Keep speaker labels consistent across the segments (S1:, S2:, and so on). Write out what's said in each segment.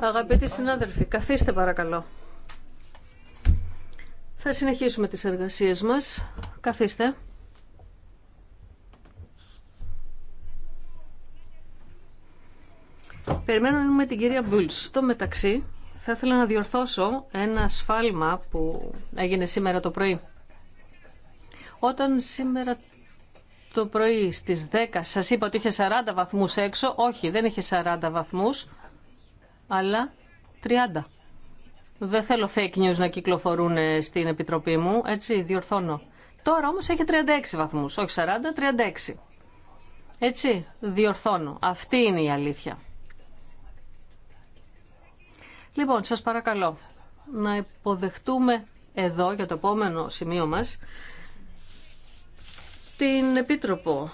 S1: Αγαπητοί συνάδελφοι, καθίστε παρακαλώ. Θα συνεχίσουμε τις εργασίες μας. Καθίστε. Περιμένουμε την κυρία Μπούλτς. Στο μεταξύ, θα ήθελα να διορθώσω ένα σφάλμα που έγινε σήμερα το πρωί. Όταν σήμερα το πρωί στις 10 σας είπα ότι είχε 40 βαθμούς έξω. Όχι, δεν είχε 40 βαθμούς, αλλά 30. Δεν θέλω fake news να κυκλοφορούν ε, στην Επιτροπή μου, έτσι διορθώνω. Τώρα όμως έχει 36 βαθμούς, όχι 40, 36. Έτσι, διορθώνω. Αυτή είναι η αλήθεια. Λοιπόν, σας παρακαλώ να υποδεχτούμε εδώ για το επόμενο σημείο μας την Επίτροπο,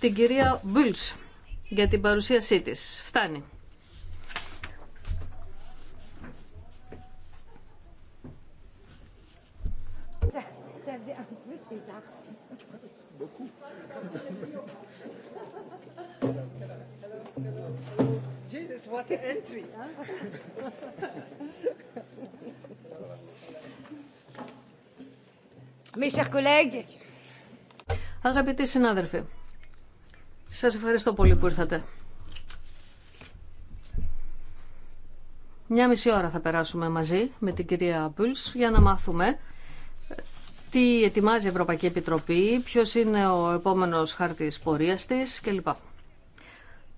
S1: την κυρία Μπούλτς, για την παρουσίασή της. Φτάνει.
S2: Jesus, what an
S1: Mes chers collègues, Αγαπητοί συνάδελφοι, σας ευχαριστώ πολύ που ήρθατε. Μια μισή ώρα θα περάσουμε μαζί με την κυρία Μπούλς για να μάθουμε ε, τι ετοιμάζει η Ευρωπαϊκή Επιτροπή, ποιος είναι ο επόμενος χάρτης πορείας της κλπ.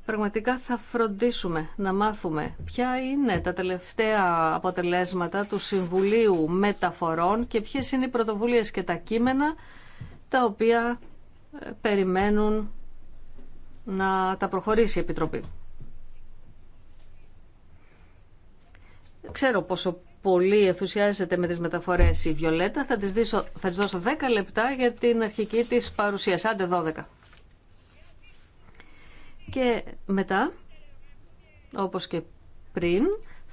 S1: Πραγματικά θα φροντίσουμε να μάθουμε ποια είναι τα τελευταία αποτελέσματα του Συμβουλίου Μεταφορών και ποιες είναι οι πρωτοβουλίες και τα κείμενα τα οποία περιμένουν να τα προχωρήσει η Επιτροπή. Ξέρω πόσο πολύ ενθουσιάζεται με τις μεταφορές η Βιολέτα. Θα της, θα δώσω 10 λεπτά για την αρχική της παρουσίαση. Άντε 12. Και μετά, όπως και πριν,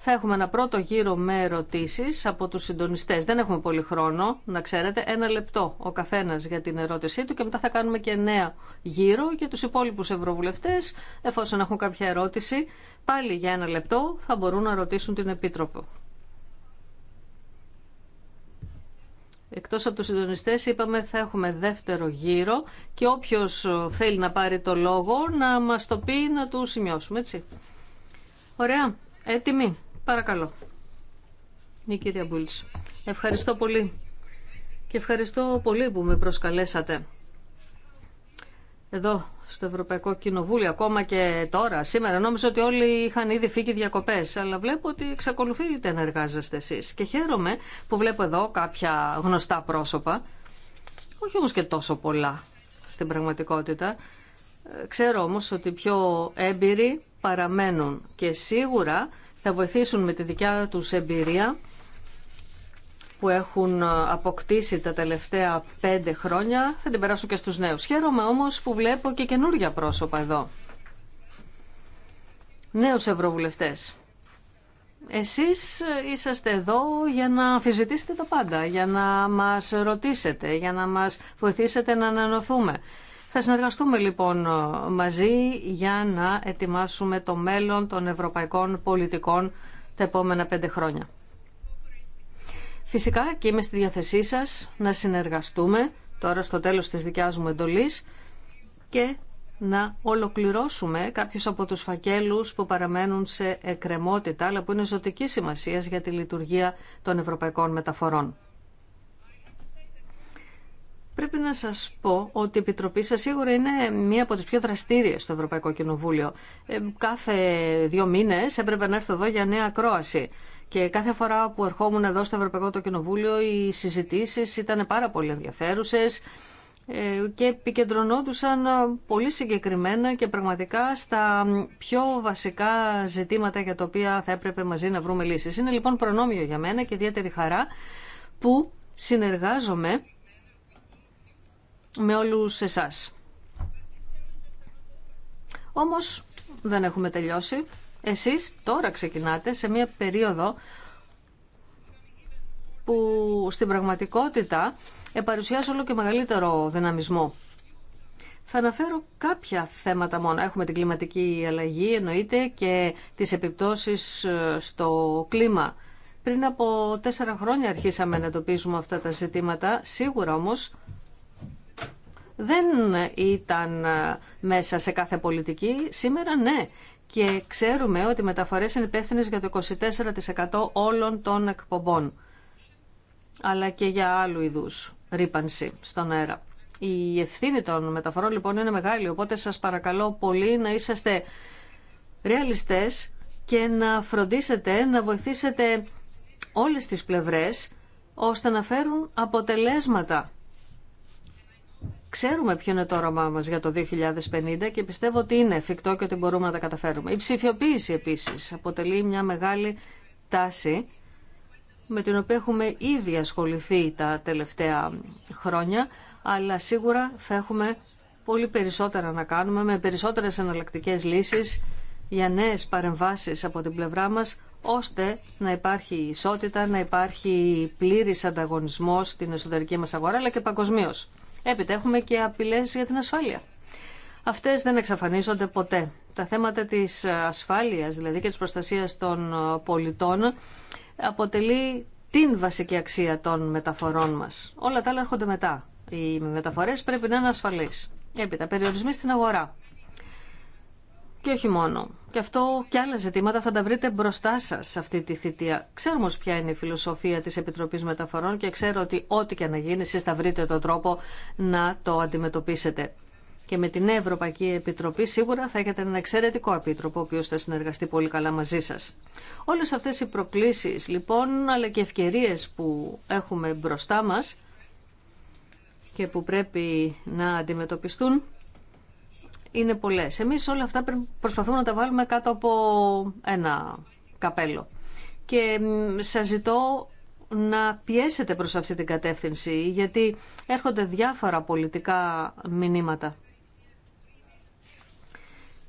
S1: θα έχουμε ένα πρώτο γύρο με ερωτήσει από τους συντονιστέ. Δεν έχουμε πολύ χρόνο, να ξέρετε, ένα λεπτό ο καθένα για την ερώτησή του και μετά θα κάνουμε και νέα γύρο για τους υπόλοιπου ευρωβουλευτές, εφόσον έχουν κάποια ερώτηση, πάλι για ένα λεπτό θα μπορούν να ρωτήσουν την Επίτροπο. Εκτός από τους συντονιστές είπαμε θα έχουμε δεύτερο γύρο και όποιος θέλει να πάρει το λόγο να μας το πει να του σημειώσουμε, έτσι. Ωραία, έτοιμοι. Παρακαλώ. Η κυρία Ευχαριστώ πολύ. Και ευχαριστώ πολύ που με προσκαλέσατε. Εδώ, στο Ευρωπαϊκό Κοινοβούλιο, ακόμα και τώρα, σήμερα, νόμιζα ότι όλοι είχαν ήδη φύγει διακοπές, αλλά βλέπω ότι εξακολουθείτε να εργάζεστε εσείς. Και χαίρομαι που βλέπω εδώ κάποια γνωστά πρόσωπα, όχι όμως και τόσο πολλά στην πραγματικότητα. Ε, ξέρω όμως ότι πιο έμπειροι παραμένουν και σίγουρα θα βοηθήσουν με τη δικιά τους εμπειρία που έχουν αποκτήσει τα τελευταία πέντε χρόνια, θα την περάσω και στους νέους. Χαίρομαι όμως που βλέπω και καινούργια πρόσωπα εδώ. Νέους ευρωβουλευτές. Εσείς είσαστε εδώ για να αμφισβητήσετε τα πάντα, για να μας ρωτήσετε, για να μας βοηθήσετε να ανανοθούμε. Θα συνεργαστούμε λοιπόν μαζί για να ετοιμάσουμε το μέλλον των ευρωπαϊκών πολιτικών τα επόμενα πέντε χρόνια. Φυσικά και είμαι στη διάθεσή σας να συνεργαστούμε τώρα στο τέλος της δικιάς μου εντολής και να ολοκληρώσουμε κάποιους από τους φακέλους που παραμένουν σε εκκρεμότητα αλλά που είναι ζωτική σημασία για τη λειτουργία των ευρωπαϊκών μεταφορών. Πρέπει να σας πω ότι η Επιτροπή σας σίγουρα είναι μία από τις πιο δραστήριες στο Ευρωπαϊκό Κοινοβούλιο. Ε, κάθε δύο μήνες έπρεπε να έρθω εδώ για νέα ακρόαση. Και κάθε φορά που ερχόμουν εδώ στο Ευρωπαϊκό το Κοινοβούλιο οι συζητήσεις ήταν πάρα πολύ ενδιαφέρουσες ε, και επικεντρωνόντουσαν ε, πολύ συγκεκριμένα και πραγματικά στα πιο βασικά ζητήματα για τα οποία θα έπρεπε μαζί να βρούμε λύσεις. Είναι λοιπόν προνόμιο για μένα και ιδιαίτερη χαρά που συνεργάζομαι με όλους εσάς. Όμως δεν έχουμε τελειώσει. Εσείς τώρα ξεκινάτε σε μια περίοδο που στην πραγματικότητα επαρουσιάζει όλο και μεγαλύτερο δυναμισμό. Θα αναφέρω κάποια θέματα μόνο. Έχουμε την κλιματική αλλαγή εννοείται και τις επιπτώσεις ε, στο κλίμα. Πριν από τέσσερα χρόνια αρχίσαμε να εντοπίζουμε αυτά τα ζητήματα. Σίγουρα όμως δεν ήταν ε, μέσα σε κάθε πολιτική, σήμερα ναι. Και ξέρουμε ότι οι μεταφορές είναι υπεύθυνε για το 24% όλων των εκπομπών, αλλά και για άλλου είδους ρήπανση στον αέρα. Η ευθύνη των μεταφορών λοιπόν είναι μεγάλη, οπότε σας παρακαλώ πολύ να είσαστε ρεαλιστές και να φροντίσετε να βοηθήσετε όλες τις πλευρές ώστε να φέρουν αποτελέσματα Ξέρουμε ποιο είναι το όραμά μα για το 2050 και πιστεύω ότι είναι εφικτό και ότι μπορούμε να τα καταφέρουμε. Η ψηφιοποίηση επίση αποτελεί μια μεγάλη τάση με την οποία έχουμε ήδη ασχοληθεί τα τελευταία χρόνια, αλλά σίγουρα θα έχουμε πολύ περισσότερα να κάνουμε με περισσότερες εναλλακτικέ λύσεις για νέες παρεμβάσεις από την πλευρά μας, ώστε να υπάρχει ισότητα, να υπάρχει πλήρης ανταγωνισμός στην εσωτερική μας αγορά, αλλά και παγκοσμίω. Έπειτα έχουμε και απειλές για την ασφάλεια. Αυτές δεν εξαφανίζονται ποτέ. Τα θέματα της ασφάλειας, δηλαδή και της προστασίας των πολιτών, αποτελεί την βασική αξία των μεταφορών μας. Όλα τα άλλα έρχονται μετά. Οι μεταφορές πρέπει να είναι ασφαλείς. Έπειτα, περιορισμοί στην αγορά. Και όχι μόνο. Και αυτό και άλλα ζητήματα θα τα βρείτε μπροστά σα σε αυτή τη θητεία. Ξέρω όμω ποια είναι η φιλοσοφία τη Επιτροπή Μεταφορών και ξέρω ότι ό,τι και να γίνει, εσεί θα βρείτε τον τρόπο να το αντιμετωπίσετε. Και με την Ευρωπαϊκή Επιτροπή σίγουρα θα έχετε έναν εξαιρετικό επίτροπο, ο οποίο θα συνεργαστεί πολύ καλά μαζί σα. Όλε αυτέ οι προκλήσει λοιπόν, αλλά και ευκαιρίε που έχουμε μπροστά μα και που πρέπει να αντιμετωπιστούν, είναι πολλές. Εμείς όλα αυτά προσπαθούμε να τα βάλουμε κάτω από ένα καπέλο. Και σας ζητώ να πιέσετε προς αυτή την κατεύθυνση, γιατί έρχονται διάφορα πολιτικά μηνύματα.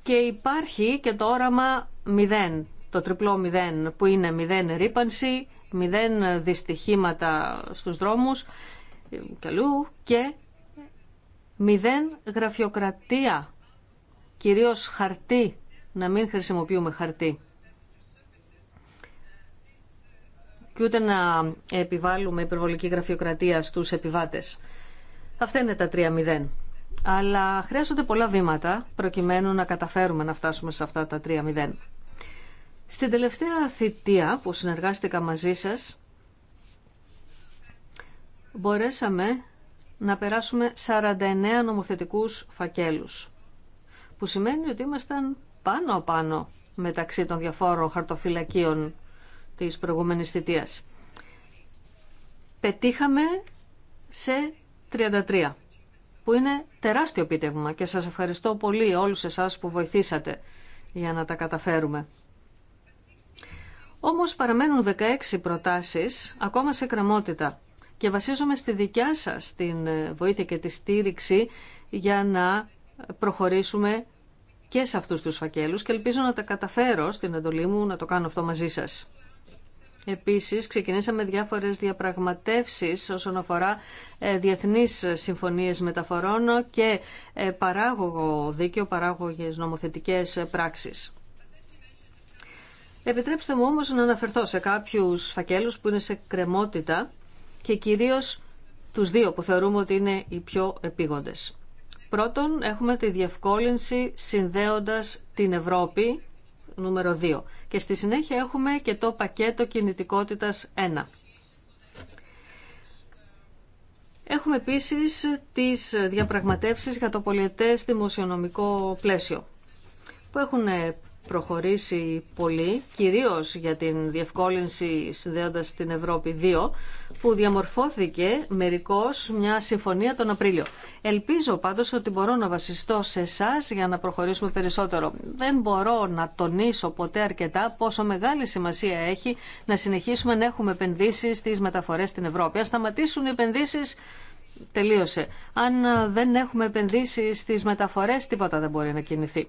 S1: Και υπάρχει και το όραμα 0, το τριπλό 0, που είναι 0 ρήπανση, 0 δυστυχήματα στους δρόμους ε, αλλού, και 0 γραφειοκρατία κυρίως χαρτί, να μην χρησιμοποιούμε χαρτί. Και ούτε να επιβάλλουμε υπερβολική γραφειοκρατία στους επιβάτες. Αυτά είναι τα 3 μηδέν. Αλλά χρειάζονται πολλά βήματα προκειμένου να καταφέρουμε να φτάσουμε σε αυτά τα 3 μηδέν. Στην τελευταία θητεία που συνεργάστηκα μαζί σας, μπορέσαμε να περάσουμε 49 νομοθετικούς φακέλους που σημαίνει ότι ήμασταν πάνω-πάνω μεταξύ των διαφόρων χαρτοφυλακίων της προηγούμενης θητείας. Πετύχαμε σε 33, που είναι τεράστιο πίτευμα και σας ευχαριστώ πολύ όλους εσάς που βοηθήσατε για να τα καταφέρουμε. Όμως παραμένουν 16 προτάσεις ακόμα σε κραμότητα και βασίζομαι στη δικιά σας την ε, βοήθεια και τη στήριξη για να προχωρήσουμε και σε αυτούς τους φακέλους και ελπίζω να τα καταφέρω στην εντολή μου να το κάνω αυτό μαζί σας. Επίσης, ξεκινήσαμε διάφορες διαπραγματεύσεις όσον αφορά ε, διεθνείς συμφωνίες μεταφορών και ε, παράγωγο δίκαιο, παράγωγες νομοθετικές πράξεις. Επιτρέψτε μου όμως να αναφερθώ σε κάποιους φακέλους που είναι σε κρεμότητα και κυρίως τους δύο που θεωρούμε ότι είναι οι πιο επίγοντες. Πρώτον, έχουμε τη διευκόλυνση συνδέοντας την Ευρώπη, νούμερο 2. Και στη συνέχεια έχουμε και το πακέτο κινητικότητας 1. Έχουμε επίσης τις διαπραγματεύσεις για το πολιετές δημοσιονομικό πλαίσιο, που έχουν προχωρήσει πολύ, κυρίως για την διευκόλυνση συνδέοντας την Ευρώπη 2, που διαμορφώθηκε μερικώς μια συμφωνία τον Απρίλιο. Ελπίζω πάντως ότι μπορώ να βασιστώ σε εσά για να προχωρήσουμε περισσότερο. Δεν μπορώ να τονίσω ποτέ αρκετά πόσο μεγάλη σημασία έχει να συνεχίσουμε να έχουμε επενδύσεις στις μεταφορές στην Ευρώπη. Αν σταματήσουν οι επενδύσεις τελείωσε. Αν δεν έχουμε επενδύσει στις μεταφορές, τίποτα δεν μπορεί να κινηθεί.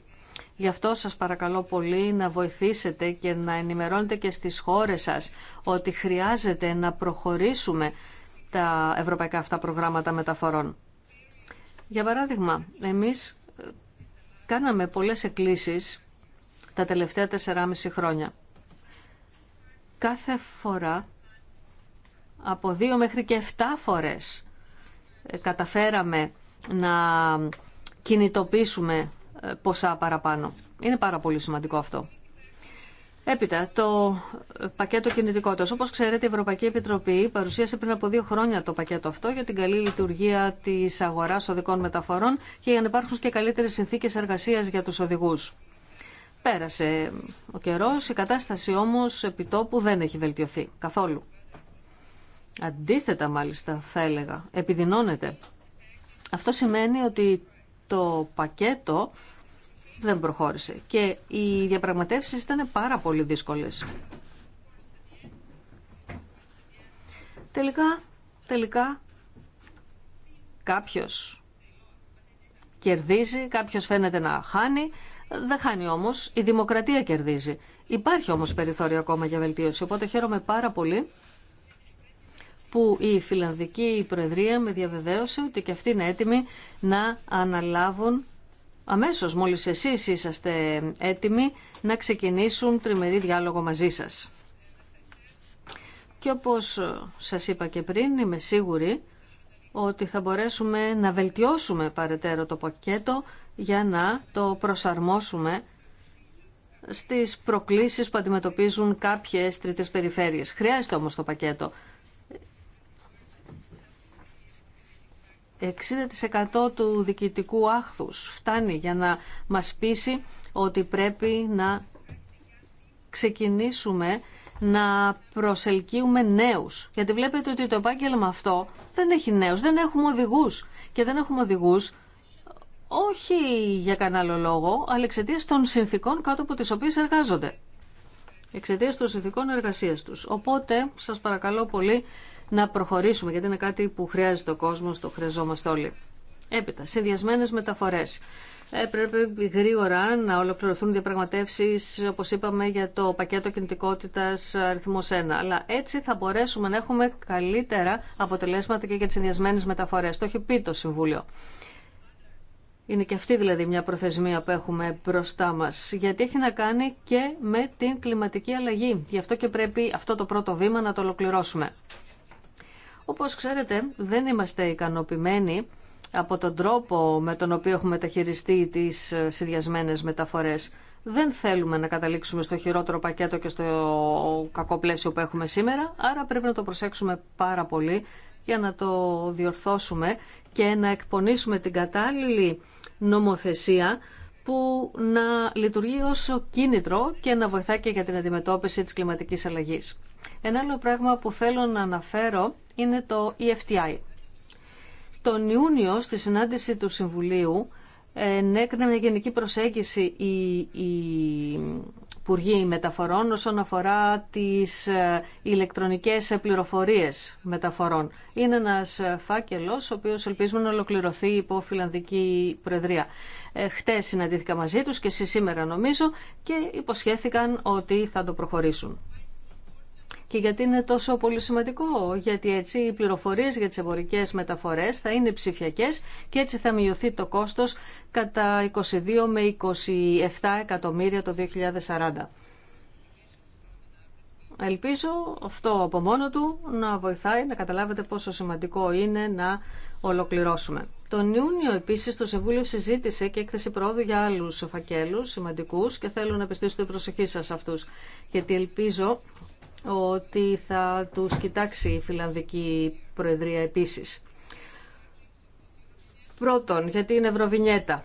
S1: Γι' αυτό σας παρακαλώ πολύ να βοηθήσετε και να ενημερώνετε και στις χώρες σας ότι χρειάζεται να προχωρήσουμε τα ευρωπαϊκά αυτά προγράμματα μεταφορών. Για παράδειγμα, εμείς ε, κάναμε πολλές εκκλήσεις τα τελευταία 4,5 χρόνια. Κάθε φορά, από δύο μέχρι και 7 φορές, ε, καταφέραμε να κινητοποιήσουμε ποσά παραπάνω. Είναι πάρα πολύ σημαντικό αυτό. Έπειτα, το πακέτο κινητικότητα. Όπω ξέρετε, η Ευρωπαϊκή Επιτροπή παρουσίασε πριν από δύο χρόνια το πακέτο αυτό για την καλή λειτουργία τη αγορά οδικών μεταφορών και για να υπάρχουν και καλύτερε συνθήκε εργασία για του οδηγού. Πέρασε ο καιρό, η κατάσταση όμω επιτόπου δεν έχει βελτιωθεί καθόλου. Αντίθετα, μάλιστα, θα έλεγα, επιδεινώνεται. Αυτό σημαίνει ότι το πακέτο δεν προχώρησε και οι διαπραγματεύσεις ήταν πάρα πολύ δύσκολες. Τελικά, τελικά κάποιος κερδίζει, κάποιος φαίνεται να χάνει, δεν χάνει όμως, η δημοκρατία κερδίζει. Υπάρχει όμως περιθώριο ακόμα για βελτίωση, οπότε χαίρομαι πάρα πολύ που η Φιλανδική Προεδρία με διαβεβαίωσε ότι και αυτοί είναι έτοιμοι να αναλάβουν αμέσως μόλις εσείς είσαστε έτοιμοι να ξεκινήσουν τριμερή διάλογο μαζί σας. Και όπως σας είπα και πριν, είμαι σίγουρη ότι θα μπορέσουμε να βελτιώσουμε παρετέρω το πακέτο για να το προσαρμόσουμε στις προκλήσεις που αντιμετωπίζουν κάποιες τρίτες περιφέρειες. Χρειάζεται όμως το πακέτο. 60% του διοικητικού άχθους φτάνει για να μας πείσει ότι πρέπει να ξεκινήσουμε να προσελκύουμε νέους. Γιατί βλέπετε ότι το επάγγελμα αυτό δεν έχει νέους, δεν έχουμε οδηγούς. Και δεν έχουμε οδηγούς όχι για κανένα άλλο λόγο, αλλά εξαιτία των συνθήκων κάτω από τις οποίες εργάζονται. Εξαιτία των συνθήκων εργασίας τους. Οπότε, σας παρακαλώ πολύ, να προχωρήσουμε, γιατί είναι κάτι που χρειάζεται ο κόσμο το χρειαζόμαστε όλοι. Έπειτα, συνδυασμένε μεταφορέ. Ε, πρέπει γρήγορα να ολοκληρωθούν διαπραγματεύσει, όπω είπαμε, για το πακέτο κινητικότητα αριθμό 1. Αλλά έτσι θα μπορέσουμε να έχουμε καλύτερα αποτελέσματα και για τι συνδυασμένε μεταφορέ. Το έχει πει το Συμβούλιο. Είναι και αυτή δηλαδή μια προθεσμία που έχουμε μπροστά μα. Γιατί έχει να κάνει και με την κλιματική αλλαγή. Γι' αυτό και πρέπει αυτό το πρώτο βήμα να το ολοκληρώσουμε. Όπως ξέρετε δεν είμαστε ικανοποιημένοι από τον τρόπο με τον οποίο έχουμε μεταχειριστεί τις ε, συνδυασμένες μεταφορές. Δεν θέλουμε να καταλήξουμε στο χειρότερο πακέτο και στο κακό πλαίσιο που έχουμε σήμερα, άρα πρέπει να το προσέξουμε πάρα πολύ για να το διορθώσουμε και να εκπονήσουμε την κατάλληλη νομοθεσία που να λειτουργεί ως κίνητρο και να βοηθάει και για την αντιμετώπιση της κλιματικής αλλαγής. Ένα άλλο πράγμα που θέλω να αναφέρω είναι το EFTI. Τον Ιούνιο, στη συνάντηση του Συμβουλίου, ενέκρινε μια γενική προσέγγιση η, η Υπουργή Μεταφορών όσον αφορά τις ε, ηλεκτρονικές πληροφορίες μεταφορών. Είναι ένας ε, φάκελος ο οποίος ελπίζουμε να ολοκληρωθεί υπό Φιλανδική Προεδρία. Ε, χτες συναντήθηκα μαζί τους και σήμερα νομίζω και υποσχέθηκαν ότι θα το προχωρήσουν. Και γιατί είναι τόσο πολύ σημαντικό, γιατί έτσι οι πληροφορίες για τις εμπορικές μεταφορές θα είναι ψηφιακές και έτσι θα μειωθεί το κόστος κατά 22 με 27 εκατομμύρια το 2040. Ελπίζω αυτό από μόνο του να βοηθάει να καταλάβετε πόσο σημαντικό είναι να ολοκληρώσουμε. Τον Ιούνιο επίσης το Συμβούλιο συζήτησε και έκθεση πρόοδου για άλλους φακέλους σημαντικούς και θέλω να πιστήσω την προσοχή σας αυτούς γιατί ελπίζω ότι θα τους κοιτάξει η Φιλανδική Προεδρία επίσης. Πρώτον, γιατί είναι Ευρωβινιέτα.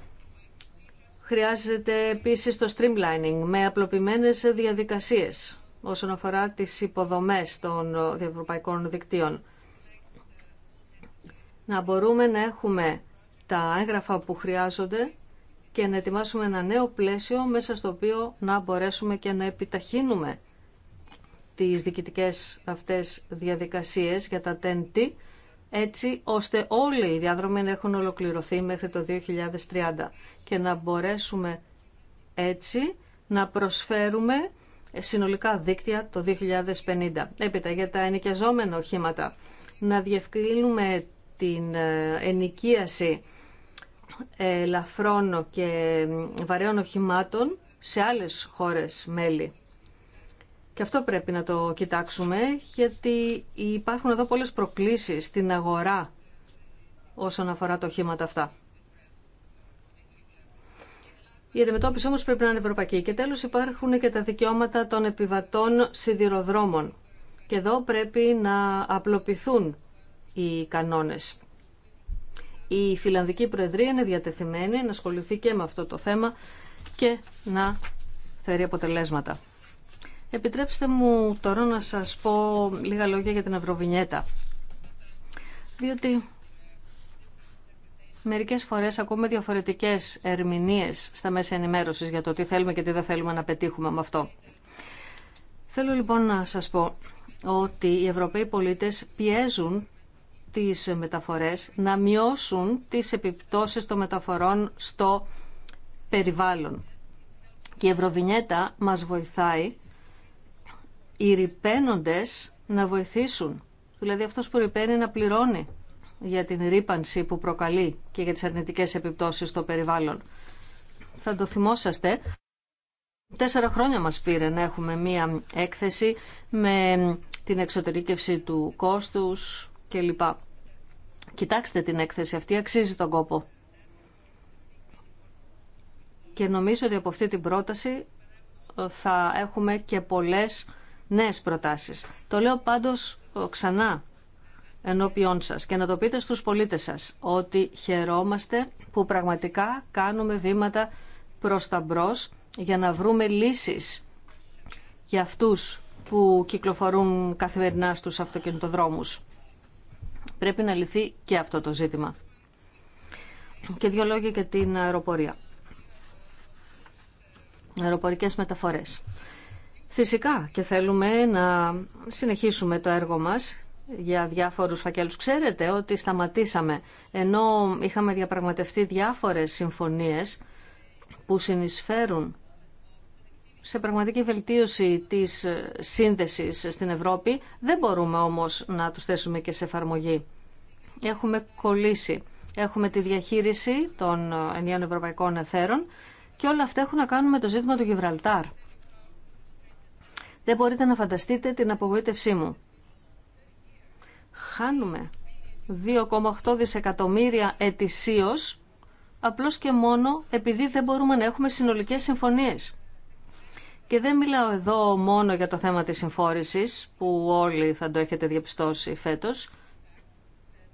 S1: Χρειάζεται επίσης το streamlining με απλοποιημένες διαδικασίες όσον αφορά τις υποδομές των διευρωπαϊκών δικτύων. Να μπορούμε να έχουμε τα έγγραφα που χρειάζονται και να ετοιμάσουμε ένα νέο πλαίσιο μέσα στο οποίο να μπορέσουμε και να επιταχύνουμε τις διοικητικές αυτές διαδικασίες για τα τέντη, έτσι ώστε όλοι οι διάδρομοι να έχουν ολοκληρωθεί μέχρι το 2030 και να μπορέσουμε έτσι να προσφέρουμε συνολικά δίκτυα το 2050. Έπειτα για τα ενοικιαζόμενα οχήματα, να διευκρίνουμε την ε, ενοικίαση ε, ελαφρών και βαρέων οχημάτων σε άλλες χώρες μέλη. Και αυτό πρέπει να το κοιτάξουμε, γιατί υπάρχουν εδώ πολλές προκλήσεις στην αγορά όσον αφορά τα οχήματα αυτά. Η αντιμετώπιση όμως πρέπει να είναι ευρωπαϊκή. Και τέλος υπάρχουν και τα δικαιώματα των επιβατών σιδηροδρόμων. Και εδώ πρέπει να απλοποιηθούν οι κανόνες. Η Φιλανδική Προεδρία είναι διατεθειμένη να ασχοληθεί και με αυτό το θέμα και να φέρει αποτελέσματα. Επιτρέψτε μου τώρα να σας πω λίγα λόγια για την Ευρωβινιέτα. Διότι μερικές φορές ακούμε διαφορετικές ερμηνείες στα μέσα ενημέρωσης για το τι θέλουμε και τι δεν θέλουμε να πετύχουμε με αυτό. Θέλω λοιπόν να σας πω ότι οι Ευρωπαίοι πολίτες πιέζουν τις μεταφορές να μειώσουν τις επιπτώσεις των μεταφορών στο περιβάλλον. Και η Ευρωβινιέτα μας βοηθάει οι ρηπαίνοντες να βοηθήσουν. Δηλαδή αυτός που ρηπαίνει να πληρώνει για την ρήπανση που προκαλεί και για τις αρνητικές επιπτώσεις στο περιβάλλον. Θα το θυμόσαστε. Τέσσερα χρόνια μας πήρε να έχουμε μία έκθεση με την εξωτερήκευση του κόστους κλπ. Κοιτάξτε την έκθεση αυτή, αξίζει τον κόπο. Και νομίζω ότι από αυτή την πρόταση θα έχουμε και πολλές νέες προτάσεις. Το λέω πάντως ξανά ενώπιόν σας και να το πείτε στους πολίτες σας ότι χαιρόμαστε που πραγματικά κάνουμε βήματα προς τα μπρος για να βρούμε λύσεις για αυτούς που κυκλοφορούν καθημερινά στους αυτοκινητοδρόμους. Πρέπει να λυθεί και αυτό το ζήτημα. Και δύο λόγια για την αεροπορία. Αεροπορικές μεταφορές. Φυσικά και θέλουμε να συνεχίσουμε το έργο μας για διάφορους φακέλους. Ξέρετε ότι σταματήσαμε ενώ είχαμε διαπραγματευτεί διάφορες συμφωνίες που συνεισφέρουν σε πραγματική βελτίωση της σύνδεσης στην Ευρώπη. Δεν μπορούμε όμως να τους θέσουμε και σε εφαρμογή. Έχουμε κολλήσει. Έχουμε τη διαχείριση των ενιαίων ευρωπαϊκών εθέρων και όλα αυτά έχουν να κάνουν με το ζήτημα του Γιβραλτάρ. Δεν μπορείτε να φανταστείτε την απογοήτευσή μου. Χάνουμε 2,8 δισεκατομμύρια ετησίως απλώς και μόνο επειδή δεν μπορούμε να έχουμε συνολικές συμφωνίες. Και δεν μιλάω εδώ μόνο για το θέμα της συμφόρησης, που όλοι θα το έχετε διαπιστώσει φέτος.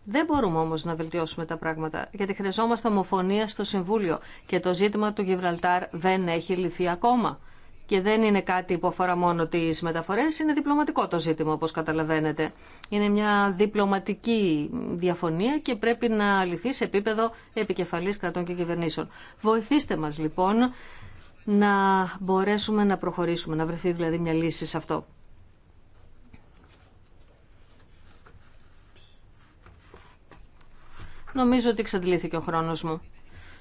S1: Δεν μπορούμε όμως να βελτιώσουμε τα πράγματα, γιατί χρειαζόμαστε ομοφωνία στο Συμβούλιο και το ζήτημα του Γιβραλτάρ δεν έχει λυθεί ακόμα και δεν είναι κάτι που αφορά μόνο τι μεταφορέ. είναι διπλωματικό το ζήτημα όπως καταλαβαίνετε. Είναι μια διπλωματική διαφωνία και πρέπει να λυθεί σε επίπεδο επικεφαλής κρατών και κυβερνήσεων. Βοηθήστε μας λοιπόν να μπορέσουμε να προχωρήσουμε, να βρεθεί δηλαδή μια λύση σε αυτό. Νομίζω ότι εξαντλήθηκε ο χρόνος μου.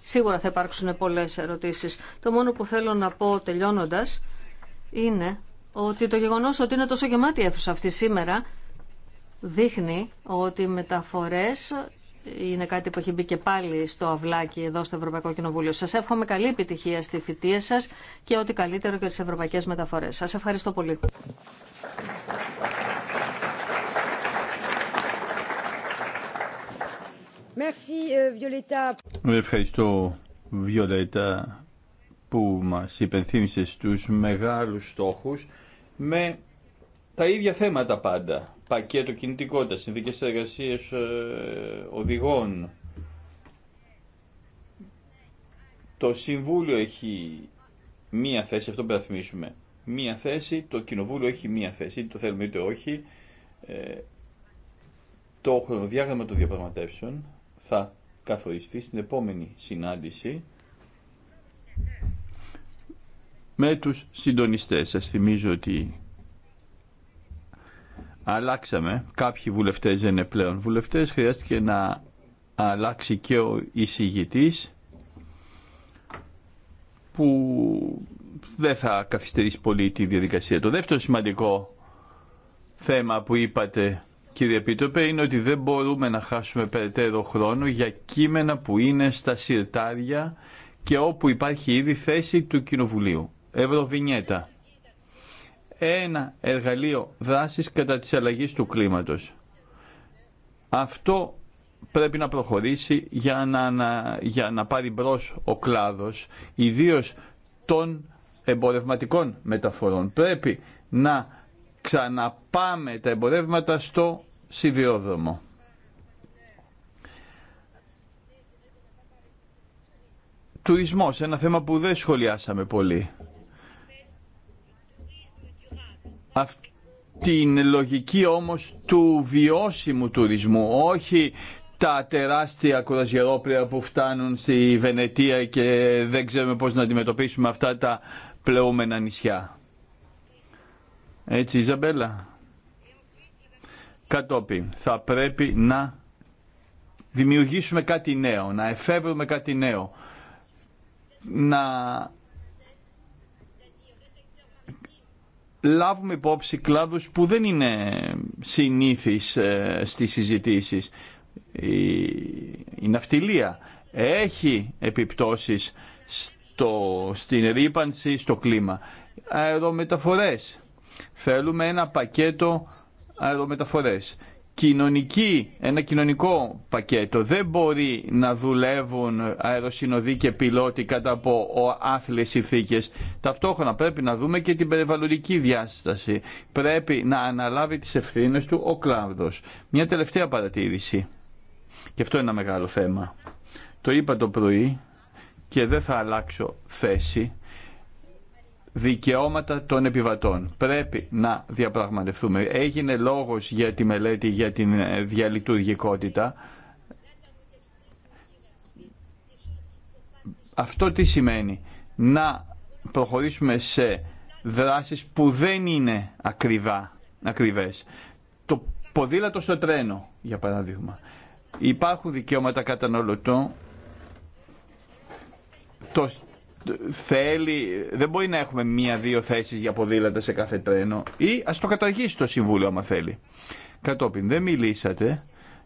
S1: Σίγουρα θα υπάρξουν πολλές ερωτήσεις. Το μόνο που θέλω να πω τελειώνοντας είναι ότι το γεγονός ότι είναι τόσο γεμάτη η αίθουσα αυτή σήμερα δείχνει ότι οι μεταφορές είναι κάτι που έχει μπει και πάλι στο αυλάκι εδώ στο Ευρωπαϊκό Κοινοβούλιο. Σας εύχομαι καλή επιτυχία στη θητεία σας και ό,τι καλύτερο και τις ευρωπαϊκές μεταφορές. Σας ευχαριστώ πολύ. Euh,
S3: Ευχαριστώ, Βιολέτα, που μας υπενθύμισε τους μεγάλους στόχους με τα ίδια θέματα πάντα. Πακέτο κινητικότητα, συνδικές εργασίες ε, οδηγών. Το Συμβούλιο έχει μία θέση, αυτό πρέπει να θυμίσουμε. Μία θέση, το Κοινοβούλιο έχει μία θέση, είτε το θέλουμε είτε όχι. Ε, το χρονοδιάγραμμα των διαπραγματεύσεων θα καθοριστεί στην επόμενη συνάντηση με τους συντονιστές. Σας θυμίζω ότι αλλάξαμε. Κάποιοι βουλευτές δεν είναι πλέον βουλευτές. Χρειάστηκε να αλλάξει και ο εισηγητής που δεν θα καθυστερήσει πολύ τη διαδικασία. Το δεύτερο σημαντικό θέμα που είπατε κύριε Πίτροπε, είναι ότι δεν μπορούμε να χάσουμε περαιτέρω χρόνο για κείμενα που είναι στα συρτάρια και όπου υπάρχει ήδη θέση του Κοινοβουλίου. Ευρωβινιέτα. Ένα εργαλείο δράσης κατά της αλλαγής του κλίματος. Αυτό πρέπει να προχωρήσει για να, να, για να πάρει μπρο ο κλάδος, ιδίως των εμπορευματικών μεταφορών. Πρέπει να ξαναπάμε τα εμπορεύματα στο Σιβιόδρομο. Τουρισμός, ένα θέμα που δεν σχολιάσαμε πολύ. Αυτή είναι λογική όμως του βιώσιμου τουρισμού, όχι τα τεράστια κουρασγερόπλια που φτάνουν στη Βενετία και δεν ξέρουμε πώς να αντιμετωπίσουμε αυτά τα πλεούμενα νησιά. Έτσι, Ιζαμπέλα. Κατόπιν, θα πρέπει να δημιουργήσουμε κάτι νέο, να εφεύρουμε κάτι νέο, να λάβουμε υπόψη κλάδους που δεν είναι συνήθεις ε, στις συζητήσεις. Η, η ναυτιλία έχει επιπτώσεις στο, στην ρήπανση, στο κλίμα. Αερομεταφορές Θέλουμε ένα πακέτο αερομεταφορές. Κοινωνική, ένα κοινωνικό πακέτο. Δεν μπορεί να δουλεύουν αεροσυνοδοί και πιλότοι κατά από άθλιες συνθήκε. Ταυτόχρονα πρέπει να δούμε και την περιβαλλοντική διάσταση. Πρέπει να αναλάβει τις ευθύνες του ο κλάδος. Μια τελευταία παρατήρηση. Και αυτό είναι ένα μεγάλο θέμα. Το είπα το πρωί και δεν θα αλλάξω θέση δικαιώματα των επιβατών. Πρέπει να διαπραγματευτούμε. Έγινε λόγος για τη μελέτη για την ε, διαλειτουργικότητα. Αυτό τι σημαίνει. Να προχωρήσουμε σε δράσεις που δεν είναι ακριβά, ακριβές. Το ποδήλατο στο τρένο, για παράδειγμα. Υπάρχουν δικαιώματα καταναλωτών. Το, θέλει, δεν μπορεί να έχουμε μία-δύο θέσεις για ποδήλατα σε κάθε τρένο ή α το καταργήσει το Συμβούλιο άμα θέλει. Κατόπιν δεν μιλήσατε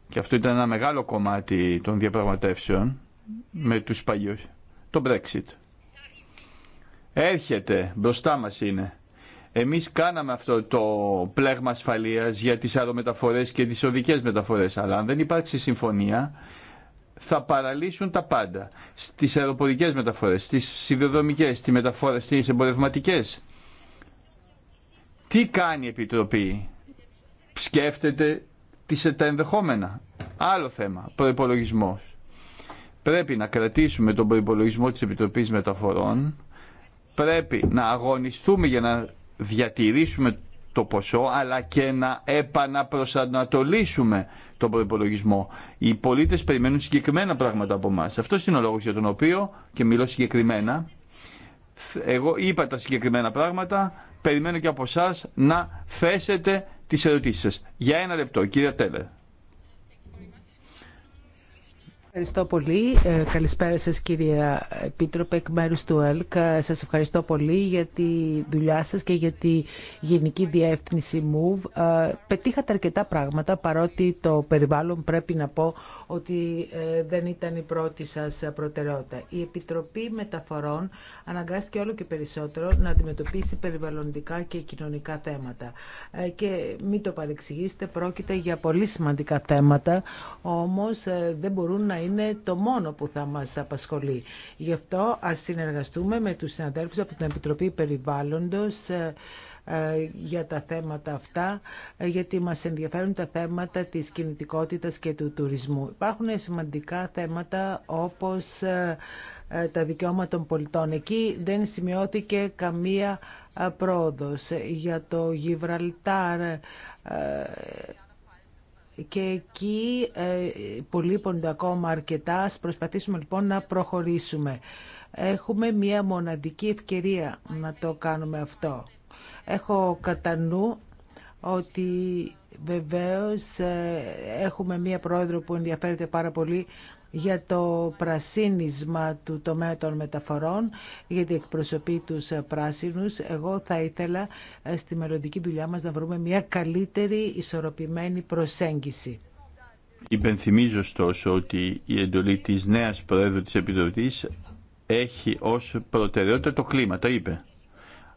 S3: και αυτό ήταν ένα μεγάλο κομμάτι των διαπραγματεύσεων με τους παλιού. το Brexit. Έρχεται, μπροστά μας είναι. Εμείς κάναμε αυτό το πλέγμα ασφαλείας για τις αερομεταφορές και τις οδικές μεταφορέ, αλλά αν δεν υπάρξει συμφωνία θα παραλύσουν τα πάντα. Στις αεροπορικές μεταφορές, στις σιδηροδρομικές, στις μεταφορές, στις εμπορευματικέ. Τι κάνει η Επιτροπή. Σκέφτεται τις, τα ενδεχόμενα. Άλλο θέμα, προπολογισμό. Πρέπει να κρατήσουμε τον προπολογισμό της Επιτροπής Μεταφορών. Πρέπει να αγωνιστούμε για να διατηρήσουμε το ποσό αλλά και να επαναπροσανατολίσουμε τον προπολογισμό. Οι πολίτες περιμένουν συγκεκριμένα πράγματα από εμά. Αυτό είναι ο λόγος για τον οποίο και μιλώ συγκεκριμένα. Εγώ είπα τα συγκεκριμένα πράγματα, περιμένω και από εσά να θέσετε τις ερωτήσεις σας. Για ένα λεπτό, κύριε Τέλερ.
S2: Ευχαριστώ πολύ. Ε, καλησπέρα σας κυρία Επίτροπε εκ μέρους του ΕΛΚ. Ε, σας ευχαριστώ πολύ για τη δουλειά σας και για τη γενική διεύθυνση MOVE. Ε, πετύχατε αρκετά πράγματα παρότι το περιβάλλον πρέπει να πω ότι δεν ήταν η πρώτη σας προτεραιότητα. Η Επιτροπή Μεταφορών αναγκάστηκε όλο και περισσότερο να αντιμετωπίσει περιβαλλοντικά και κοινωνικά θέματα. και μην το παρεξηγήσετε, πρόκειται για πολύ σημαντικά θέματα, όμως δεν μπορούν είναι το μόνο που θα μας απασχολεί. Γι' αυτό ας συνεργαστούμε με τους συναδέλφους από την Επιτροπή Περιβάλλοντος ε, ε, για τα θέματα αυτά, ε, γιατί μας ενδιαφέρουν τα θέματα της κινητικότητας και του τουρισμού. Υπάρχουν σημαντικά θέματα όπως τα δικαιώματα των πολιτών. Εκεί δεν σημειώθηκε καμία πρόοδος. Για το Γιβραλτάρ και εκεί ε, υπολείπονται ακόμα αρκετά. προσπαθήσουμε λοιπόν να προχωρήσουμε. Έχουμε μία μοναδική ευκαιρία να το κάνουμε αυτό. Έχω κατά νου ότι Βεβαίως ε, έχουμε μία πρόεδρο που ενδιαφέρεται πάρα πολύ για το πρασίνισμα του τομέα των μεταφορών, γιατί εκπροσωπεί τους πράσινους. Εγώ θα ήθελα ε, στη μελλοντική δουλειά μας να βρούμε μια καλύτερη ισορροπημένη προσέγγιση.
S3: Υπενθυμίζω ωστόσο ότι η εντολή της νέας Προέδρου της Επιτροπής έχει ως προτεραιότητα το κλίμα, το είπε.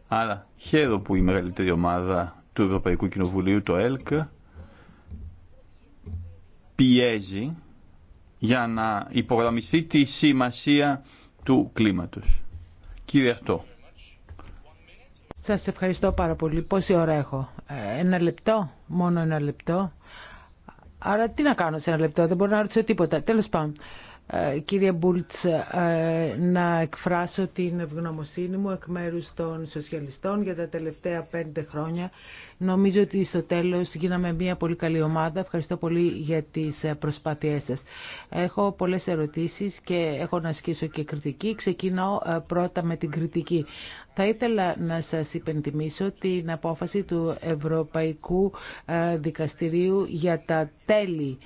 S3: Άρα χαίρο που η μεγαλύτερη ομάδα του Ευρωπαϊκού Κοινοβουλίου, το ΕΛΚ, πιέζει για να υπογραμμιστεί τη σημασία του κλίματος. Κύριε Αρτώ.
S2: Σας ευχαριστώ πάρα πολύ. Πόση ώρα έχω. Ε, ένα λεπτό, μόνο ένα λεπτό. Άρα τι να κάνω σε ένα λεπτό, δεν μπορώ να ρωτήσω τίποτα. Τέλος πάντων. Ε, κύριε Μπούλτς, ε, να εκφράσω την ευγνωμοσύνη μου εκ μέρους των σοσιαλιστών για τα τελευταία πέντε χρόνια. Νομίζω ότι στο τέλος γίναμε μια πολύ καλή ομάδα. Ευχαριστώ πολύ για τις ε, προσπάθειές σας. Έχω πολλές ερωτήσεις και έχω να ασκήσω και κριτική. Ξεκινώ πρώτα με την κριτική. Θα ήθελα να σας υπενθυμίσω την απόφαση του Ευρωπαϊκού Δικαστηρίου για τα τέλη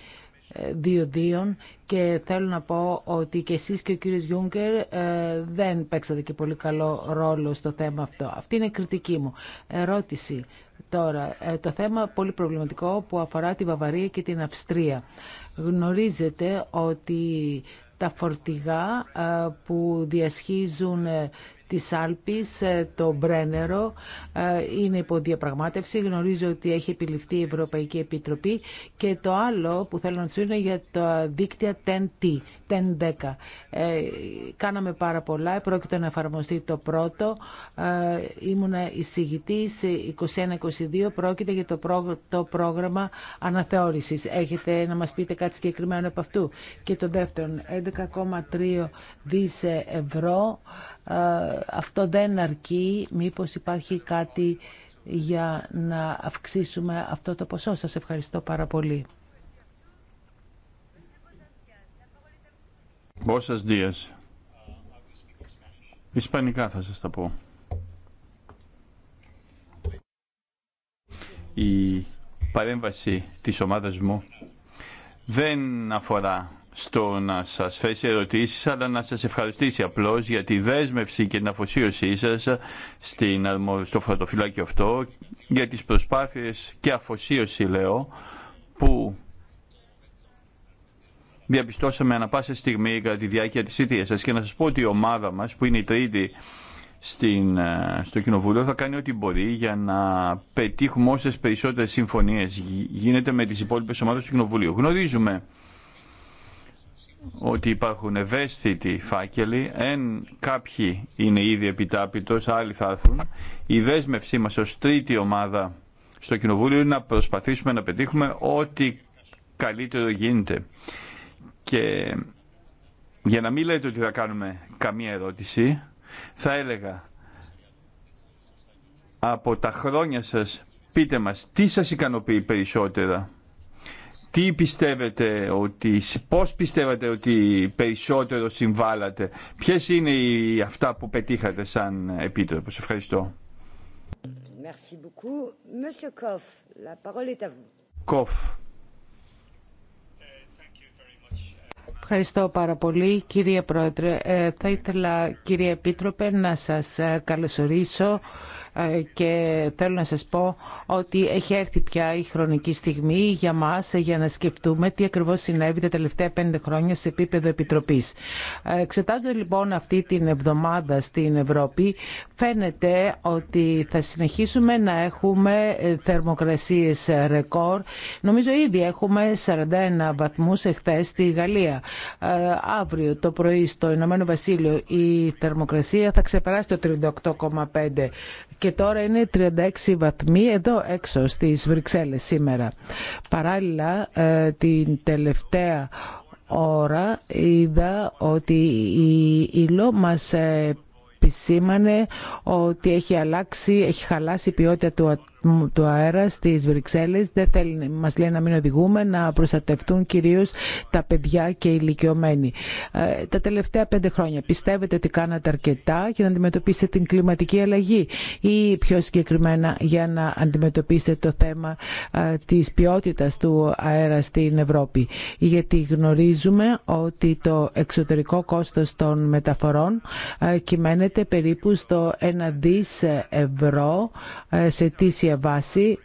S2: διοδίων και θέλω να πω ότι και εσείς και ο κύριος Γιούγκερ ε, δεν παίξατε και πολύ καλό ρόλο στο θέμα αυτό. Αυτή είναι η κριτική μου. Ερώτηση τώρα. Ε, το θέμα πολύ προβληματικό που αφορά τη Βαβαρία και την Αυστρία. Γνωρίζετε ότι τα φορτηγά ε, που διασχίζουν της Άλπης, ε, το Μπρένερο, ε, είναι υπό διαπραγμάτευση. Γνωρίζω ότι έχει επιληφθεί η Ευρωπαϊκή Επιτροπή. Και το άλλο που θέλω να σου είναι για τα δίκτυα TEN-T, TEN-10. Ε, κάναμε πάρα πολλά. Πρόκειται να εφαρμοστεί το πρώτο. Ε, ημουν εισηγητής 21-22. Πρόκειται για το, πρώτο πρόγραμμα αναθεώρησης. Έχετε να μα πείτε κάτι συγκεκριμένο από αυτού. Και το δεύτερο, 11,3 δις ευρώ. Ε, αυτό δεν αρκεί. Μήπως υπάρχει κάτι για να αυξήσουμε αυτό το ποσό. Σας ευχαριστώ πάρα πολύ.
S3: Μπόσας Δίας. Ισπανικά θα σας τα πω. Η παρέμβαση της ομάδας μου δεν αφορά στο να σας θέσει ερωτήσεις αλλά να σας ευχαριστήσει απλώς για τη δέσμευση και την αφοσίωσή σας στην, στο φωτοφυλάκιο αυτό για τις προσπάθειες και αφοσίωση λέω που διαπιστώσαμε ανα πάσα στιγμή κατά τη διάρκεια της θητείας σας και να σας πω ότι η ομάδα μας που είναι η τρίτη στην, ε, στο Κοινοβούλιο θα κάνει ό,τι μπορεί για να πετύχουμε όσες περισσότερες συμφωνίες γίνεται με τις υπόλοιπες ομάδες του Κοινοβουλίου. Γνωρίζουμε ότι υπάρχουν ευαίσθητοι φάκελοι, εν κάποιοι είναι ήδη επιτάπητος, άλλοι θα έρθουν. Η δέσμευσή μας ως τρίτη ομάδα στο Κοινοβούλιο είναι να προσπαθήσουμε να πετύχουμε ό,τι καλύτερο γίνεται. Και για να μην λέτε ότι θα κάνουμε καμία ερώτηση, θα έλεγα από τα χρόνια σας πείτε μας τι σας ικανοποιεί περισσότερα τι πιστεύετε ότι, πώς πιστεύετε ότι περισσότερο συμβάλλατε, ποιες είναι οι, αυτά που πετύχατε σαν επίτροπος. Ευχαριστώ.
S4: Merci beaucoup. Monsieur la parole est à
S3: vous.
S2: Ευχαριστώ πάρα πολύ κύριε Πρόεδρε. Ε, θα ήθελα κύριε Επίτροπε να σας ε, καλωσορίσω ε, και θέλω να σας πω ότι έχει έρθει πια η χρονική στιγμή για μας για να σκεφτούμε τι ακριβώς συνέβη τα τελευταία πέντε χρόνια σε επίπεδο Επιτροπής. Ε, εξετάζοντας λοιπόν αυτή την εβδομάδα στην Ευρώπη φαίνεται ότι θα συνεχίσουμε να έχουμε ε, θερμοκρασίες ρεκόρ. Νομίζω ήδη έχουμε 41 βαθμούς εχθές στη Γαλλία. Αύριο το πρωί στο Ηνωμένο Βασίλειο η θερμοκρασία θα ξεπεράσει το 38,5 και τώρα είναι 36 βαθμοί εδώ έξω στις Βρυξέλλες σήμερα. Παράλληλα ε, την τελευταία ώρα είδα ότι η ήλιο μας ε, επισήμανε ότι έχει αλλάξει, έχει χαλάσει η ποιότητα του του αέρα στι Βρυξέλλε. δεν μας λέει να μην οδηγούμε να προστατευτούν κυρίω τα παιδιά και οι ηλικιωμένοι. Ε, τα τελευταία πέντε χρόνια πιστεύετε ότι κάνατε αρκετά για να αντιμετωπίσετε την κλιματική αλλαγή ή πιο συγκεκριμένα για να αντιμετωπίσετε το θέμα ε, τη ποιότητα του αέρα στην Ευρώπη. Γιατί γνωρίζουμε ότι το εξωτερικό κόστο των μεταφορών ε, κυμαίνεται περίπου στο 1 δι ευρώ σε τήσια διαβάσει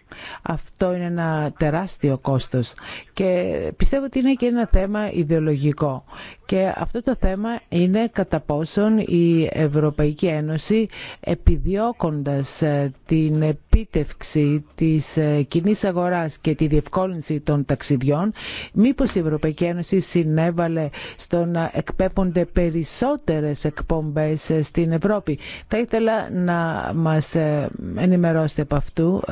S2: αυτό είναι ένα τεράστιο κόστος και πιστεύω ότι είναι και ένα θέμα ιδεολογικό. Και αυτό το θέμα είναι κατά πόσον η Ευρωπαϊκή Ένωση επιδιώκοντας ε, την επίτευξη της ε, κοινή αγοράς και τη διευκόλυνση των ταξιδιών, μήπως η Ευρωπαϊκή Ένωση συνέβαλε στο να εκπέπονται περισσότερες εκπομπές ε, στην Ευρώπη. Θα ήθελα να μας ενημερώσετε από αυτού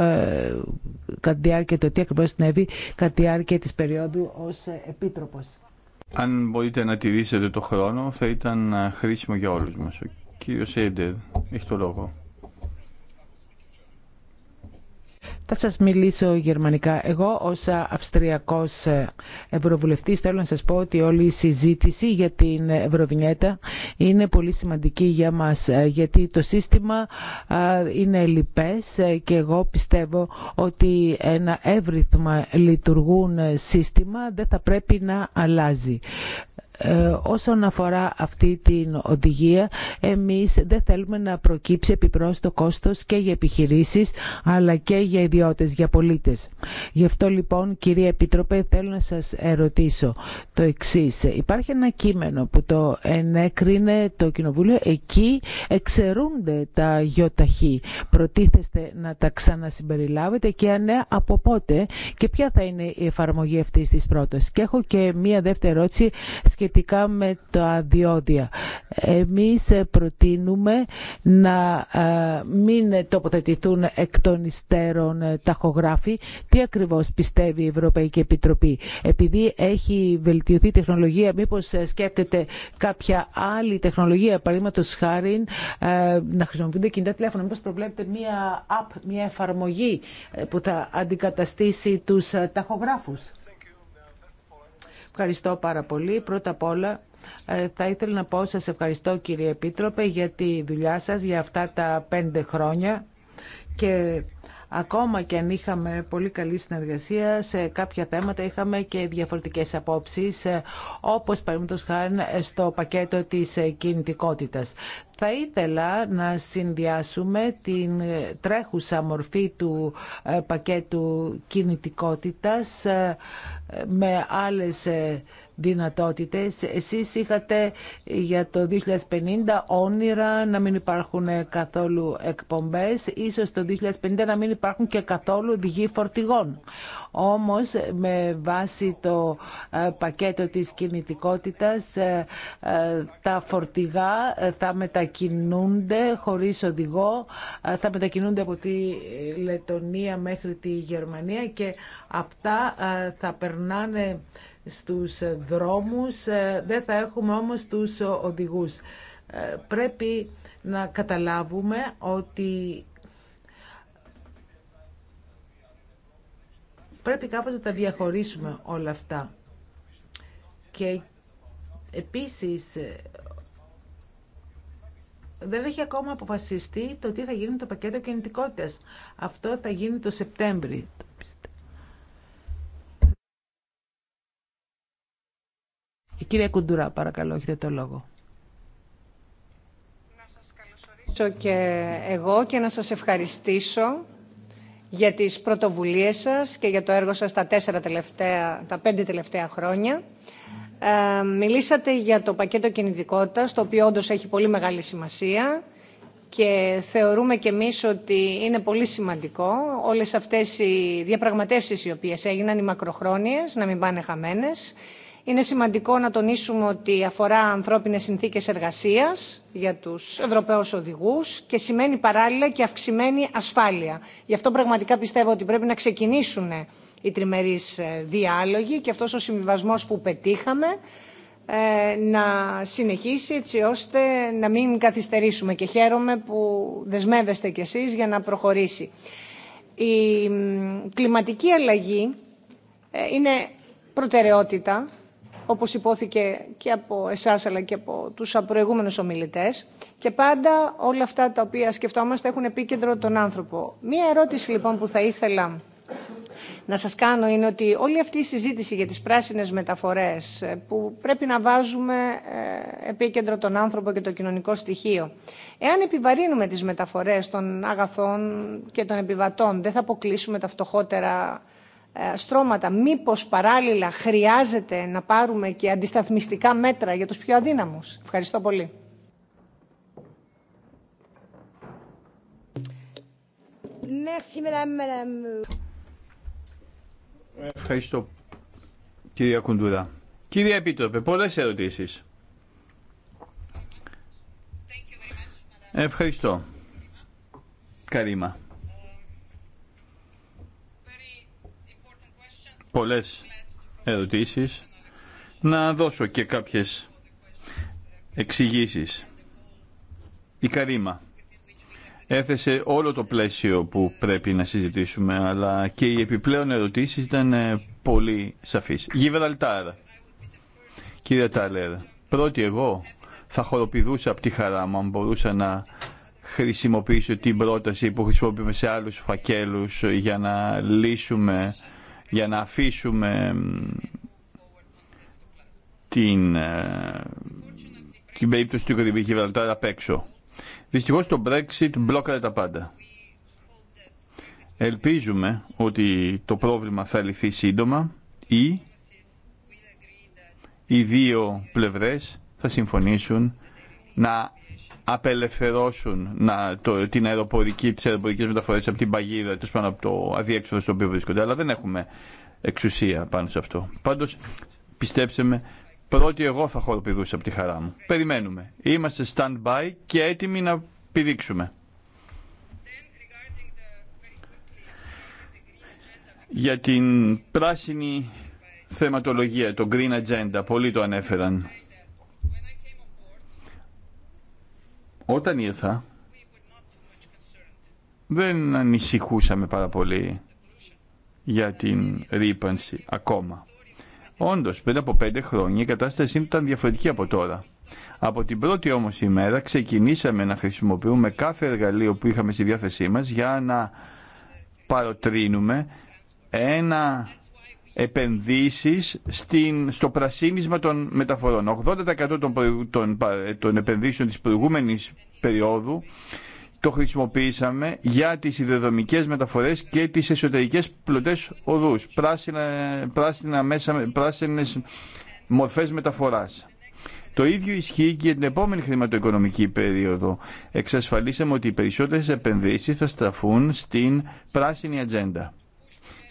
S2: κατά τη διάρκεια το τι ακριβώς συνέβη κατά τη της περίοδου ως επίτροπος.
S3: Αν μπορείτε να τηρήσετε το χρόνο θα ήταν ε, χρήσιμο για όλους μας. Ο κύριος Έντερ έχει το λόγο.
S2: Θα σας μιλήσω γερμανικά. Εγώ ως Αυστριακός ε, Ευρωβουλευτής θέλω να σας πω ότι όλη η συζήτηση για την Ευρωβινιέτα είναι πολύ σημαντική για μας ε, γιατί το σύστημα ε, είναι λιπές και εγώ πιστεύω ότι ένα εύρυθμα λειτουργούν σύστημα δεν θα πρέπει να αλλάζει. Ε, όσον αφορά αυτή την οδηγία, εμείς δεν θέλουμε να προκύψει επιπρόσθετο κόστος και για επιχειρήσεις, αλλά και για ιδιώτες, για πολίτες. Γι' αυτό λοιπόν, κυρία Επίτροπε, θέλω να σας ερωτήσω το εξής. Υπάρχει ένα κείμενο που το ενέκρινε το Κοινοβούλιο. Εκεί εξαιρούνται τα γιοταχή. Προτίθεστε να τα ξανασυμπεριλάβετε και αν ναι, από πότε και ποια θα είναι η εφαρμογή αυτής της πρότασης. Και έχω και μία δεύτερη ερώτηση σχετικά με τα διόδια. Εμείς ε, προτείνουμε να ε, μην τοποθετηθούν εκ των υστέρων ε, ταχογράφοι. Τι ακριβώς πιστεύει η Ευρωπαϊκή Επιτροπή. Επειδή έχει βελτιωθεί η τεχνολογία, μήπως σκέφτεται κάποια άλλη τεχνολογία, παραδείγματο χάρη να χρησιμοποιούνται κινητά τηλέφωνα. Μήπως προβλέπετε μία app, μία εφαρμογή που θα αντικαταστήσει τους ταχογράφους. Ευχαριστώ πάρα πολύ. Πρώτα απ' όλα ε, θα ήθελα να πω σας ευχαριστώ κύριε Επίτροπε για τη δουλειά σας για αυτά τα πέντε χρόνια και Ακόμα και αν είχαμε πολύ καλή συνεργασία, σε κάποια θέματα είχαμε και διαφορετικές απόψεις, ε, όπως παραδείγματος χάρη στο πακέτο της ε, κινητικότητας. Θα ήθελα να συνδυάσουμε την ε, τρέχουσα μορφή του πακέτου κινητικότητας με άλλες δυνατότητες. Εσείς είχατε για το 2050 όνειρα να μην υπάρχουν καθόλου εκπομπές, ίσως το 2050 να μην υπάρχουν και καθόλου οδηγοί φορτηγών. Όμως με βάση το ε, πακέτο της κινητικότητας ε, ε, τα φορτηγά θα μετακινούνται χωρίς οδηγό, θα μετακινούνται από τη Λετωνία μέχρι τη Γερμανία και αυτά θα περνάνε στους δρόμους, ε, δεν θα έχουμε όμως τους οδηγούς. Ε, πρέπει να καταλάβουμε ότι πρέπει κάπως να τα διαχωρίσουμε όλα αυτά. Και επίσης ε, δεν έχει ακόμα αποφασιστεί το τι θα γίνει το πακέτο κινητικότητας. Αυτό θα γίνει το Σεπτέμβρη. Η κυρία Κουντουρά, παρακαλώ, έχετε το λόγο.
S4: Να σας καλωσορίσω και εγώ και να σας ευχαριστήσω για τις πρωτοβουλίες σας και για το έργο σας τα, τέσσερα τελευταία, τα πέντε τελευταία χρόνια. Ε, μιλήσατε για το πακέτο κινητικότητας, το οποίο όντω έχει πολύ μεγάλη σημασία και θεωρούμε και εμείς ότι είναι πολύ σημαντικό όλες αυτές οι διαπραγματεύσεις οι οποίες έγιναν οι μακροχρόνιες να μην πάνε χαμένες είναι σημαντικό να τονίσουμε ότι αφορά ανθρώπινες συνθήκες εργασίας για τους Ευρωπαίους οδηγούς και σημαίνει παράλληλα και αυξημένη ασφάλεια. Γι' αυτό πραγματικά πιστεύω ότι πρέπει να ξεκινήσουν οι τριμερείς ε, διάλογοι και αυτός ο συμβιβασμός που πετύχαμε ε, να συνεχίσει έτσι ώστε να μην καθυστερήσουμε και χαίρομαι που δεσμεύεστε κι εσείς για να προχωρήσει. Η κλιματική αλλαγή ε, είναι προτεραιότητα όπως υπόθηκε και από εσάς αλλά και από τους προηγούμενους ομιλητές. Και πάντα όλα αυτά τα οποία σκεφτόμαστε έχουν επίκεντρο τον άνθρωπο. Μία ερώτηση λοιπόν που θα ήθελα να σας κάνω είναι ότι όλη αυτή η συζήτηση για τις πράσινες μεταφορές ε, που πρέπει να βάζουμε ε, επίκεντρο τον άνθρωπο και το κοινωνικό στοιχείο. Εάν επιβαρύνουμε τις μεταφορές των αγαθών και των επιβατών δεν θα αποκλείσουμε τα φτωχότερα ε, στρώματα. Μήπως παράλληλα χρειάζεται να πάρουμε και αντισταθμιστικά μέτρα για τους πιο αδύναμους. Ευχαριστώ πολύ.
S3: Ευχαριστώ, κυρία Κουντούρα. Κυρία Επίτροπε, πολλές ερωτήσεις. Ευχαριστώ. Καρίμα. πολλές ερωτήσεις, να δώσω και κάποιες εξηγήσεις. Η Καρίμα έθεσε όλο το πλαίσιο που πρέπει να συζητήσουμε, αλλά και οι επιπλέον ερωτήσεις ήταν ε, πολύ σαφείς. Γιβραλτάρ, κύριε Τάλερ, πρώτη εγώ θα χοροπηδούσα από τη χαρά μου αν μπορούσα να χρησιμοποιήσω την πρόταση που χρησιμοποιούμε σε άλλους φακέλους για να λύσουμε για να αφήσουμε την, ε, την περίπτωση του Γιβραλτάρ απ' έξω. Δυστυχώς το Brexit μπλόκαρε τα πάντα. Ελπίζουμε ότι το πρόβλημα θα λυθεί σύντομα ή οι δύο πλευρές θα συμφωνήσουν να απελευθερώσουν να, το, την αεροπορική, τις αεροπορικές μεταφορές από την παγίδα τους πάνω από το αδιέξοδο στο οποίο βρίσκονται. Αλλά δεν έχουμε εξουσία πάνω σε αυτό. Πάντως, πιστέψτε με, πρώτη εγώ θα χοροπηδούσα από τη χαρά μου. Περιμένουμε. Είμαστε stand-by και έτοιμοι να πηδήξουμε. Για την πράσινη θεματολογία, το Green Agenda, πολλοί το ανέφεραν. Όταν ήρθα, δεν ανησυχούσαμε πάρα πολύ για την ρήπανση ακόμα. Όντως, πριν από πέντε χρόνια η κατάσταση ήταν διαφορετική από τώρα. Από την πρώτη όμως ημέρα ξεκινήσαμε να χρησιμοποιούμε κάθε εργαλείο που είχαμε στη διάθεσή μας για να παροτρύνουμε ένα επενδύσεις στην, στο πρασίνισμα των μεταφορών. 80% των, των, των επενδύσεων της προηγούμενης περίοδου το χρησιμοποίησαμε για τις ιδεοδομικές μεταφορές και τις εσωτερικές πλωτές οδούς, πράσινα, πράσινα μέσα, πράσινες μορφές μεταφοράς. Το ίδιο ισχύει και την επόμενη χρηματοοικονομική περίοδο. Εξασφαλίσαμε ότι οι περισσότερες επενδύσεις θα στραφούν στην πράσινη ατζέντα.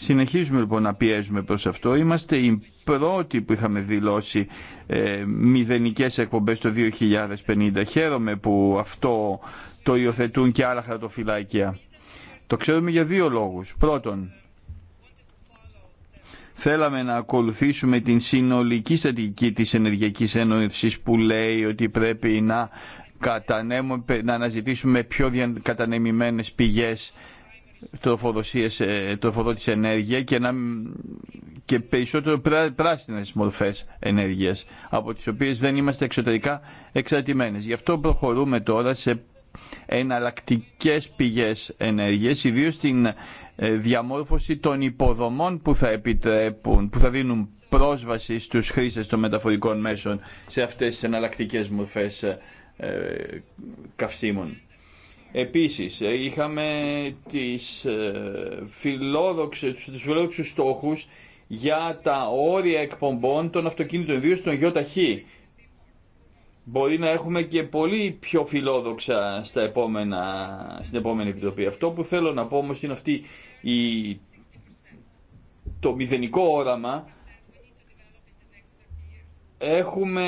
S3: Συνεχίζουμε λοιπόν να πιέζουμε προς αυτό. Είμαστε οι πρώτοι που είχαμε δηλώσει ε, μηδενικές εκπομπές το 2050. Χαίρομαι που αυτό το υιοθετούν και άλλα χαρτοφυλάκια. Το ξέρουμε για δύο λόγους. Πρώτον, θέλαμε να ακολουθήσουμε την συνολική στρατηγική της Ενεργειακής Ένωσης που λέει ότι πρέπει να, να αναζητήσουμε πιο κατανεμημένες πηγές τροφοδοσίες, ε, ενέργεια και, να, και περισσότερο πρά, πράσινες μορφές ενέργειας από τις οποίες δεν είμαστε εξωτερικά εξαρτημένες. Γι' αυτό προχωρούμε τώρα σε εναλλακτικέ πηγές ενέργειας, ιδίω στην ε, διαμόρφωση των υποδομών που θα επιτρέπουν, που θα δίνουν πρόσβαση στους χρήστες των μεταφορικών μέσων σε αυτές τις εναλλακτικέ μορφές ε, καυσίμων. Επίσης, ε, είχαμε τις ε, φιλόδοξες, τους φιλόδοξους στόχους για τα όρια εκπομπών των αυτοκίνητων, ιδίως των ΙΟΤΑΧΗ. Μπορεί να έχουμε και πολύ πιο φιλόδοξα στα επόμενα, στην επόμενη επιτροπή. Αυτό που θέλω να πω όμως είναι αυτή η, το μηδενικό όραμα έχουμε,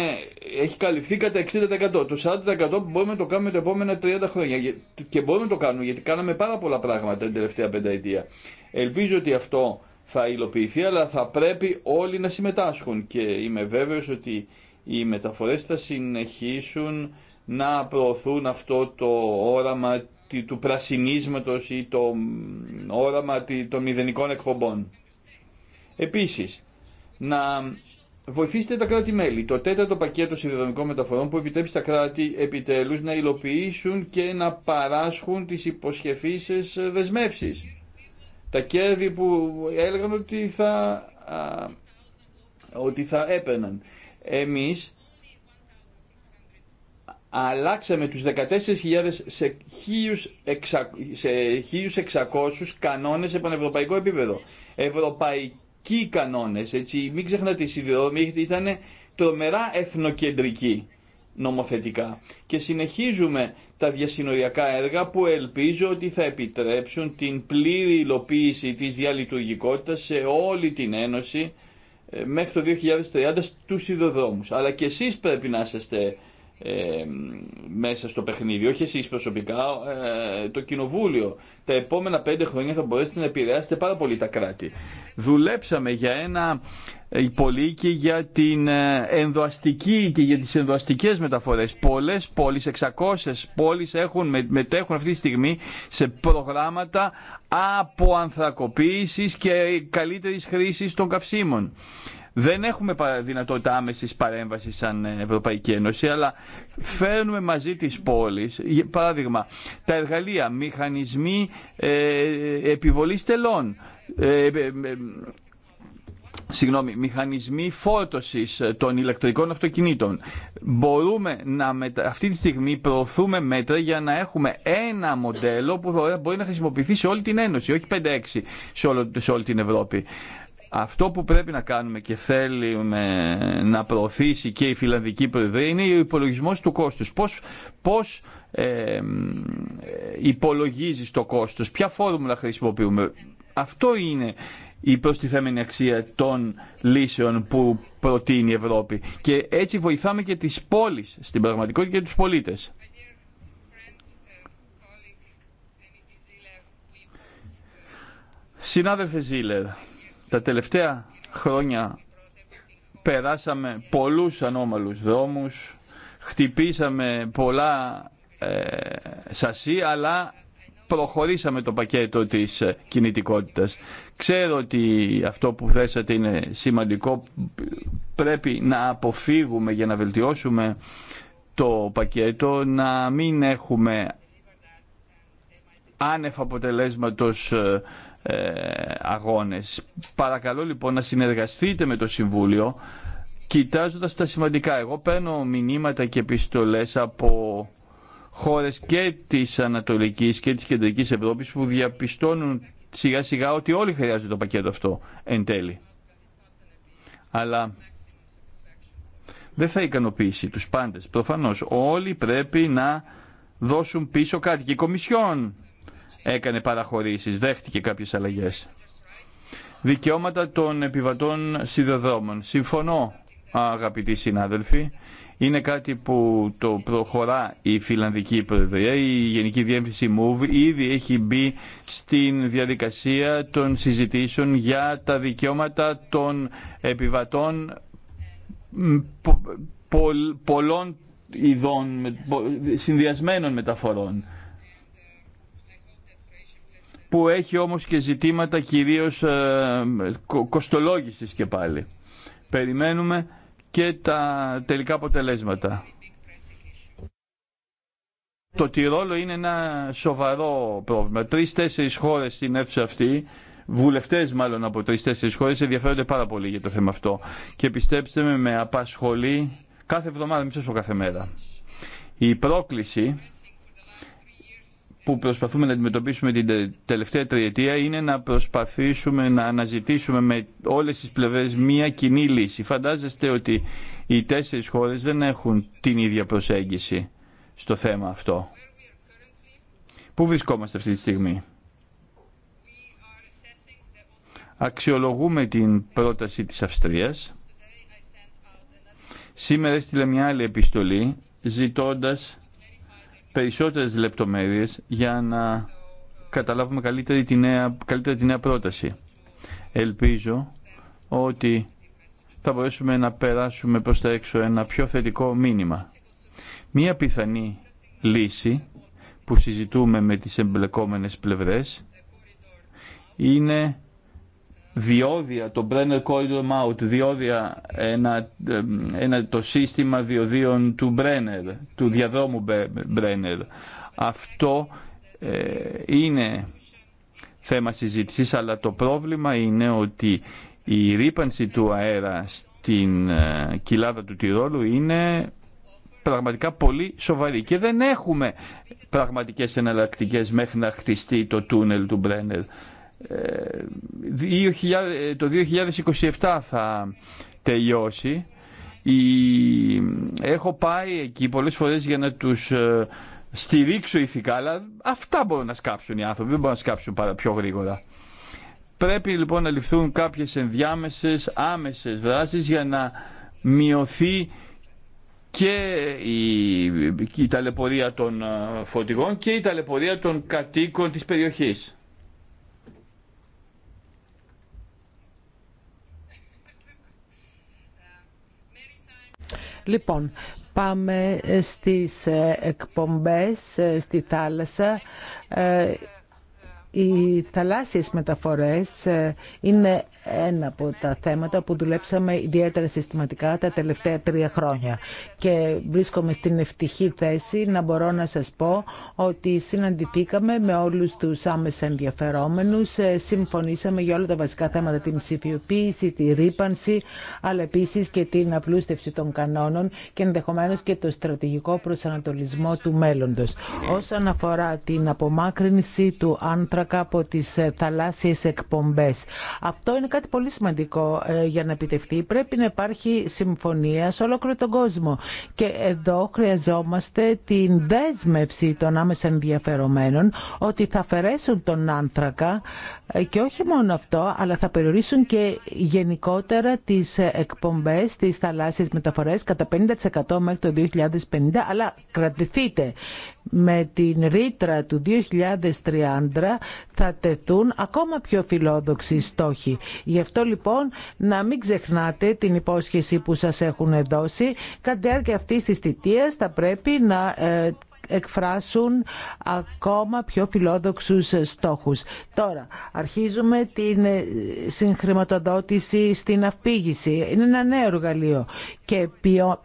S3: έχει καλυφθεί κατά 60%. Το 40% μπορούμε να το κάνουμε τα επόμενα 30 χρόνια. Και μπορούμε να το κάνουμε γιατί κάναμε πάρα πολλά πράγματα την τελευταία πενταετία. Ελπίζω ότι αυτό θα υλοποιηθεί, αλλά θα πρέπει όλοι να συμμετάσχουν και είμαι βέβαιος ότι οι μεταφορές θα συνεχίσουν να προωθούν αυτό το όραμα του πρασινίσματος ή το όραμα των μηδενικών εκπομπών. Επίσης, να Βοηθήστε τα κράτη-μέλη. Το τέταρτο πακέτο συνδεδομικών μεταφορών που επιτρέπει στα κράτη επιτέλου, να υλοποιήσουν και να παράσχουν τι υποσχεθήσεις δεσμεύσει. Τα κέρδη που έλεγαν ότι θα, ότι θα έπαιρναν. Εμεί αλλάξαμε τους 14.000 σε 1.600 κανόνες σε πανευρωπαϊκό επίπεδο. Ευρωπαϊκή εθνικοί οι μην ξεχνάτε οι σιδηρόδρομοι ήταν τρομερά εθνοκεντρικοί νομοθετικά. Και συνεχίζουμε τα διασυνοριακά έργα που ελπίζω ότι θα επιτρέψουν την πλήρη υλοποίηση της διαλειτουργικότητας σε όλη την Ένωση ε, μέχρι το 2030 στους σιδηροδρόμους. Αλλά και εσείς πρέπει να είστε. Ε, μέσα στο παιχνίδι, όχι εσείς προσωπικά, ε, το κοινοβούλιο. Τα επόμενα πέντε χρόνια θα μπορέσετε να επηρεάσετε πάρα πολύ τα κράτη. Δουλέψαμε για ένα πολύ και για την ε, ενδοαστική και για τις ενδοαστικές μεταφορές. Πολλές πόλεις, 600 πόλεις έχουν, μετέχουν αυτή τη στιγμή σε προγράμματα από ανθρακοποίησης και καλύτερης χρήσης των καυσίμων. Δεν έχουμε δυνατότητα άμεσης παρέμβασης σαν Ευρωπαϊκή Ένωση, αλλά φέρνουμε μαζί τις πόλεις, παράδειγμα, τα εργαλεία, μηχανισμοί ε, επιβολής τελών, ε, ε, ε, συγγνώμη, μηχανισμοί φόρτωσης των ηλεκτρικών αυτοκινήτων. Μπορούμε να αυτή τη στιγμή προωθούμε μέτρα για να έχουμε ένα μοντέλο που μπορεί να χρησιμοποιηθεί σε όλη την Ένωση, όχι 5-6 σε, σε όλη την Ευρώπη. Αυτό που πρέπει να κάνουμε και θέλουμε να προωθήσει και η Φιλανδική Προεδρία είναι ο υπολογισμός του κόστου. Πώς, πώς ε, υπολογίζεις το κόστος, ποια φόρμουλα χρησιμοποιούμε. Αυτό είναι η προστιθέμενη αξία των λύσεων που προτείνει η Ευρώπη. Και έτσι βοηθάμε και τις πόλεις στην πραγματικότητα και τους πολίτες. Συνάδελφε Ζήλερ, τα τελευταία χρόνια περάσαμε πολλούς ανώμαλους δρόμους, χτυπήσαμε πολλά ε, σασί, αλλά προχωρήσαμε το πακέτο της ε, κινητικότητας. Ξέρω ότι αυτό που θέσατε είναι σημαντικό. Πρέπει να αποφύγουμε για να βελτιώσουμε το πακέτο, να μην έχουμε άνευ αποτελέσματος ε, ε, αγώνες. Παρακαλώ λοιπόν να συνεργαστείτε με το Συμβούλιο κοιτάζοντας τα σημαντικά. Εγώ παίρνω μηνύματα και επιστολές από χώρες και της Ανατολικής και της Κεντρικής Ευρώπης που διαπιστώνουν σιγά σιγά ότι όλοι χρειάζονται το πακέτο αυτό εν τέλει. Αλλά δεν θα ικανοποιήσει τους πάντες. Προφανώς όλοι πρέπει να δώσουν πίσω κάτι. Και η Κομισιόν έκανε παραχωρήσεις, δέχτηκε κάποιες αλλαγές. Δικαιώματα των επιβατών σιδεδρόμων. Συμφωνώ, αγαπητοί συνάδελφοι, είναι κάτι που το προχωρά η Φιλανδική Προεδρία. Η Γενική Διεύθυνση MOVE ήδη έχει μπει στην διαδικασία των συζητήσεων για τα δικαιώματα των επιβατών πολλών ειδών συνδυασμένων μεταφορών που έχει όμως και ζητήματα κυρίως ε, κοστολόγησης και πάλι. Περιμένουμε και τα τελικά αποτελέσματα. Το Τυρόλο είναι ένα σοβαρό πρόβλημα. Τρεις-τέσσερις χώρες στην αίθουσα αυτή, βουλευτές μάλλον από τρεις-τέσσερις χώρες, ενδιαφέρονται πάρα πολύ για το θέμα αυτό. Και πιστέψτε με, με απασχολεί κάθε εβδομάδα, μην σας κάθε μέρα. Η πρόκληση που προσπαθούμε να αντιμετωπίσουμε την τελευταία τριετία είναι να προσπαθήσουμε να αναζητήσουμε με όλες τις πλευρές μία κοινή λύση. Φαντάζεστε ότι οι τέσσερις χώρες δεν έχουν την ίδια προσέγγιση στο θέμα αυτό. Πού βρισκόμαστε αυτή τη στιγμή. Αξιολογούμε την πρόταση της Αυστρίας. Σήμερα στείλα μια άλλη επιστολή την προταση της αυστριας σημερα έστειλε μια αλλη επιστολη ζητωντας περισσότερες λεπτομέρειες για να καταλάβουμε καλύτερα τη νέα, πρόταση. Ελπίζω ότι θα μπορέσουμε να περάσουμε προς τα έξω ένα πιο θετικό μήνυμα. Μία πιθανή λύση που συζητούμε με τις εμπλεκόμενες πλευρές είναι διόδια, το Brenner Corridor Mount, διόδια, ένα, ένα, το σύστημα διοδίων του Brenner, του διαδρόμου Brenner. Αυτό ε, είναι θέμα συζήτησης, αλλά το πρόβλημα είναι ότι η ρήπανση του αέρα στην ε, κοιλάδα του Τυρόλου είναι πραγματικά πολύ σοβαρή και δεν έχουμε πραγματικές εναλλακτικές μέχρι να χτιστεί το τούνελ του Μπρένερ. Ε, ε, το 2027 θα τελειώσει. Έχω πάει εκεί πολλές φορές για να τους ε, στηρίξω ηθικά, αλλά αυτά μπορούν να σκάψουν οι άνθρωποι, δεν μπορούν να σκάψουν πάρα πιο γρήγορα. Πρέπει λοιπόν να ληφθούν κάποιες ενδιάμεσες, άμεσες δράσεις για να μειωθεί και η, η ταλαιπωρία των φωτιγών και η ταλαιπωρία των κατοίκων της περιοχής.
S2: Λοιπόν, πάμε στις ε, εκπομπές ε, στη θάλασσα. Ε, οι θαλάσσιες μεταφορές είναι ένα από τα θέματα που δουλέψαμε ιδιαίτερα συστηματικά τα τελευταία τρία χρόνια. Και βρίσκομαι στην ευτυχή θέση να μπορώ να σας πω ότι συναντηθήκαμε με όλους τους άμεσα ενδιαφερόμενους, ε, συμφωνήσαμε για όλα τα βασικά θέματα, την ψηφιοποίηση, τη ρήπανση, αλλά επίσης και την απλούστευση των κανόνων και ενδεχομένως και το στρατηγικό προσανατολισμό του μέλλοντος. Όσον αφορά την απομάκρυνση του άνθρακα από τις ε, θαλάσσιες εκπομπές. Αυτό είναι κάτι πολύ σημαντικό ε, για να επιτευχθεί. Πρέπει να υπάρχει συμφωνία σε ολόκληρο τον κόσμο. Και εδώ χρειαζόμαστε την δέσμευση των άμεσα ενδιαφερομένων ότι θα αφαιρέσουν τον άνθρακα ε, και όχι μόνο αυτό, αλλά θα περιορίσουν και γενικότερα τις εκπομπές, τις θαλάσσιες μεταφορές κατά 50% μέχρι το 2050, αλλά κρατηθείτε με την ρήτρα του 2030 θα τεθούν ακόμα πιο φιλόδοξοι στόχοι. Γι' αυτό λοιπόν να μην ξεχνάτε την υπόσχεση που σας έχουν δώσει. Κατά διάρκεια αυτής της θητείας θα πρέπει να ε, εκφράσουν ακόμα πιο φιλόδοξους στόχους. Τώρα, αρχίζουμε την ε, συγχρηματοδότηση στην αυπήγηση. Είναι ένα νέο εργαλείο και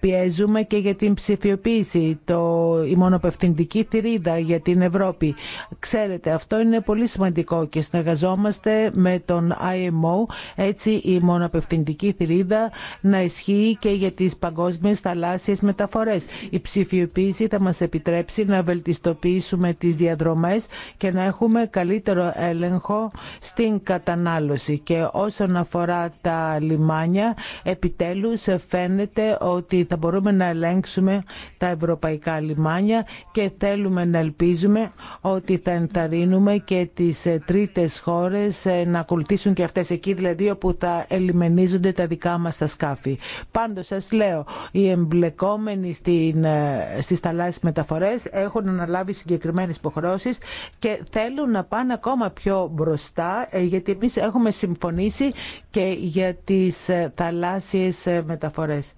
S2: πιέζουμε και για την ψηφιοποίηση, το, η μονοπευθυντική θηρίδα για την Ευρώπη. Ξέρετε, αυτό είναι πολύ σημαντικό και συνεργαζόμαστε με τον IMO, έτσι η μονοπευθυντική θηρίδα να ισχύει και για τις παγκόσμιες θαλάσσιες μεταφορές. Η ψηφιοποίηση θα μας επιτρέψει να βελτιστοποιήσουμε τις διαδρομές και να έχουμε καλύτερο έλεγχο στην κατανάλωση. Και όσον αφορά τα λιμάνια, επιτέλους φαίνεται ότι θα μπορούμε να ελέγξουμε τα ευρωπαϊκά λιμάνια και θέλουμε να ελπίζουμε ότι θα ενθαρρύνουμε και τις τρίτες χώρες να ακολουθήσουν και αυτές εκεί δηλαδή όπου θα ελιμενίζονται τα δικά μας τα σκάφη. Πάντως σας λέω, οι εμπλεκόμενοι στην, ε, στις θαλάσσιες μεταφορές έχουν αναλάβει συγκεκριμένες υποχρεώσεις και θέλουν να πάνε ακόμα πιο μπροστά ε, γιατί εμείς έχουμε συμφωνήσει και για τις ε, θαλάσσιες ε, μεταφορές.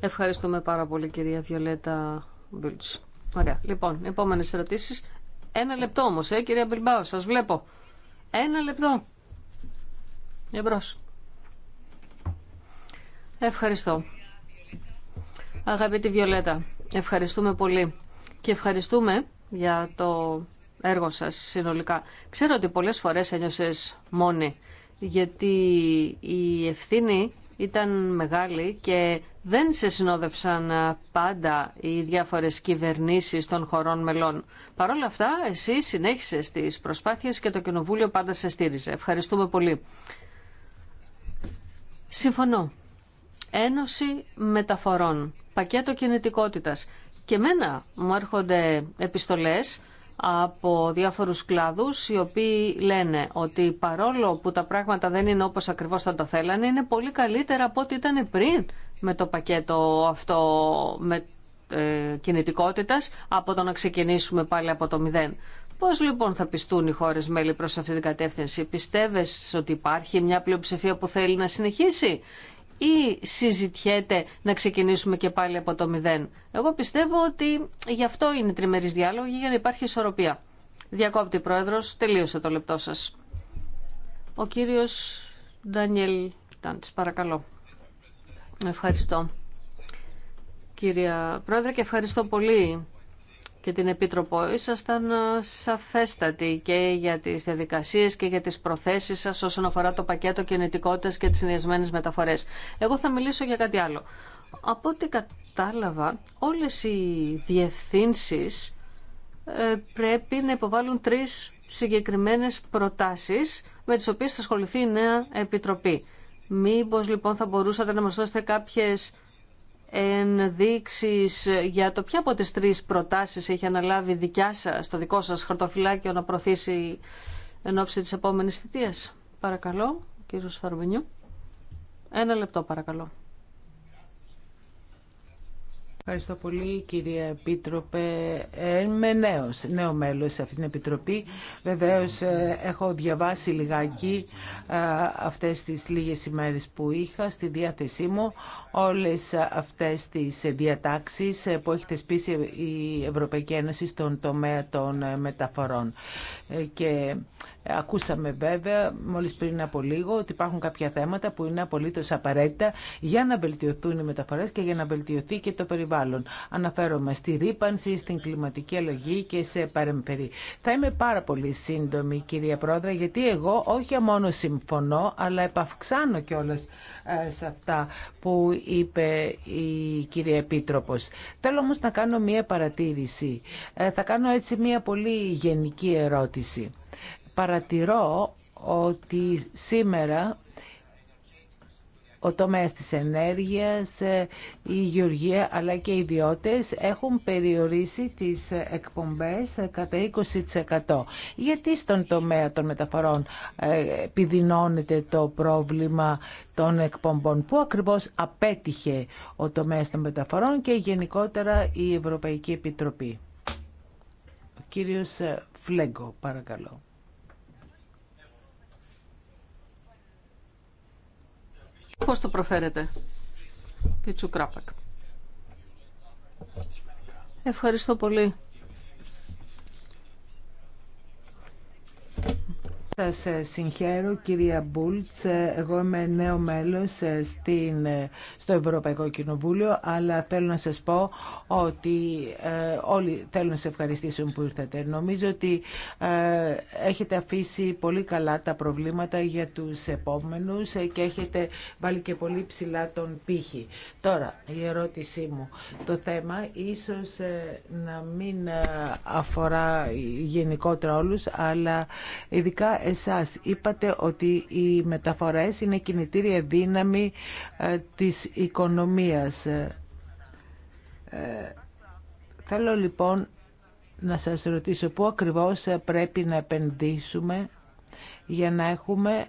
S1: Ευχαριστούμε πάρα πολύ κυρία Βιολέτα Μπίλτς. Ωραία. Λοιπόν, επόμενες ερωτήσεις. Ένα λεπτό όμως, ε, κυρία Μπιλμπάου, σας βλέπω. Ένα λεπτό. Εμπρός. Ευχαριστώ. Αγαπητή Βιολέτα, ευχαριστούμε πολύ και ευχαριστούμε για το έργο σας συνολικά. Ξέρω ότι πολλές φορές ένιωσες μόνη, γιατί η ευθύνη ήταν μεγάλη και δεν σε συνόδευσαν πάντα οι διάφορες κυβερνήσεις των χωρών μελών. Παρ' όλα αυτά, εσύ συνέχισες τις προσπάθειες και το Κοινοβούλιο πάντα σε στήριζε. Ευχαριστούμε πολύ. Συμφωνώ. Ένωση μεταφορών. Πακέτο κινητικότητας. Και εμένα μου έρχονται επιστολές από διάφορους κλάδους οι οποίοι λένε ότι παρόλο που τα πράγματα δεν είναι όπως ακριβώς θα τα θέλανε είναι πολύ καλύτερα από ό,τι ήταν πριν με το πακέτο αυτό με, ε, κινητικότητας από το να ξεκινήσουμε πάλι από το μηδέν. Πώς λοιπόν θα πιστούν οι χώρες μέλη προς αυτή την κατεύθυνση. Πιστεύεις ότι υπάρχει μια πλειοψηφία που θέλει να συνεχίσει ή συζητιέται να ξεκινήσουμε και πάλι από το μηδέν. Εγώ πιστεύω ότι γι' αυτό είναι τριμερής διαλογη για να υπάρχει ισορροπία. Διακόπτη Πρόεδρος, τελείωσε το λεπτό σας. Ο κύριος Ντανιέλ Τάντς, παρακαλώ. Ευχαριστώ. Κύριε Πρόεδρε και ευχαριστώ πολύ και την Επίτροπο. Ήσασταν ε, σαφέστατοι και για τις διαδικασίες και για τις προθέσεις σας όσον αφορά το πακέτο κινητικότητας και τις συνδυασμένες μεταφορές. Εγώ θα μιλήσω για κάτι άλλο. Από ό,τι κατάλαβα, όλες οι διευθύνσεις ε, πρέπει να υποβάλουν τρεις συγκεκριμένες προτάσεις με τις οποίες θα ασχοληθεί η νέα Επιτροπή. Μήπως λοιπόν θα μπορούσατε να μας δώσετε κάποιες ενδείξεις για το ποια από τις τρεις προτάσεις έχει αναλάβει δικιά σας, το δικό σας χαρτοφυλάκιο να προωθήσει εν ώψη της επόμενης θητείας. Παρακαλώ, κύριο Σφαρμπινιού. Ένα λεπτό παρακαλώ. Ευχαριστώ πολύ κύριε Επίτροπε.
S2: Ε, είμαι νέος, νέο μέλος σε αυτήν την Επιτροπή. Βεβαίως ε, έχω διαβάσει λιγάκι ε, αυτές τις λίγες ημέρες που είχα στη διάθεσή μου όλες αυτές τις διατάξεις που έχει θεσπίσει η Ευρωπαϊκή Ένωση στον τομέα των μεταφορών. Και ε, ακούσαμε βέβαια μόλις πριν από λίγο ότι υπάρχουν κάποια θέματα που είναι απολύτως απαραίτητα για να βελτιωθούν οι μεταφορές και για να βελτιωθεί και το περιβάλλον. Αναφέρομαι στη ρήπανση, στην κλιματική αλλαγή και σε παρεμφερή. Θα είμαι πάρα πολύ σύντομη κυρία Πρόεδρε γιατί εγώ όχι μόνο συμφωνώ αλλά επαυξάνω κιόλας ε, σε αυτά που είπε η κυρία Επίτροπος. Θέλω όμως να κάνω μία παρατήρηση. Ε, θα κάνω έτσι μία πολύ γενική ερώτηση παρατηρώ ότι σήμερα ο τομέας της ενέργειας, ε, η γεωργία αλλά και οι ιδιώτες έχουν περιορίσει τις εκπομπές ε, κατά 20%. Γιατί στον τομέα των μεταφορών ε, επιδεινώνεται το πρόβλημα των εκπομπών. Πού ακριβώς απέτυχε ο τομέας των μεταφορών και γενικότερα η Ευρωπαϊκή Επιτροπή. Ο κύριος Φλέγκο, παρακαλώ.
S1: Πώς το προφέρετε. Πιτσου Κράπακ. Ευχαριστώ πολύ.
S2: Σας συγχαίρω κυρία Μπούλτς. Εγώ είμαι νέο μέλος στην, στο Ευρωπαϊκό Κοινοβούλιο, αλλά θέλω να σας πω ότι ε, όλοι θέλουν να σε ευχαριστήσουν που ήρθατε. Νομίζω ότι ε, έχετε αφήσει πολύ καλά τα προβλήματα για τους επόμενους και έχετε βάλει και πολύ ψηλά τον πύχη. Τώρα, η ερώτησή μου. Το θέμα ίσως ε, να μην αφορά γενικότερα όλους, αλλά ειδικά εσάς. Είπατε ότι οι μεταφορές είναι κινητήρια δύναμη ε, της οικονομίας. Ε, θέλω λοιπόν να σας ρωτήσω πού ακριβώς πρέπει να επενδύσουμε για να έχουμε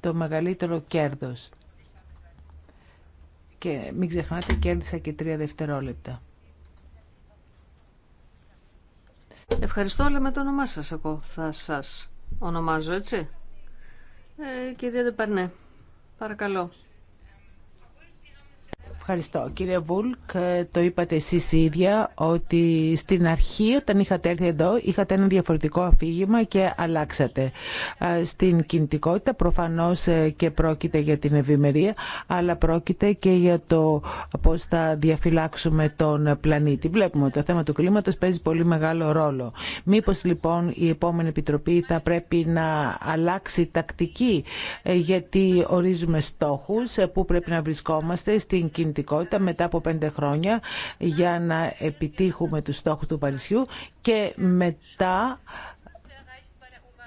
S2: το μεγαλύτερο κέρδος.
S1: Και μην ξεχνάτε, κέρδισα και τρία δευτερόλεπτα. Ευχαριστώ, αλλά με το όνομά σας ακόμα. θα σας ονομάζω έτσι. Ε, κυρία πάρνε, παρακαλώ.
S2: Ευχαριστώ. Κύριε Βούλκ, το είπατε εσείς ίδια ότι στην αρχή όταν είχατε έρθει εδώ είχατε ένα διαφορετικό αφήγημα και αλλάξατε. Ε, στην κινητικότητα Προφανώ ε, και πρόκειται για την ευημερία αλλά πρόκειται και για το πώ θα διαφυλάξουμε τον πλανήτη. Βλέπουμε ότι το θέμα του κλίματο παίζει πολύ μεγάλο ρόλο. Μήπω λοιπόν η επόμενη επιτροπή θα πρέπει να αλλάξει τακτική ε, γιατί ορίζουμε στόχου που πρέπει να βρισκόμαστε στην κινητικότητα μετά από πέντε χρόνια για να επιτύχουμε τους στόχους του Παρισιού και μετά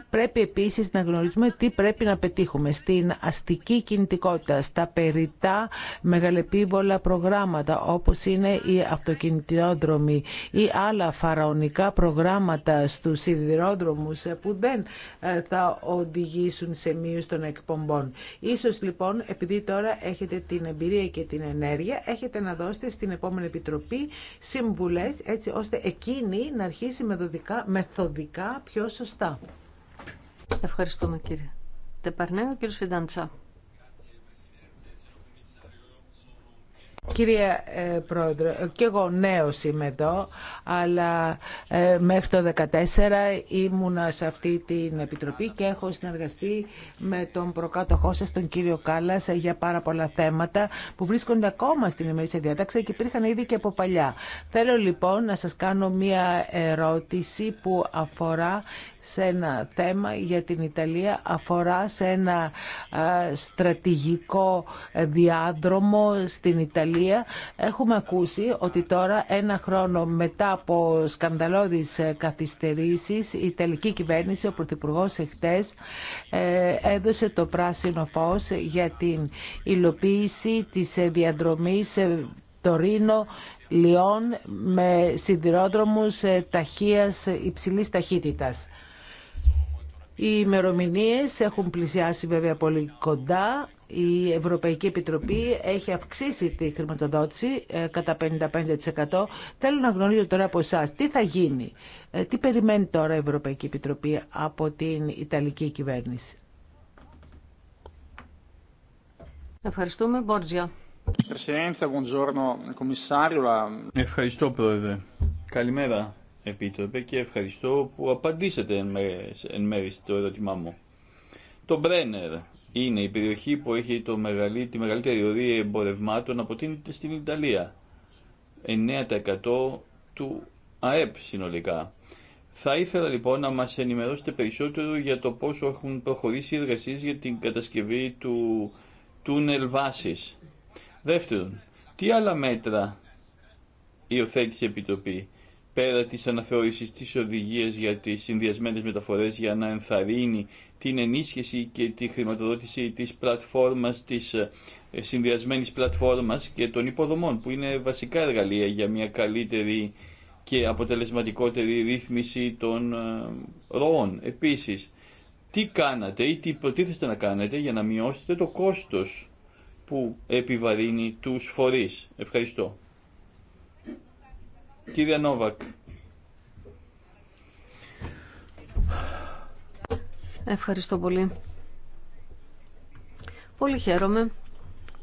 S2: Πρέπει επίσης να γνωρίζουμε τι πρέπει να πετύχουμε στην αστική κινητικότητα, στα περιτά μεγαλεπίβολα προγράμματα όπως είναι οι αυτοκινητιόδρομοι ή άλλα φαραωνικά προγράμματα στους σιδηρόδρομους ε, που δεν ε, θα οδηγήσουν σε μείωση των εκπομπών. Ίσως λοιπόν επειδή τώρα έχετε την εμπειρία και την ενέργεια έχετε να δώσετε στην επόμενη Επιτροπή συμβουλές έτσι ώστε
S1: εκείνη να αρχίσει μεθοδικά πιο σωστά. Ευχαριστούμε κύριε Τεπαρνέ. Ο κύριος Φιντάντσα.
S2: Κύριε ε, Πρόεδρε, και εγώ νέος είμαι εδώ, αλλά ε, μέχρι το 2014 ήμουνα σε αυτή την Επιτροπή και έχω συνεργαστεί με τον προκάτοχό σας, τον κύριο Κάλλας, για πάρα πολλά θέματα που βρίσκονται ακόμα στην ημερήσια διάταξη και υπήρχαν ήδη και από παλιά. Θέλω λοιπόν να σας κάνω μία ερώτηση που αφορά σε ένα θέμα για την Ιταλία, αφορά σε ένα στρατηγικό διάδρομο στην Ιταλία έχουμε ακούσει ότι τώρα ένα χρόνο μετά από σκανδαλώδεις ε, καθυστερήσεις η τελική κυβέρνηση, ο Πρωθυπουργός εχθές ε, έδωσε το πράσινο φως για την υλοποίηση της ε, διαδρομής το Ρήνο λιον με σιδηρόδρομους ταχείας, υψηλής ταχύτητας. Οι ημερομηνίε έχουν πλησιάσει βέβαια πολύ κοντά η Ευρωπαϊκή Επιτροπή έχει αυξήσει τη χρηματοδότηση ε, κατά 55%. Θέλω να γνωρίζω τώρα από εσά τι θα γίνει, ε, τι περιμένει τώρα η Ευρωπαϊκή Επιτροπή από την Ιταλική
S3: κυβέρνηση. Ευχαριστούμε. Μπόρτζια. Ευχαριστώ, Πρόεδρε. Καλημέρα, Επίτροπε, και ευχαριστώ που απαντήσατε εν μέρη στο ερώτημά μου. Το Μπρένερ είναι η περιοχή που έχει το μεγαλύ, τη μεγαλύτερη ορία εμπορευμάτων αποτείνεται στην Ιταλία. 9% του ΑΕΠ συνολικά. Θα ήθελα λοιπόν να μας ενημερώσετε περισσότερο για το πόσο έχουν προχωρήσει οι εργασίες για την κατασκευή του τούνελ βάσης. Δεύτερον, τι άλλα μέτρα υιοθέτησε η Επιτροπή πέρα της αναθεώρησης της οδηγίας για τις συνδυασμένες μεταφορές για να ενθαρρύνει την ενίσχυση και τη χρηματοδότηση της πλατφόρμας, της ε, συνδυασμένης πλατφόρμας και των υποδομών που είναι βασικά εργαλεία για μια καλύτερη και αποτελεσματικότερη ρύθμιση των ε, ροών. Επίσης, τι κάνατε ή τι προτίθεστε να κάνετε για να μειώσετε το κόστος που επιβαρύνει τους φορείς. Ευχαριστώ. Κύριε Νόβακ.
S1: Ευχαριστώ πολύ. Πολύ χαίρομαι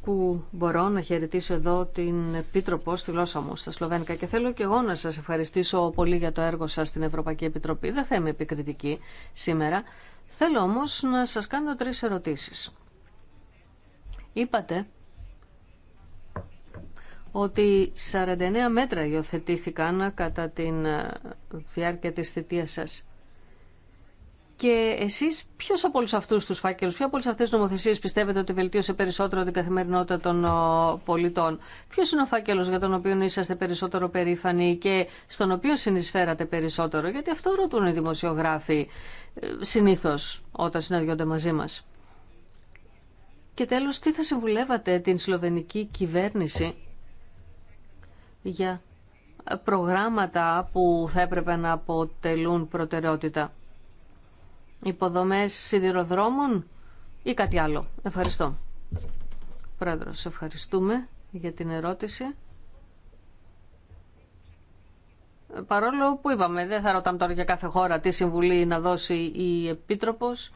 S1: που μπορώ να χαιρετήσω εδώ την Επίτροπο στη γλώσσα μου στα Σλοβένικα και θέλω και εγώ να σας ευχαριστήσω πολύ για το έργο σας στην Ευρωπαϊκή Επιτροπή. Δεν θα είμαι επικριτική σήμερα. Θέλω όμως να σας κάνω τρεις ερωτήσεις. Είπατε ότι 49 μέτρα υιοθετήθηκαν κατά τη ε, διάρκεια της θητείας σας. Και εσεί, ποιο από όλου αυτού του φάκελου, ποιο από όλε αυτέ τι νομοθεσίε πιστεύετε ότι βελτίωσε περισσότερο την καθημερινότητα των ε, πολιτών. ποιο είναι ο φάκελο για τον οποίο είσαστε περισσότερο περήφανοι και στον οποίο συνεισφέρατε περισσότερο. Γιατί αυτό ρωτούν οι δημοσιογράφοι ε, συνήθω όταν συναντιόνται μαζί μα. Και τέλος, τι θα συμβουλεύατε την σλοβενική κυβέρνηση για προγράμματα που θα έπρεπε να αποτελούν προτεραιότητα. Υποδομές σιδηροδρόμων ή κάτι άλλο. Ευχαριστώ. Πρόεδρος, ευχαριστούμε για την ερώτηση. Παρόλο που είπαμε, δεν θα ρωτάμε τώρα για κάθε χώρα τι συμβουλή να δώσει η Επίτροπος.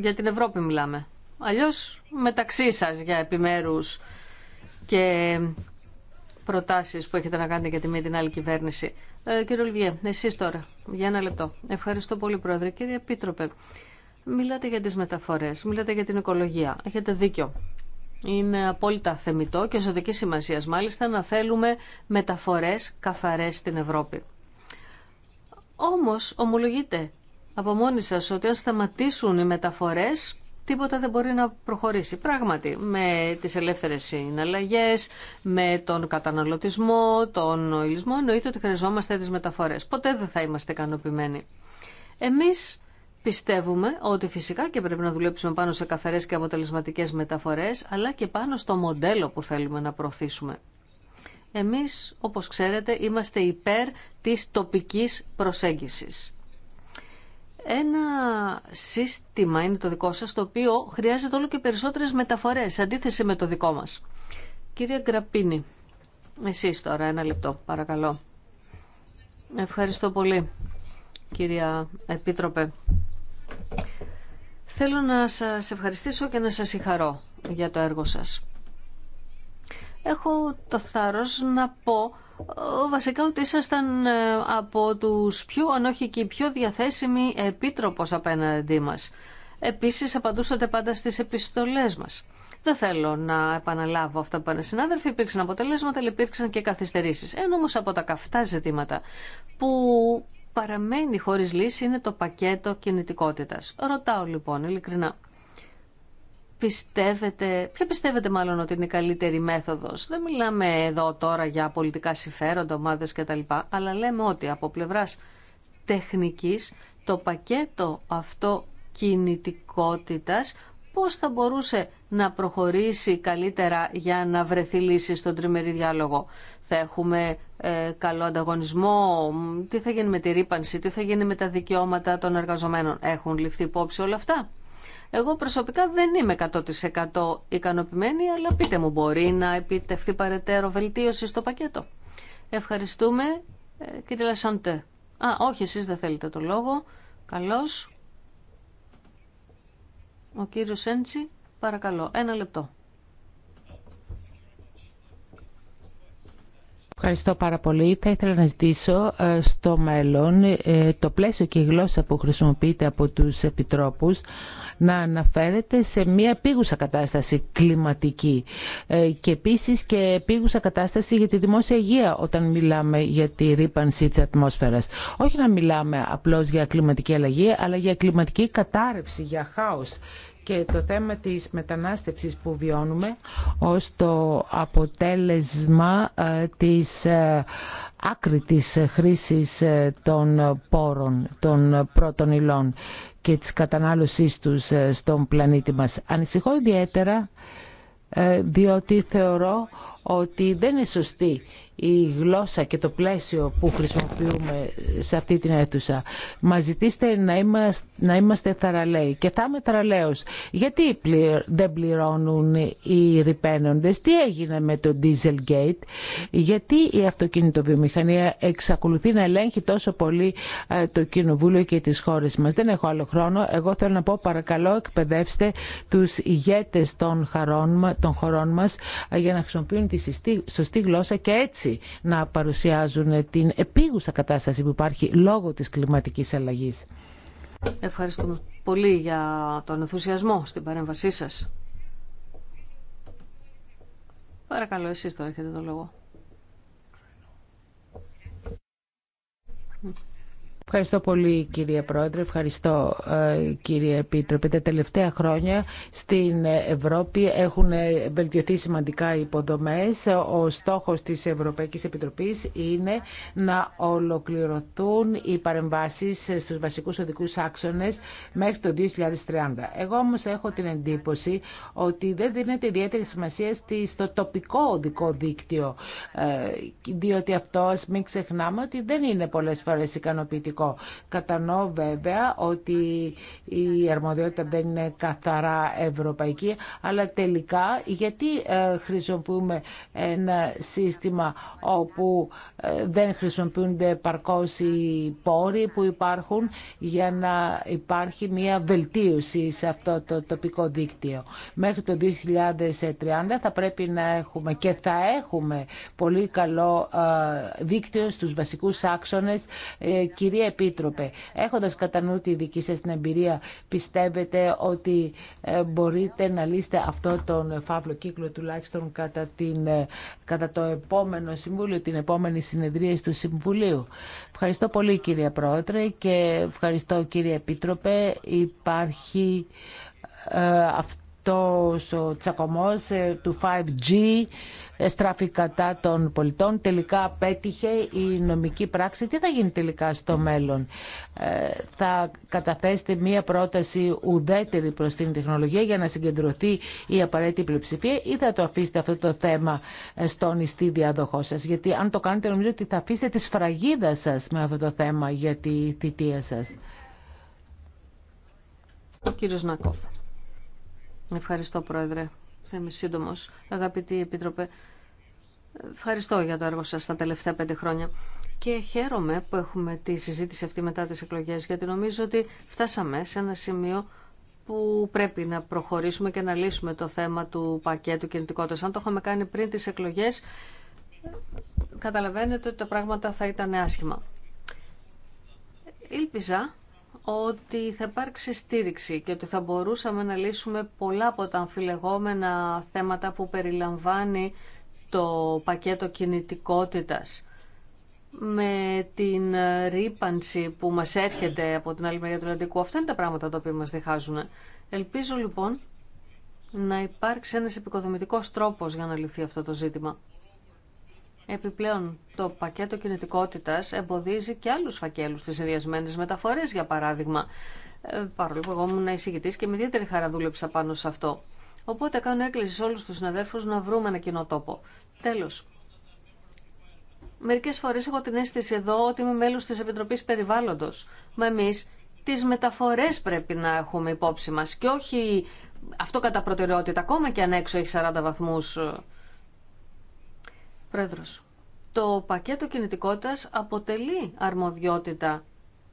S1: Για την Ευρώπη μιλάμε. Αλλιώς μεταξύ σας για επιμέρους και προτάσεις που έχετε να κάνετε για τη μία την άλλη κυβέρνηση. Ε, κύριε Ολυβιέ, εσεί τώρα, για ένα λεπτό. Ευχαριστώ πολύ, Πρόεδρε. Κύριε Επίτροπε, μιλάτε για τις μεταφορές, μιλάτε για την οικολογία. Έχετε δίκιο. Είναι απόλυτα θεμητό και ζωτική σημασία μάλιστα να θέλουμε μεταφορές καθαρέ στην Ευρώπη. Όμω, ομολογείτε από μόνοι σα ότι αν σταματήσουν οι μεταφορέ τίποτα δεν μπορεί να προχωρήσει. Πράγματι, με τις ελεύθερες συναλλαγές, με τον καταναλωτισμό, τον οιλισμό, εννοείται ότι χρειαζόμαστε τις μεταφορές. Ποτέ δεν θα είμαστε ικανοποιημένοι. Εμείς πιστεύουμε ότι φυσικά και πρέπει να δουλέψουμε πάνω σε καθαρές και αποτελεσματικές μεταφορές, αλλά και πάνω στο μοντέλο που θέλουμε να προωθήσουμε. Εμείς, όπως ξέρετε, είμαστε υπέρ της τοπικής προσέγγισης. Ένα σύστημα είναι το δικό σας, το οποίο χρειάζεται όλο και περισσότερες μεταφορές, σε αντίθεση με το δικό μας. Κύριε Γκραπίνη, εσείς τώρα ένα λεπτό, παρακαλώ. Ευχαριστώ πολύ, κυρία Επίτροπε. Θέλω να σας ευχαριστήσω και να σας συγχαρώ για το έργο σας έχω το θάρρος να πω ε, βασικά ότι ήσασταν ε, από τους πιο, αν όχι και οι πιο διαθέσιμοι επίτροπος απέναντί μας. Επίσης απαντούσατε πάντα στις επιστολές μας. Δεν θέλω να επαναλάβω αυτά που είπαν συνάδελφοι. Υπήρξαν αποτελέσματα, αλλά υπήρξαν και καθυστερήσει. Ένα όμω από τα καυτά ζητήματα που παραμένει χωρί λύση είναι το πακέτο κινητικότητα. Ρωτάω λοιπόν ειλικρινά, πιστεύετε, ποια πιστεύετε μάλλον ότι είναι η καλύτερη μέθοδος. Δεν μιλάμε εδώ τώρα για πολιτικά συμφέροντα, ομάδες κτλ. Αλλά λέμε ότι από πλευράς τεχνικής το πακέτο αυτό κινητικότητας πώς θα μπορούσε να προχωρήσει καλύτερα για να βρεθεί λύση στον τριμερή διάλογο. Θα έχουμε ε, καλό ανταγωνισμό, τι θα γίνει με τη ρήπανση, τι θα γίνει με τα δικαιώματα των εργαζομένων. Έχουν ληφθεί υπόψη όλα αυτά. Εγώ προσωπικά δεν είμαι 100% ικανοποιημένη, αλλά πείτε μου μπορεί να επιτευχθεί παρετέρω βελτίωση στο πακέτο. Ευχαριστούμε ε, κύριε Λασαντέ. Α, όχι, εσείς δεν θέλετε το λόγο. Καλώς. Ο κύριος Έντσι, παρακαλώ, ένα λεπτό.
S2: Ευχαριστώ πάρα πολύ. Θα ήθελα να ζητήσω ε, στο μέλλον ε, το πλαίσιο και η γλώσσα που χρησιμοποιείται από τους επιτρόπους να αναφέρεται σε μια επίγουσα κατάσταση κλιματική ε, και επίσης και επίγουσα κατάσταση για τη δημόσια υγεία όταν μιλάμε για τη ρήπανση της ατμόσφαιρας. Όχι να μιλάμε απλώς για κλιματική αλλαγή αλλά για κλιματική κατάρρευση, για χάος και το θέμα της μετανάστευσης που βιώνουμε ως το αποτέλεσμα ε, της ε, άκρη της χρήσης ε, των πόρων, των πρώτων υλών και της κατανάλωσής τους στον πλανήτη μας. Ανησυχώ ιδιαίτερα ε, διότι θεωρώ ότι δεν είναι σωστή η γλώσσα και το πλαίσιο που χρησιμοποιούμε σε αυτή την αίθουσα. Μα ζητήστε να είμαστε, να είμαστε θαραλέοι και θα είμαι θαραλέος. Γιατί δεν πληρώνουν οι ρηπαίνοντες, τι έγινε με το Dieselgate, γιατί η αυτοκινητοβιομηχανία εξακολουθεί να ελέγχει τόσο πολύ ε, το Κοινοβούλιο και τις χώρες μας. Δεν έχω άλλο χρόνο. Εγώ θέλω να πω παρακαλώ εκπαιδεύστε τους ηγέτες των χαρών των χωρών μας ε, για να χρησιμοποιούν τη σωστή γλώσσα και έτσι να παρουσιάζουν την επίγουσα κατάσταση που υπάρχει λόγω της κλιματικής αλλαγής.
S1: Ευχαριστούμε πολύ για τον ενθουσιασμό στην παρέμβασή σας. Παρακαλώ, εσείς τώρα έχετε το λόγο.
S2: Ευχαριστώ πολύ κύριε Πρόεδρε, ευχαριστώ ε, κύριε Επίτροπε. Τα τελευταία χρόνια στην Ευρώπη έχουν βελτιωθεί σημαντικά οι υποδομές. Ο στόχος της Ευρωπαϊκής Επιτροπής είναι να ολοκληρωθούν οι παρεμβάσεις στους βασικούς οδικούς άξονες μέχρι το 2030. Εγώ όμως έχω την εντύπωση ότι δεν δίνεται ιδιαίτερη σημασία στο τοπικό οδικό δίκτυο, ε, διότι αυτό μην ξεχνάμε ότι δεν είναι πολλές φορές ικανοποιητικό Κατανοώ βέβαια ότι η αρμοδιότητα δεν είναι καθαρά ευρωπαϊκή, αλλά τελικά γιατί ε, χρησιμοποιούμε ένα σύστημα όπου ε, δεν χρησιμοποιούνται παρκώς οι πόροι που υπάρχουν για να υπάρχει μια βελτίωση σε αυτό το τοπικό δίκτυο. Μέχρι το 2030 θα πρέπει να έχουμε και θα έχουμε πολύ καλό ε, δίκτυο στους βασικούς άξονες. Κυρία Επίτροπε, έχοντας κατά νου τη δική σας την εμπειρία, πιστεύετε ότι ε, μπορείτε να λύσετε αυτό τον φαύλο κύκλο τουλάχιστον κατά, την, ε, κατά το επόμενο Συμβούλιο, την επόμενη συνεδρία του Συμβουλίου. Ευχαριστώ πολύ κύριε Πρόεδρε και ευχαριστώ κύριε Επίτροπε. Υπάρχει ε, αυτό το ο τσακωμός ε, του 5G στράφει κατά των πολιτών. Τελικά πέτυχε η νομική πράξη. Τι θα γίνει τελικά στο μέλλον. Ε, θα καταθέσετε μία πρόταση ουδέτερη προς την τεχνολογία για να συγκεντρωθεί η απαραίτητη πλειοψηφία ή θα το αφήσετε αυτό το θέμα ε, στον ιστή διαδοχό σας. Γιατί αν το κάνετε νομίζω ότι θα αφήσετε τη σφραγίδα σας με αυτό το θέμα για τη θητεία σας.
S1: κύριος Νακόφ. Ευχαριστώ, Πρόεδρε. Θα είμαι σύντομο. Αγαπητή Επίτροπε, ευχαριστώ για το έργο σας τα τελευταία πέντε χρόνια. Και χαίρομαι που έχουμε τη συζήτηση αυτή μετά τις εκλογές, γιατί νομίζω ότι φτάσαμε σε ένα σημείο που πρέπει να προχωρήσουμε και να λύσουμε το θέμα του πακέτου κινητικότητα. Αν το είχαμε κάνει πριν τι εκλογέ. καταλαβαίνετε ότι τα πράγματα θα ήταν άσχημα. Ήλπιζα ότι θα υπάρξει στήριξη και ότι θα μπορούσαμε να λύσουμε πολλά από τα αμφιλεγόμενα θέματα που περιλαμβάνει το πακέτο κινητικότητας με την ρήπανση που μας έρχεται από την άλλη μεριά του Ατλαντικού. Αυτά είναι τα πράγματα τα οποία μας διχάζουν. Ελπίζω λοιπόν να υπάρξει ένας επικοδομητικός τρόπος για να λυθεί αυτό το ζήτημα. Επιπλέον, το πακέτο κινητικότητας εμποδίζει και άλλους φακέλους στις ιδιασμένες μεταφορές, για παράδειγμα. Ε, παρόλο που εγώ ήμουν εισηγητή και με ιδιαίτερη χαρά δούλεψα πάνω σε αυτό. Οπότε κάνω έκκληση σε όλου του συναδέρφους να βρούμε ένα κοινό τόπο. Τέλο. Μερικέ φορέ έχω την αίσθηση εδώ ότι είμαι μέλο τη επιτροπή περιβάλλοντο. Μα εμείς τις μεταφορές πρέπει να έχουμε υπόψη μα. και όχι αυτό κατά προτεραιότητα, ακόμα και αν έξω έχει 40 βαθμού. Ε, το πακέτο κινητικότητας αποτελεί αρμοδιότητα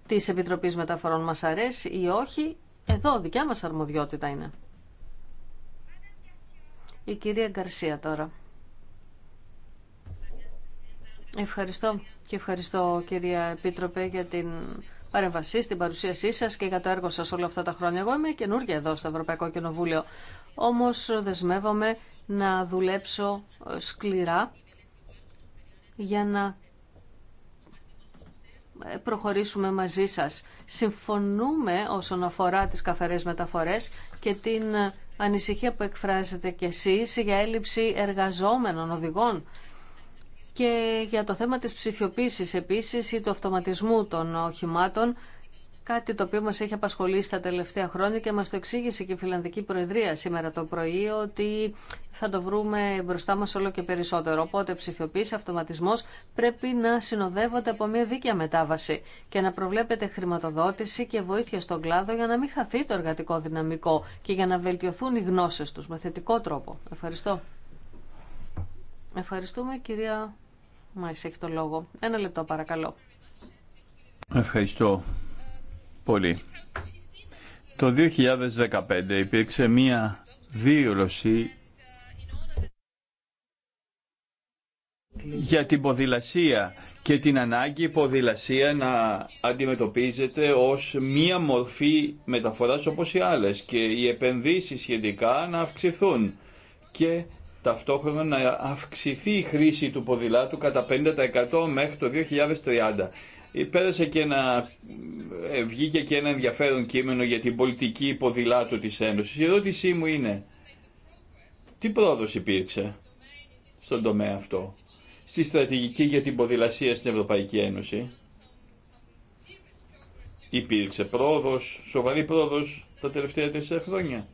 S1: της Επιτροπής Μεταφορών. Μας αρέσει ή όχι, εδώ δικιά μας αρμοδιότητα είναι. Η κυρία Γκαρσία τώρα. Ευχαριστώ και ευχαριστώ κυρία Επίτροπε για την παρέμβασή, την παρουσίασή σας και για το έργο σας όλα αυτά τα χρόνια. Εγώ είμαι καινούργια εδώ στο Ευρωπαϊκό Κοινοβούλιο, όμως δεσμεύομαι να δουλέψω σκληρά για να προχωρήσουμε μαζί σας. Συμφωνούμε όσον αφορά τις καθαρές μεταφορές και την ανησυχία που εκφράζετε κι εσείς για έλλειψη εργαζόμενων οδηγών και για το θέμα της ψηφιοποίησης επίσης ή του αυτοματισμού των οχημάτων Κάτι το οποίο μας έχει απασχολήσει τα τελευταία χρόνια και μας το εξήγησε και η Φιλανδική Προεδρία σήμερα το πρωί ότι θα το βρούμε μπροστά μας όλο και περισσότερο. Οπότε ψηφιοποίηση, αυτοματισμός πρέπει να συνοδεύονται από μια δίκαια μετάβαση και να προβλέπεται χρηματοδότηση και βοήθεια στον κλάδο για να μην χαθεί το εργατικό δυναμικό και για να βελτιωθούν οι γνώσεις τους με θετικό τρόπο. Ευχαριστώ. Ευχαριστούμε κυρία Μάης, έχει το λόγο. Ένα λεπτό παρακαλώ.
S3: Ευχαριστώ πολύ. Το 2015 υπήρξε μία δίωλωση για την ποδηλασία και την ανάγκη η ποδηλασία να αντιμετωπίζεται ως μία μορφή μεταφοράς όπως οι άλλες και οι επενδύσεις σχετικά να αυξηθούν και ταυτόχρονα να αυξηθεί η χρήση του ποδηλάτου κατά 50% μέχρι το 2030. Πέρασε και ένα, ε, βγήκε και ένα ενδιαφέρον κείμενο για την πολιτική υποδηλάτου της Ένωσης. Η ερώτησή μου είναι, τι πρόοδος υπήρξε στον τομέα αυτό, στη στρατηγική για την ποδηλασία στην Ευρωπαϊκή Ένωση. Υπήρξε πρόοδος, σοβαρή πρόοδος τα τελευταία τέσσερα χρόνια.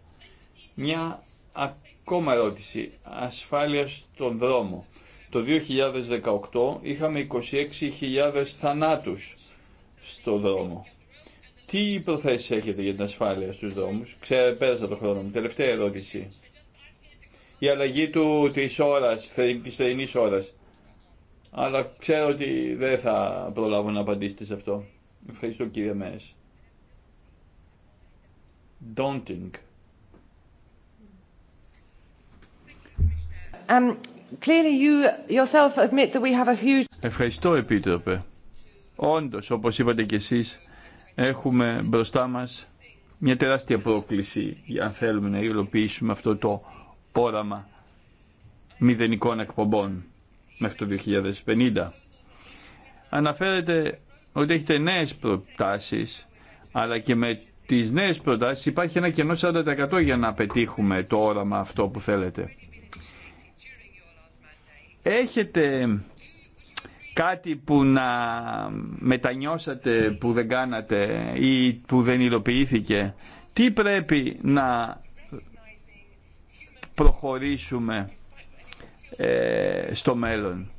S3: Μια ακόμα ερώτηση, ασφάλεια στον δρόμο. Το 2018 είχαμε 26.000 θανάτους στο δρόμο. Τι προθέσεις έχετε για την ασφάλεια στους δρόμους. Ξέρετε, πέρασα το χρόνο μου. Τελευταία ερώτηση. Η αλλαγή του της ώρας, της θερινής ώρας. Αλλά ξέρω ότι δεν θα προλάβω να απαντήσετε σε αυτό. Ευχαριστώ κύριε Μέες. Daunting.
S2: Um, Clearly you yourself admit that we have a huge...
S3: Ευχαριστώ Επίτροπε. Όντως, όπως είπατε κι εσείς, έχουμε μπροστά μας μια τεράστια πρόκληση αν θέλουμε να υλοποιήσουμε αυτό το όραμα μηδενικών εκπομπών μέχρι το 2050. Αναφέρετε ότι έχετε νέες προτάσεις, αλλά και με τις νέες προτάσεις υπάρχει ένα κενό 40% για να πετύχουμε το όραμα αυτό που θέλετε έχετε κάτι που να μετανιώσατε που δεν κάνατε ή που δεν υλοποιήθηκε. Τι πρέπει να προχωρήσουμε ε, στο μέλλον.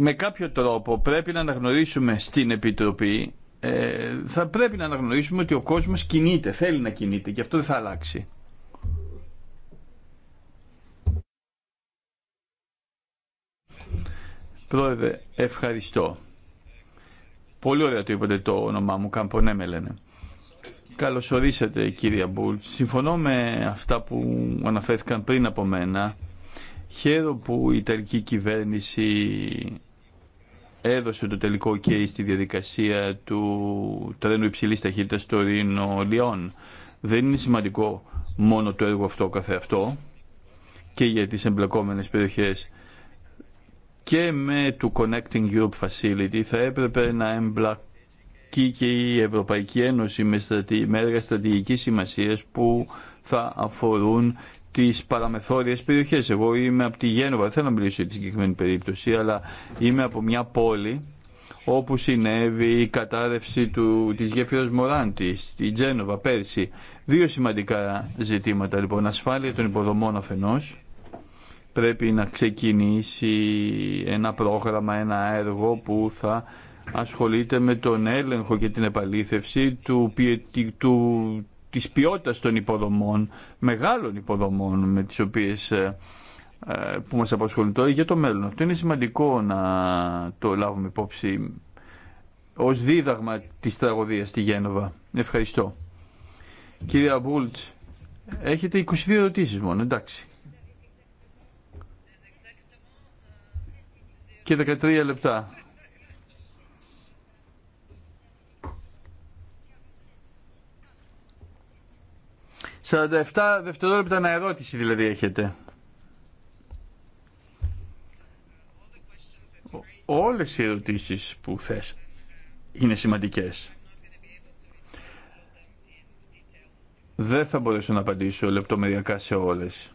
S3: Με κάποιο τρόπο πρέπει να αναγνωρίσουμε στην Επιτροπή ε, θα πρέπει να αναγνωρίσουμε ότι ο κόσμος κινείται, θέλει να κινείται και αυτό δεν θα αλλάξει. Πρόεδρε, ευχαριστώ. Πολύ ωραία το είπατε το όνομά μου, Καμπονέ ναι, με λένε. Καλωσορίσατε κύριε Μπούλτ. Συμφωνώ με αυτά που αναφέρθηκαν πριν από μένα. Χαίρομαι που η Ιταλική κυβέρνηση έδωσε το τελικό OK στη διαδικασία του τρένου υψηλή ταχύτητας στο Ρήνο Λιόν. Δεν είναι σημαντικό μόνο το έργο αυτό καθεαυτό και για τις εμπλεκόμενες περιοχές και με το Connecting Europe Facility θα έπρεπε να εμπλακεί και η Ευρωπαϊκή Ένωση με έργα στρατηγικής σημασίας που θα αφορούν τις παραμεθόριε περιοχέ. Εγώ είμαι από τη Γένοβα, δεν θέλω να μιλήσω για τη συγκεκριμένη περίπτωση, αλλά είμαι από μια πόλη όπου συνέβη η κατάρρευση του, της γέφυρας Μωράντη στη Τζένοβα πέρσι. Δύο σημαντικά ζητήματα λοιπόν. Ασφάλεια των υποδομών αφενός. Πρέπει να ξεκινήσει ένα πρόγραμμα, ένα έργο που θα ασχολείται με τον έλεγχο και την επαλήθευση του, του, της ποιότητας των υποδομών, μεγάλων υποδομών με τις οποίες ε, ε, που μας απασχολούν τώρα για το μέλλον. Αυτό είναι σημαντικό να το λάβουμε υπόψη ως δίδαγμα της τραγωδίας στη Γένοβα. Ευχαριστώ. Κύριε Αμπούλτς, έχετε 22 ερωτήσεις μόνο, εντάξει. Και 13 λεπτά. 47 δευτερόλεπτα να ερώτηση δηλαδή έχετε. Όλες οι ερωτήσεις που θες είναι σημαντικές. Δεν θα μπορέσω να απαντήσω λεπτομεριακά σε όλες.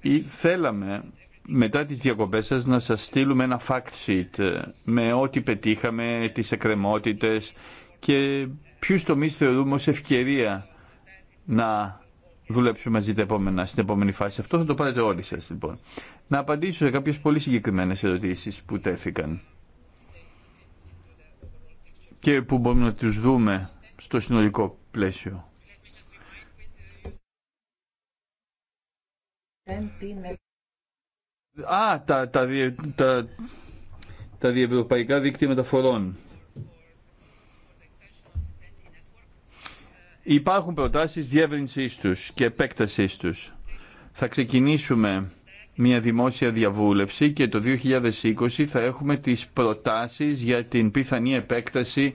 S3: Ή θέλαμε μετά τις διακοπές σας να σας στείλουμε ένα fact sheet ε, με ό,τι πετύχαμε, τις εκκρεμότητες και ποιους τομείς θεωρούμε ως ευκαιρία να δουλέψουμε μαζί τα επόμενα, στην επόμενη φάση. Αυτό θα το πάρετε όλοι σας λοιπόν. Να απαντήσω σε κάποιες πολύ συγκεκριμένες ερωτήσεις που τέθηκαν και που μπορούμε να τους δούμε στο συνολικό πλαίσιο. Α, τα, τα, τα, τα διευρωπαϊκά δίκτυα μεταφορών. Υπάρχουν προτάσεις διεύρυνσής τους και επέκτασής τους. Θα ξεκινήσουμε μια δημόσια διαβούλευση και το 2020 θα έχουμε τις προτάσεις για την πιθανή επέκταση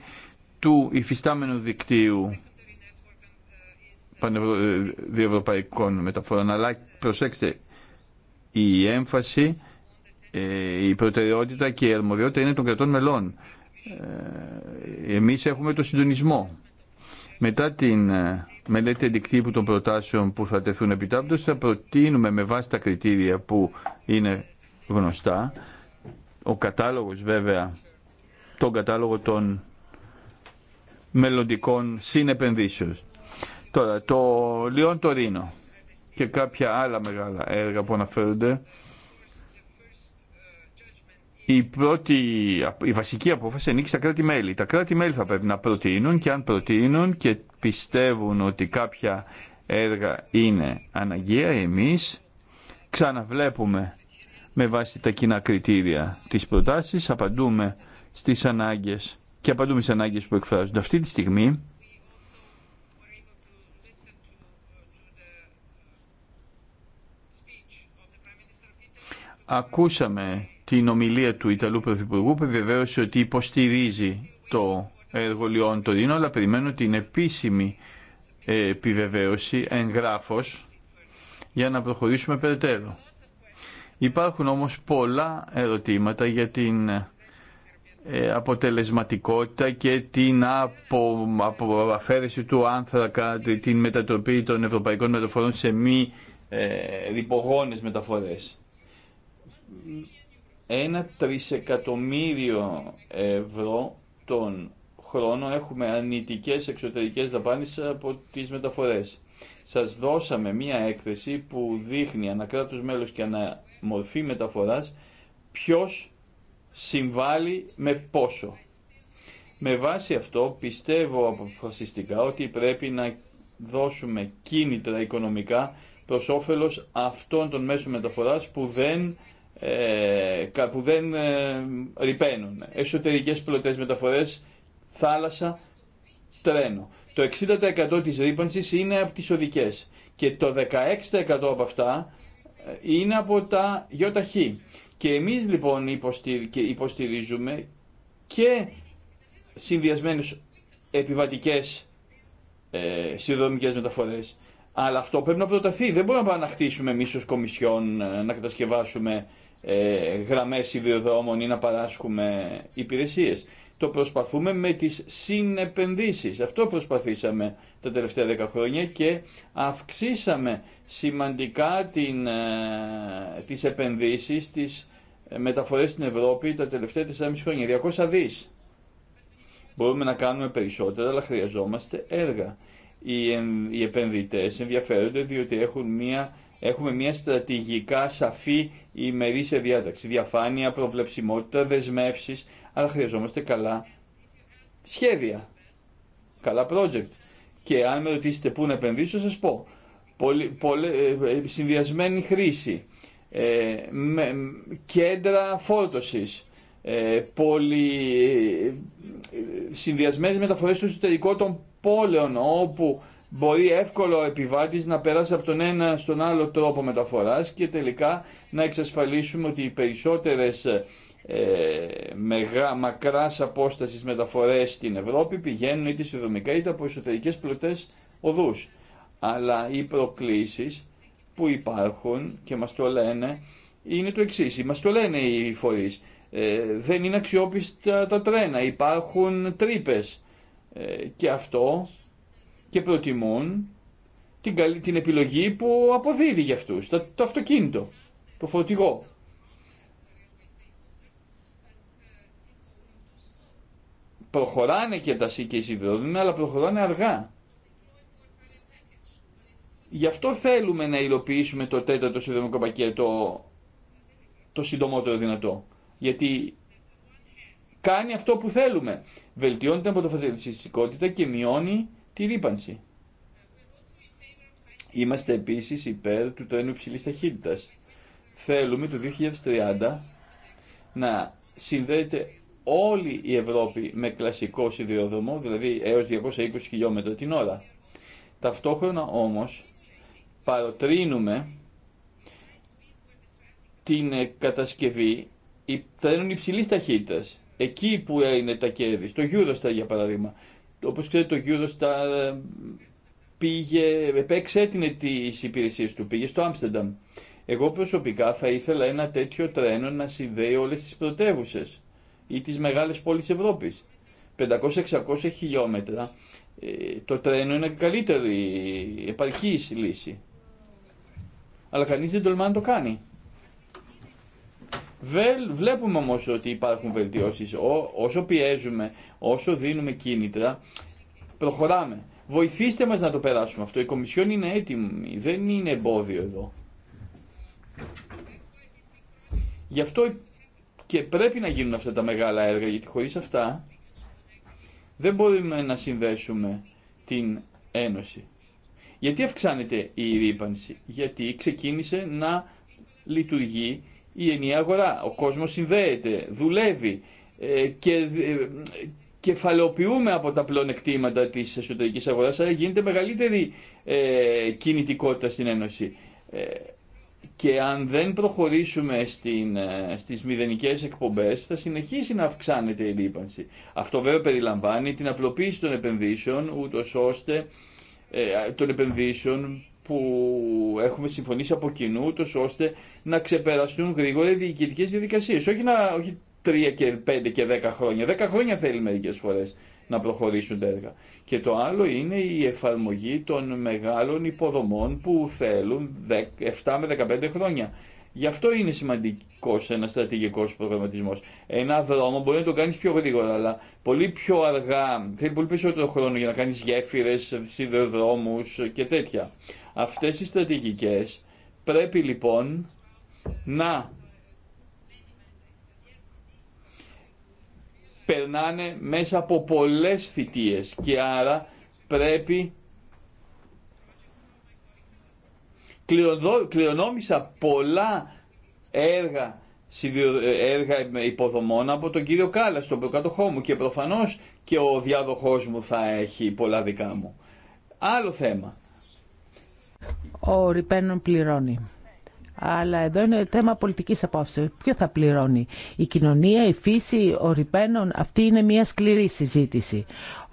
S3: του υφιστάμενου δικτύου ε, διευρωπαϊκών μεταφορών. Αλλά προσέξτε, η έμφαση, ε, η προτεραιότητα και η αρμοδιότητα είναι των κρατών μελών. Ε, εμείς έχουμε το συντονισμό μετά την ε, μελέτη αντικτύπου των προτάσεων που θα τεθούν επιτάπτως θα προτείνουμε με βάση τα κριτήρια που είναι γνωστά ο κατάλογος βέβαια τον κατάλογο των μελλοντικών συνεπενδύσεων. Τώρα το Λιόν Τωρίνο και κάποια άλλα μεγάλα έργα που αναφέρονται η, πρώτη, η βασική απόφαση ανήκει στα κράτη-μέλη. Τα κράτη-μέλη θα πρέπει να προτείνουν και αν προτείνουν και πιστεύουν ότι κάποια έργα είναι αναγκαία, εμείς ξαναβλέπουμε με βάση τα κοινά κριτήρια τις προτάσεις, απαντούμε στις ανάγκες και απαντούμε στις ανάγκες που εκφράζονται. Αυτή τη στιγμή ακούσαμε την ομιλία του Ιταλού Πρωθυπουργού που βεβαίωσε ότι υποστηρίζει το έργο το Τωρίνο, αλλά περιμένω την επίσημη ε, επιβεβαίωση εγγράφος για να προχωρήσουμε περαιτέρω. Υπάρχουν όμως πολλά ερωτήματα για την ε, αποτελεσματικότητα και την απο, αφαίρεση του άνθρακα, την μετατροπή των ευρωπαϊκών μεταφορών σε μη ε, μεταφορές ένα τρισεκατομμύριο ευρώ τον χρόνο έχουμε αρνητικές εξωτερικές δαπάνες από τις μεταφορές. Σας δώσαμε μία έκθεση που δείχνει ανακράτους μέλος και αναμορφή μεταφοράς ποιος συμβάλλει με πόσο. Με βάση αυτό πιστεύω αποφασιστικά ότι πρέπει να δώσουμε κίνητρα οικονομικά προς όφελος αυτών των μέσων μεταφοράς που δεν ε, που δεν ε, ρηπαίνουν. Εσωτερικές πλωτές μεταφορές, θάλασσα, τρένο. Το 60% της ρήπανσης είναι από τις οδικές και το 16% από αυτά ε, είναι από τα γιοταχή. Και εμείς λοιπόν υποστηρίζουμε και συνδυασμένες επιβατικές ε, συνδρομικές μεταφορές. Αλλά αυτό πρέπει να προταθεί. Δεν μπορούμε να χτίσουμε εμεί ω Κομισιόν ε, να κατασκευάσουμε ε, γραμμές ιδιοδρόμων ή να παράσχουμε υπηρεσίες. Το προσπαθούμε με τις συνεπενδύσεις. Αυτό προσπαθήσαμε τα τελευταία δέκα χρόνια και αυξήσαμε σημαντικά την, ε, τις επενδύσεις, τις ε, μεταφορές στην Ευρώπη τα τελευταία 4,5 χρόνια. 200 δις. Μπορούμε να κάνουμε περισσότερα, αλλά χρειαζόμαστε έργα. Οι, οι επενδυτές ενδιαφέρονται διότι έχουν μία Έχουμε μια στρατηγικά σαφή ημερήσια διάταξη, διαφάνεια, προβλεψιμότητα, δεσμεύσει, αλλά χρειαζόμαστε καλά σχέδια, καλά project. Και αν με ρωτήσετε πού να επενδύσω, σα πω. Πολύ, πολύ ε, ε, συνδυασμένη χρήση, ε, με, κέντρα φόρτωσης, ε, πολυ, ε, συνδυασμένες μεταφορές στο εσωτερικό των πόλεων, όπου μπορεί εύκολο ο επιβάτης να περάσει από τον ένα στον άλλο τρόπο μεταφοράς και τελικά να εξασφαλίσουμε ότι οι περισσότερες ε, μεγά, μακράς απόστασης μεταφορές στην Ευρώπη πηγαίνουν είτε συνδρομικά είτε από εσωτερικές πλωτές οδούς. Αλλά οι προκλήσεις που υπάρχουν και μας το λένε είναι το εξή. Μας το λένε οι φορείς. Ε, δεν είναι αξιόπιστα τα τρένα. Υπάρχουν τρύπε. Ε, και αυτό και προτιμούν την, καλή, την επιλογή που αποδίδει για αυτούς, το, αυτοκίνητο, το φορτηγό. Προχωράνε και τα ΣΥ και οι αλλά προχωράνε αργά. Γι' αυτό θέλουμε να υλοποιήσουμε το τέταρτο συνδρομικό πακέτο το συντομότερο δυνατό. Γιατί κάνει αυτό που θέλουμε. Βελτιώνει την αποτελεσματικότητα και μειώνει τη ρήπανση. Είμαστε επίσης υπέρ του τρένου υψηλή ταχύτητα. Θέλουμε το 2030 να συνδέεται όλη η Ευρώπη με κλασικό σιδηροδρόμο, δηλαδή έως 220 χιλιόμετρα την ώρα. Ταυτόχρονα όμως παροτρύνουμε την κατασκευή τρένων υψηλής ταχύτητας, εκεί που είναι τα κέρδη, στο Eurostar για παράδειγμα, Όπω ξέρετε το Eurostar ε, πήγε, επέξέτεινε τι υπηρεσίε του, πήγε στο Άμστερνταμ. Εγώ προσωπικά θα ήθελα ένα τέτοιο τρένο να συνδέει όλες τις πρωτεύουσε ή τις μεγάλες πόλεις Ευρώπης. 500-600 χιλιόμετρα ε, το τρένο είναι καλύτερη επαρκής λύση. Αλλά κανεί δεν τολμά να το κάνει. Βλέπουμε όμω ότι υπάρχουν βελτιώσεις. όσο πιέζουμε, όσο δίνουμε κίνητρα, προχωράμε. Βοηθήστε μα να το περάσουμε αυτό. Η Κομισιόν είναι έτοιμη, δεν είναι εμπόδιο εδώ. Γι' αυτό και πρέπει να γίνουν αυτά τα μεγάλα έργα, γιατί χωρίς αυτά δεν μπορούμε να συνδέσουμε την Ένωση. Γιατί αυξάνεται η ρήπανση, γιατί ξεκίνησε να λειτουργεί η ενιαία αγορά. Ο κόσμος συνδέεται, δουλεύει ε, και ε, κεφαλαιοποιούμε από τα πλεονεκτήματα της εσωτερικής αγοράς, αλλά γίνεται μεγαλύτερη ε, κινητικότητα στην Ένωση. Και αν δεν προχωρήσουμε στην, στις μηδενικές εκπομπές θα συνεχίσει να αυξάνεται η λίπανση. Αυτό βέβαια περιλαμβάνει την απλοποίηση των επενδύσεων, ούτως ώστε των επενδύσεων που έχουμε συμφωνήσει από κοινού, ώστε να ξεπεραστούν γρήγορα οι διοικητικέ διαδικασίες. Όχι, να, όχι 3 και 5 και 10 χρόνια. 10 χρόνια θέλει μερικέ φορέ να προχωρήσουν τα έργα. Και το άλλο είναι η εφαρμογή των μεγάλων υποδομών που θέλουν 7 με 15 χρόνια. Γι' αυτό είναι σημαντικό ένα στρατηγικό προγραμματισμό. Ένα δρόμο μπορεί να το κάνει πιο γρήγορα, αλλά πολύ πιο αργά. Θέλει πολύ περισσότερο χρόνο για να κάνει γέφυρε, σιδεροδρόμου και τέτοια. Αυτές οι στρατηγικές πρέπει λοιπόν να περνάνε μέσα από πολλές θητείες και άρα πρέπει κληρονόμησα πολλά έργα, έργα υποδομών από τον κύριο Κάλλα, τον προκατοχό μου και προφανώς και ο διάδοχός μου θα έχει πολλά δικά μου. Άλλο θέμα
S2: ο Ριπένον πληρώνει. Αλλά εδώ είναι θέμα πολιτικής απόψεως. Ποιο θα πληρώνει. Η κοινωνία, η φύση, ο Ριπένον. Αυτή είναι μια σκληρή συζήτηση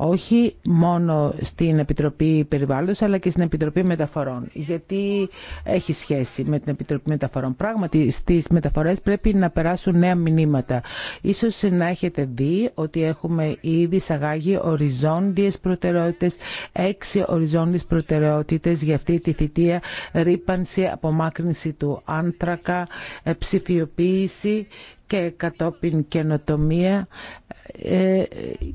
S2: όχι μόνο στην Επιτροπή Περιβάλλοντος αλλά και στην Επιτροπή Μεταφορών γιατί έχει σχέση με την Επιτροπή Μεταφορών. Πράγματι στις μεταφορές πρέπει να περάσουν νέα μηνύματα. Ίσως να έχετε δει ότι έχουμε ήδη σαγάγει οριζόντιες προτεραιότητες, έξι οριζόντιες προτεραιότητες για αυτή τη θητεία ρήπανση, απομάκρυνση του άνθρακα, ε, ψηφιοποίηση και κατόπιν καινοτομία, ε,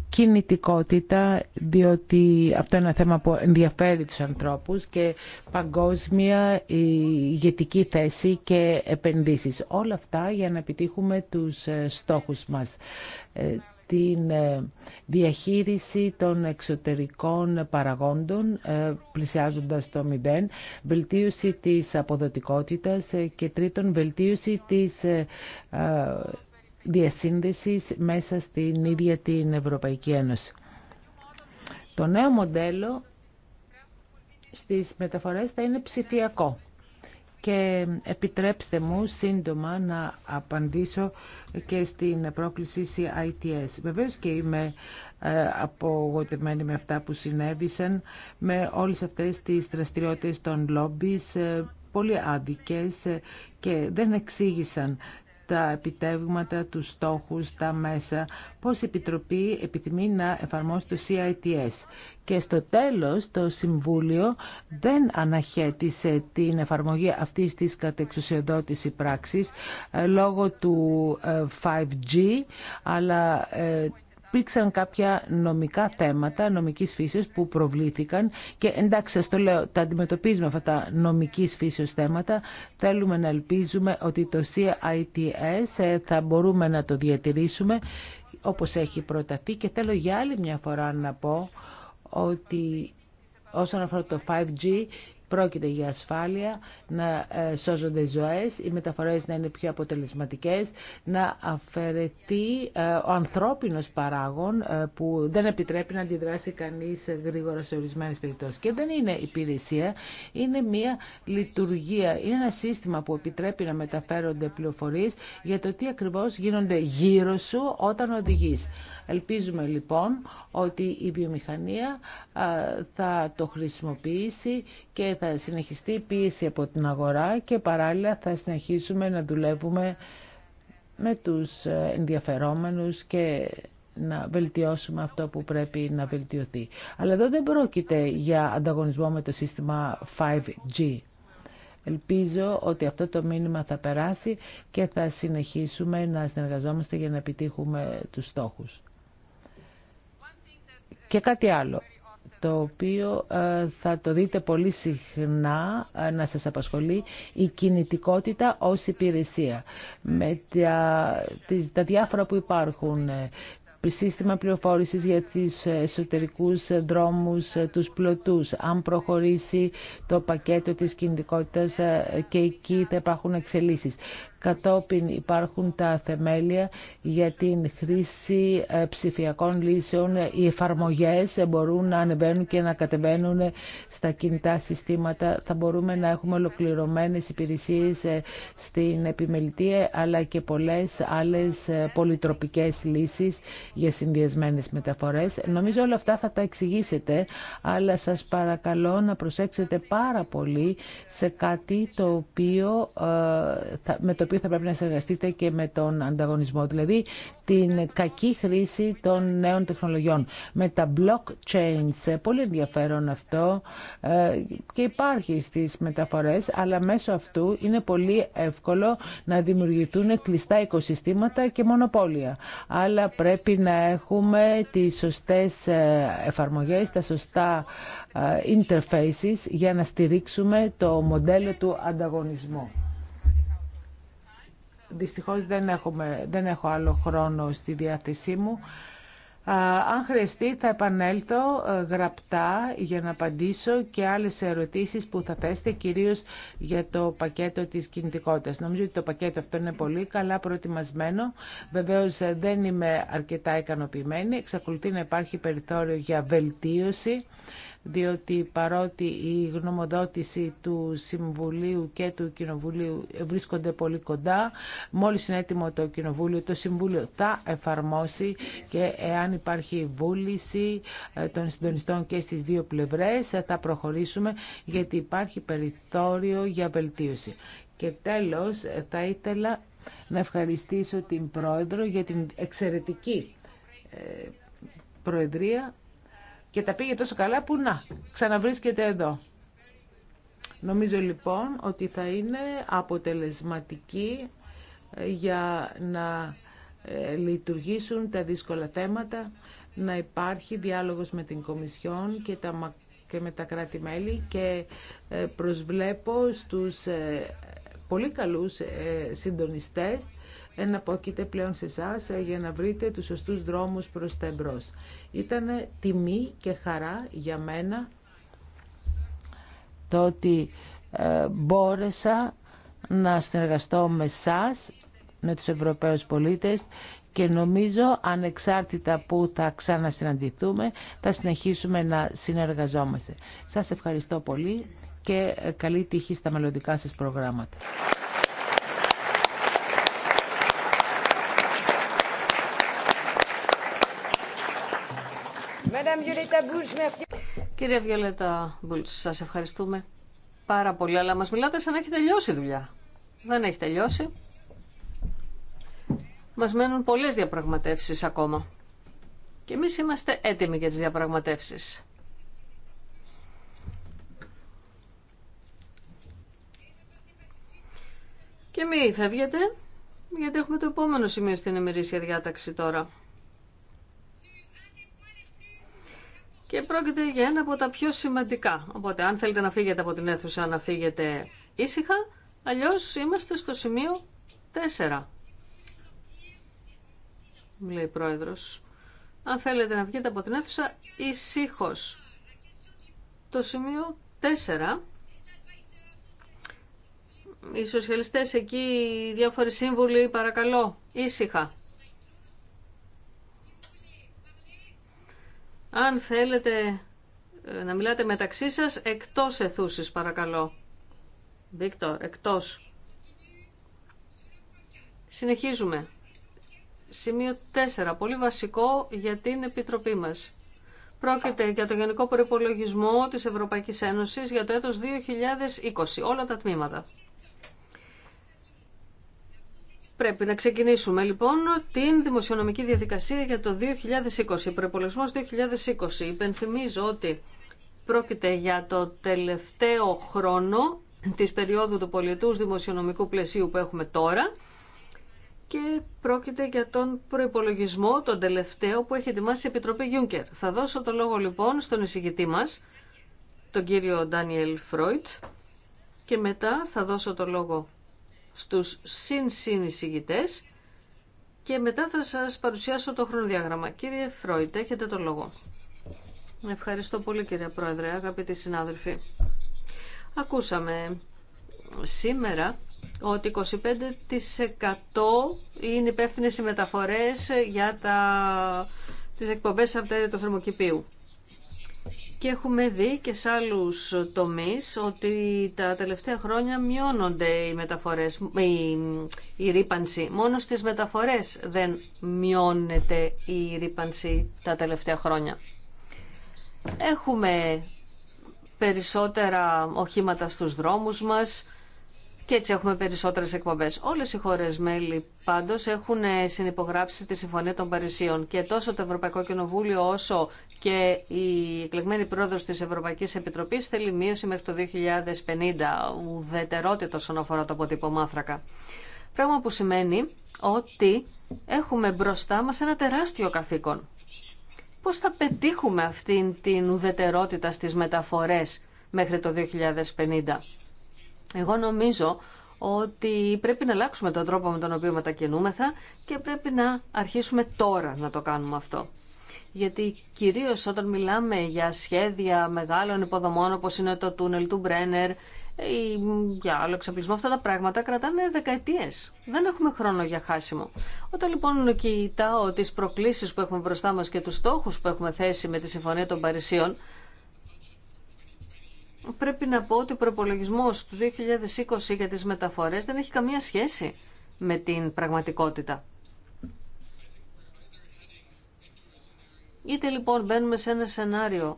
S2: κινητικότητα, διότι αυτό είναι ένα θέμα που ενδιαφέρει τους ανθρώπους και παγκόσμια ηγετική θέση και επενδύσεις. Όλα αυτά για να επιτύχουμε τους ε, στόχους μας. Ε, την ε, διαχείριση των εξωτερικών παραγόντων ε, πλησιάζοντας το μηδέν, βελτίωση της αποδοτικότητας ε, και τρίτον βελτίωση της διασύνδεσης μέσα στην ίδια την Ευρωπαϊκή Ένωση. Το νέο μοντέλο στις μεταφορές θα είναι ψηφιακό και επιτρέψτε μου σύντομα να απαντήσω και στην πρόκληση CITS. Βεβαίως και είμαι ε, απογοητευμένη με αυτά που συνέβησαν, με όλες αυτές τις δραστηριότητες των λόμπις, ε, πολύ άδικες ε, και δεν εξήγησαν τα επιτεύγματα, τους στόχους, τα μέσα, πώς η Επιτροπή επιθυμεί να εφαρμόσει το CITS. Και στο τέλος το Συμβούλιο δεν αναχέτησε την εφαρμογή αυτής της κατεξουσιοδότηση πράξης ε, λόγω του 5G, ε, αλλά ε, υπήρξαν κάποια νομικά θέματα νομικής φύσεως που προβλήθηκαν και εντάξει σας το λέω, τα αντιμετωπίζουμε αυτά τα νομικής φύσεως θέματα. Θέλουμε να ελπίζουμε ότι το CITS ε, θα μπορούμε να το διατηρήσουμε όπως έχει προταθεί και θέλω για άλλη μια φορά να πω ότι όσον αφορά το 5G Πρόκειται για ασφάλεια, να ε, σώζονται ζωές, οι μεταφορές να είναι πιο αποτελεσματικές, να αφαιρεθεί ε, ο ανθρώπινος παράγων ε, που δεν επιτρέπει να αντιδράσει κανείς γρήγορα σε ορισμένες περιπτώσεις. Και δεν είναι υπηρεσία, είναι μια λειτουργία, είναι ένα σύστημα που επιτρέπει να μεταφέρονται πληροφορίες για το τι ακριβώς γίνονται γύρω σου όταν οδηγείς. Ελπίζουμε λοιπόν ότι η βιομηχανία θα το χρησιμοποιήσει και θα συνεχιστεί η πίεση από την αγορά και παράλληλα θα συνεχίσουμε να δουλεύουμε με τους ε, ενδιαφερόμενους και να βελτιώσουμε αυτό που πρέπει να βελτιωθεί. Αλλά εδώ δεν πρόκειται για ανταγωνισμό με το σύστημα 5G. Ελπίζω ότι αυτό το μήνυμα θα περάσει και θα συνεχίσουμε να συνεργαζόμαστε για να επιτύχουμε τους στόχους. Και κάτι άλλο, το οποίο ε, θα το δείτε πολύ συχνά ε, να σας απασχολεί, η κινητικότητα ως υπηρεσία. Με τα, τα διάφορα που υπάρχουν, ε, σύστημα πληροφόρησης για τις εσωτερικούς δρόμους, τους πλωτούς. Αν προχωρήσει το πακέτο της κινητικότητας και εκεί θα υπάρχουν εξελίσεις. Κατόπιν υπάρχουν τα θεμέλια για την χρήση ε, ψηφιακών λύσεων. Οι εφαρμογές μπορούν να ανεβαίνουν και να κατεβαίνουν στα κινητά συστήματα. Θα μπορούμε να έχουμε ολοκληρωμένες υπηρεσίες ε, στην επιμελητία, αλλά και πολλές άλλες ε, πολυτροπικές λύσεις για συνδυασμένες μεταφορές. Νομίζω όλα αυτά θα τα εξηγήσετε, αλλά σας παρακαλώ να προσέξετε πάρα πολύ σε κάτι το οποίο, με το οποίο θα πρέπει να συνεργαστείτε και με τον ανταγωνισμό, δηλαδή την κακή χρήση των νέων τεχνολογιών. Με τα blockchains, πολύ ενδιαφέρον αυτό ε, και υπάρχει στις μεταφορές, αλλά μέσω αυτού είναι πολύ εύκολο να δημιουργηθούν κλειστά οικοσυστήματα και μονοπόλια. Αλλά πρέπει να έχουμε τις σωστές ε, εφαρμογές, τα σωστά ε, interfaces για να στηρίξουμε το μοντέλο του ανταγωνισμού. Δυστυχώς δεν, δεν έχω άλλο χρόνο στη διάθεσή μου. Αν χρειαστεί θα επανέλθω ε, γραπτά για να απαντήσω και άλλες ερωτήσεις που θα θέσετε κυρίως για το πακέτο της κινητικότητας. Νομίζω ότι το πακέτο αυτό είναι πολύ καλά προετοιμασμένο. Βεβαίως ε, δεν είμαι αρκετά ικανοποιημένη. Εξακολουθεί να υπάρχει περιθώριο για βελτίωση διότι παρότι η γνωμοδότηση του Συμβουλίου και του Κοινοβουλίου βρίσκονται πολύ κοντά, μόλις είναι έτοιμο το Κοινοβούλιο, το Συμβούλιο θα εφαρμόσει και εάν υπάρχει βούληση ε, των συντονιστών και στις δύο πλευρές ε, θα προχωρήσουμε γιατί υπάρχει περιθώριο για βελτίωση. Και τέλος ε, θα ήθελα να ευχαριστήσω την Πρόεδρο για την εξαιρετική Προεδρία και τα πήγε τόσο καλά που να, ξαναβρίσκεται εδώ. Νομίζω λοιπόν ότι θα είναι αποτελεσματική ε, για να ε, λειτουργήσουν τα δύσκολα θέματα, να υπάρχει διάλογος με την Κομισιόν και, με τα κράτη-μέλη και ε, προσβλέπω στους πολύ καλούς συντονιστές εναποκείται πλέον σε εσά ε, για να βρείτε τους σωστούς δρόμους προς τα εμπρός. Ήταν τιμή και χαρά για μένα το ότι ε, μπόρεσα να συνεργαστώ με σας, με τους Ευρωπαίους πολίτες και νομίζω ανεξάρτητα που θα ξανασυναντηθούμε θα συνεχίσουμε να συνεργαζόμαστε. Σας ευχαριστώ πολύ και ε, καλή τύχη στα μελλοντικά σας προγράμματα.
S1: Κύριε Βιολέτα Μπούλτ, σα ευχαριστούμε πάρα πολύ, αλλά μα μιλάτε σαν να έχει τελειώσει η δουλειά. Δεν έχει τελειώσει. Μα μένουν πολλέ διαπραγματεύσει ακόμα. Και εμεί είμαστε έτοιμοι για τι διαπραγματεύσει. Και μη φεύγετε, γιατί έχουμε το επόμενο σημείο στην ημερήσια διάταξη τώρα. και πρόκειται για ένα από τα πιο σημαντικά. Οπότε αν θέλετε να φύγετε από την αίθουσα να φύγετε ήσυχα, αλλιώς είμαστε στο σημείο 4. Λέει πρόεδρος. Αν θέλετε να βγείτε από την αίθουσα ήσυχο. Το σημείο 4. Οι σοσιαλιστές εκεί, οι διάφοροι σύμβουλοι, παρακαλώ, ήσυχα. Αν θέλετε ε, να μιλάτε μεταξύ σας, εκτός εθούσης παρακαλώ. Βίκτορ, εκτός. Συνεχίζουμε. Σημείο 4, πολύ βασικό για την Επιτροπή μας. Πρόκειται για το Γενικό Προπολογισμό της Ευρωπαϊκής Ένωσης για το έτος 2020, όλα τα τμήματα. Πρέπει να ξεκινήσουμε λοιπόν την δημοσιονομική διαδικασία για το 2020, Προϋπολογισμός 2020. Υπενθυμίζω ότι πρόκειται για το τελευταίο χρόνο της περίοδου του πολιτούς δημοσιονομικού πλαισίου που έχουμε τώρα και πρόκειται για τον προϋπολογισμό, τον τελευταίο που έχει ετοιμάσει η Επιτροπή Γιούνκερ. Θα δώσω το λόγο λοιπόν στον εισηγητή μας, τον κύριο Ντάνιελ Φρόιτ και μετά θα δώσω το λόγο στους εισηγητές και μετά θα σας παρουσιάσω το χρονοδιάγραμμα. Κύριε Φρόιτ, έχετε το λόγο. Ευχαριστώ πολύ κύριε Πρόεδρε, αγαπητοί συνάδελφοι. Ακούσαμε σήμερα ότι 25% είναι υπεύθυνε οι μεταφορές για τα... τις εκπομπές από του θερμοκηπίου. Και έχουμε δει και σε άλλου τομεί ότι τα τελευταία χρόνια μειώνονται οι μεταφορές, η, η Μόνο στι μεταφορές δεν μειώνεται η ρήπανση τα τελευταία χρόνια. Έχουμε περισσότερα οχήματα στους δρόμους μας, και έτσι έχουμε περισσότερε εκπομπέ. Όλε οι χώρε μέλη πάντω έχουν ε, συνυπογράψει τη Συμφωνία των Παρισίων και τόσο το Ευρωπαϊκό Κοινοβούλιο όσο και η εκλεγμένη πρόεδρο τη Ευρωπαϊκή Επιτροπή θέλει μείωση μέχρι το 2050 ουδετερότητα όσον αφορά το αποτύπωμα άνθρακα. Πράγμα που σημαίνει ότι έχουμε μπροστά μας ένα τεράστιο καθήκον. Πώς θα πετύχουμε αυτήν την ουδετερότητα στις μεταφορές μέχρι το 2050. Εγώ νομίζω ότι πρέπει να αλλάξουμε τον τρόπο με τον οποίο μετακινούμεθα και πρέπει να αρχίσουμε τώρα να το κάνουμε αυτό. Γιατί κυρίως όταν μιλάμε για σχέδια μεγάλων υποδομών όπως είναι το τούνελ του Μπρένερ ή για άλλο εξαπλισμό, αυτά τα πράγματα κρατάνε δεκαετίες. Δεν έχουμε χρόνο για χάσιμο. Όταν λοιπόν κοιτάω τις προκλήσεις που έχουμε μπροστά μας και τους στόχους που έχουμε θέσει με τη Συμφωνία των Παρισίων, πρέπει να πω ότι ο προπολογισμό του 2020 για τις μεταφορές δεν έχει καμία σχέση με την πραγματικότητα. Είτε λοιπόν μπαίνουμε σε ένα σενάριο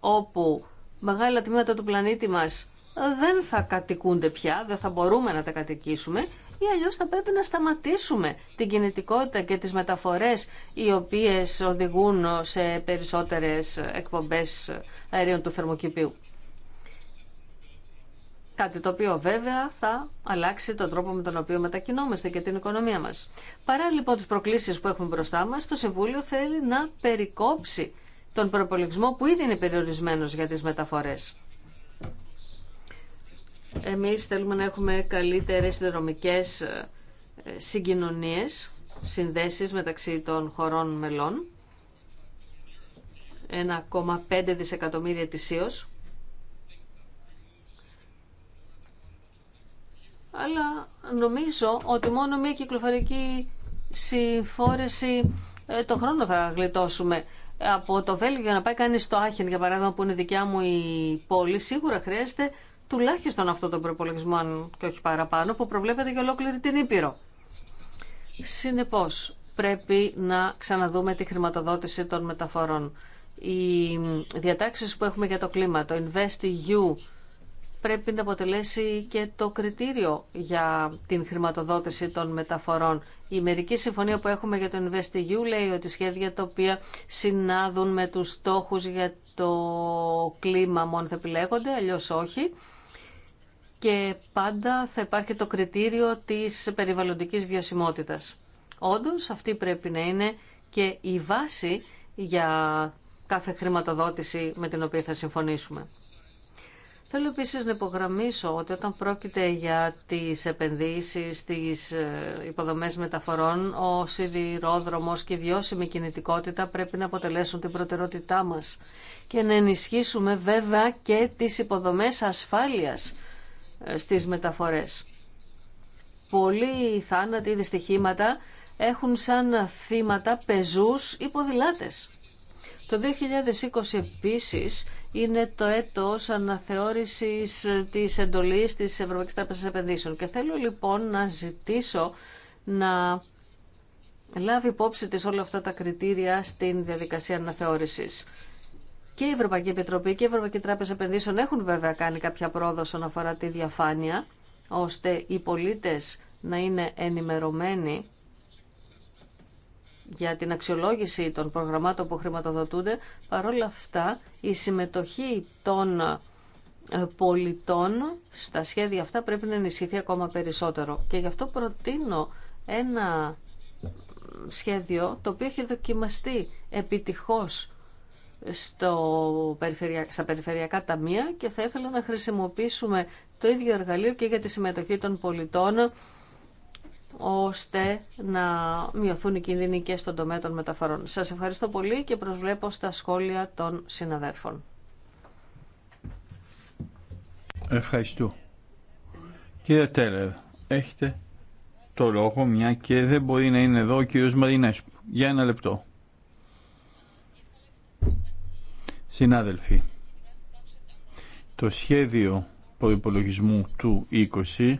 S1: όπου μεγάλα τμήματα του πλανήτη μας δεν θα κατοικούνται πια, δεν θα μπορούμε να τα κατοικήσουμε ή αλλιώς θα πρέπει να σταματήσουμε την κινητικότητα και τις μεταφορές οι οποίες οδηγούν σε περισσότερες εκπομπές αερίων του θερμοκηπίου. Κάτι το οποίο βέβαια θα αλλάξει τον τρόπο με τον οποίο μετακινόμαστε και την οικονομία μας. Παρά λοιπόν τις προκλήσεις που έχουμε μπροστά μας, το Συμβούλιο θέλει να περικόψει τον προπολογισμό που ήδη είναι περιορισμένος για τις μεταφορές. Εμείς θέλουμε να έχουμε καλύτερες συνδρομικές ε, συγκοινωνίες, συνδέσεις μεταξύ των χωρών μελών. 1,5 δισεκατομμύρια ετησίως αλλά νομίζω ότι μόνο μια κυκλοφορική συμφόρεση ε, το χρόνο θα γλιτώσουμε. Από το Βέλγιο να πάει κάνει στο Άχεν, για παράδειγμα, που είναι δικιά μου η πόλη, σίγουρα χρειάζεται τουλάχιστον αυτό τον προπολογισμό, αν και όχι παραπάνω, που προβλέπεται για ολόκληρη την Ήπειρο. Συνεπώς, πρέπει να ξαναδούμε τη χρηματοδότηση των μεταφορών. Οι διατάξει που έχουμε για το κλίμα, το InvestEU, πρέπει να αποτελέσει και το κριτήριο για την χρηματοδότηση των μεταφορών. Η μερική συμφωνία που έχουμε για το InvestEU λέει ότι σχέδια τα οποία συνάδουν με τους στόχους για το κλίμα μόνο θα επιλέγονται, αλλιώς όχι. Και πάντα θα υπάρχει το κριτήριο της περιβαλλοντικής βιωσιμότητας. Όντως αυτή πρέπει να είναι και η βάση για κάθε χρηματοδότηση με την οποία θα συμφωνήσουμε. Θέλω επίσης να υπογραμμίσω ότι όταν πρόκειται για τις επενδύσεις, στις ε, υποδομές μεταφορών, ο σιδηρόδρομος και η βιώσιμη κινητικότητα πρέπει να αποτελέσουν την προτεραιότητά μας και να ενισχύσουμε βέβαια και τις υποδομές ασφάλειας ε, στις μεταφορές. Πολλοί θάνατοι ή δυστυχήματα έχουν σαν θύματα πεζούς ή ποδηλάτες. Το 2020 επίσης είναι το έτος αναθεώρησης της εντολής της Ευρωπαϊκής Τράπεζας Επενδύσεων. Και θέλω λοιπόν να ζητήσω να λάβει υπόψη της όλα αυτά τα κριτήρια στην διαδικασία αναθεώρησης. Και η Ευρωπαϊκή Επιτροπή και η Ευρωπαϊκή Τράπεζα Επενδύσεων έχουν βέβαια κάνει κάποια πρόοδο όσον αφορά τη διαφάνεια, ώστε οι πολίτες να είναι ενημερωμένοι για την αξιολόγηση των προγραμμάτων που χρηματοδοτούνται, όλα αυτά η συμμετοχή των ε, πολιτών στα σχέδια αυτά πρέπει να ενισχυθεί ακόμα περισσότερο. Και γι' αυτό προτείνω ένα σχέδιο το οποίο έχει δοκιμαστεί επιτυχώς στο στα περιφερειακά ταμεία και θα ήθελα να χρησιμοποιήσουμε το ίδιο εργαλείο και για τη συμμετοχή των πολιτών ώστε να μειωθούν οι κίνδυνοι και στον τομέα των μεταφορών. Σας ευχαριστώ πολύ και προσβλέπω στα σχόλια των συναδέρφων.
S3: Ευχαριστώ. Κύριε Τέλερ, έχετε το λόγο μια και δεν μπορεί να είναι εδώ ο κύριος Μαρινέσκου. Για ένα λεπτό. Συνάδελφοι, το σχέδιο προϋπολογισμού του 20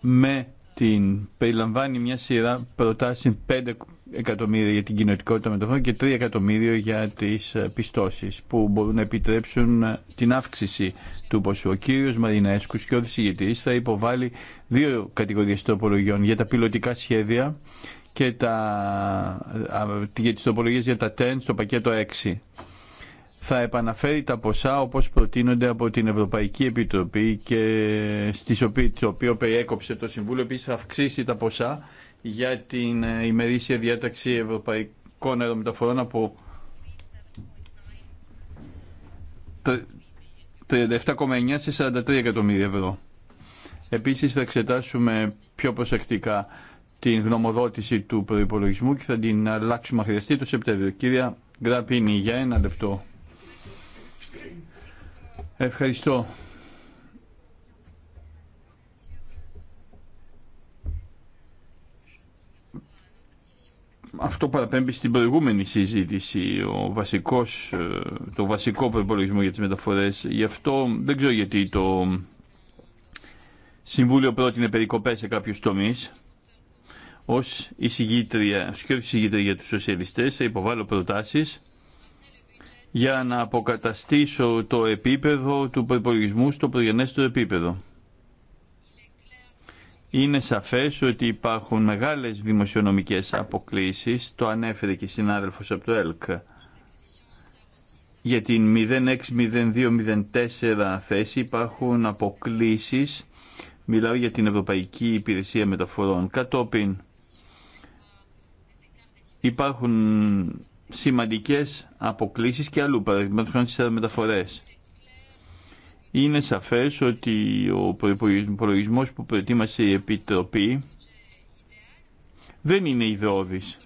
S3: με την περιλαμβάνει μια σειρά προτάσεων 5 εκατομμύρια για την κοινωτικότητα μεταφορών και 3 εκατομμύρια για τις ε, πιστώσεις που μπορούν να επιτρέψουν ε, την αύξηση του ποσού. Ο κύριος Μαρινέσκους και ο δισηγητής θα υποβάλει δύο κατηγορίες τροπολογιών για τα πιλωτικά σχέδια και τα, ε, για τις τροπολογίες για τα TEN στο πακέτο 6 θα επαναφέρει τα ποσά όπως προτείνονται από την Ευρωπαϊκή Επιτροπή και στις οποίες, το οποίο περιέκοψε το Συμβούλιο επίσης θα αυξήσει τα ποσά για την ε, ημερήσια διάταξη ευρωπαϊκών αερομεταφορών από 37,9 σε 43 εκατομμύρια ευρώ. Επίσης θα εξετάσουμε πιο προσεκτικά την γνωμοδότηση του προϋπολογισμού και θα την αλλάξουμε χρειαστεί το Σεπτέμβριο. Κυρία Γκραπίνη, για ένα λεπτό. Ευχαριστώ. Αυτό παραπέμπει στην προηγούμενη συζήτηση, ο βασικός, ε, το βασικό προπολογισμό για τις μεταφορές. Γι' αυτό δεν ξέρω γιατί το Συμβούλιο πρότεινε περικοπές σε κάποιους τομείς. Ως εισηγήτρια, ως εισηγήτρια για τους σοσιαλιστές θα υποβάλω προτάσεις για να αποκαταστήσω το επίπεδο του προπολογισμού στο προγενέστερο επίπεδο. Είναι σαφές ότι υπάρχουν μεγάλες δημοσιονομικές αποκλήσεις, το ανέφερε και συνάδελφος από το ΕΛΚ, για την 060204 θέση υπάρχουν αποκλήσεις, μιλάω για την Ευρωπαϊκή Υπηρεσία Μεταφορών, κατόπιν υπάρχουν σημαντικές αποκλήσεις και αλλού, παραδείγματος χάνει στις Είναι σαφές ότι ο προπολογισμό που προετοίμασε η Επιτροπή δεν είναι ιδεώδης.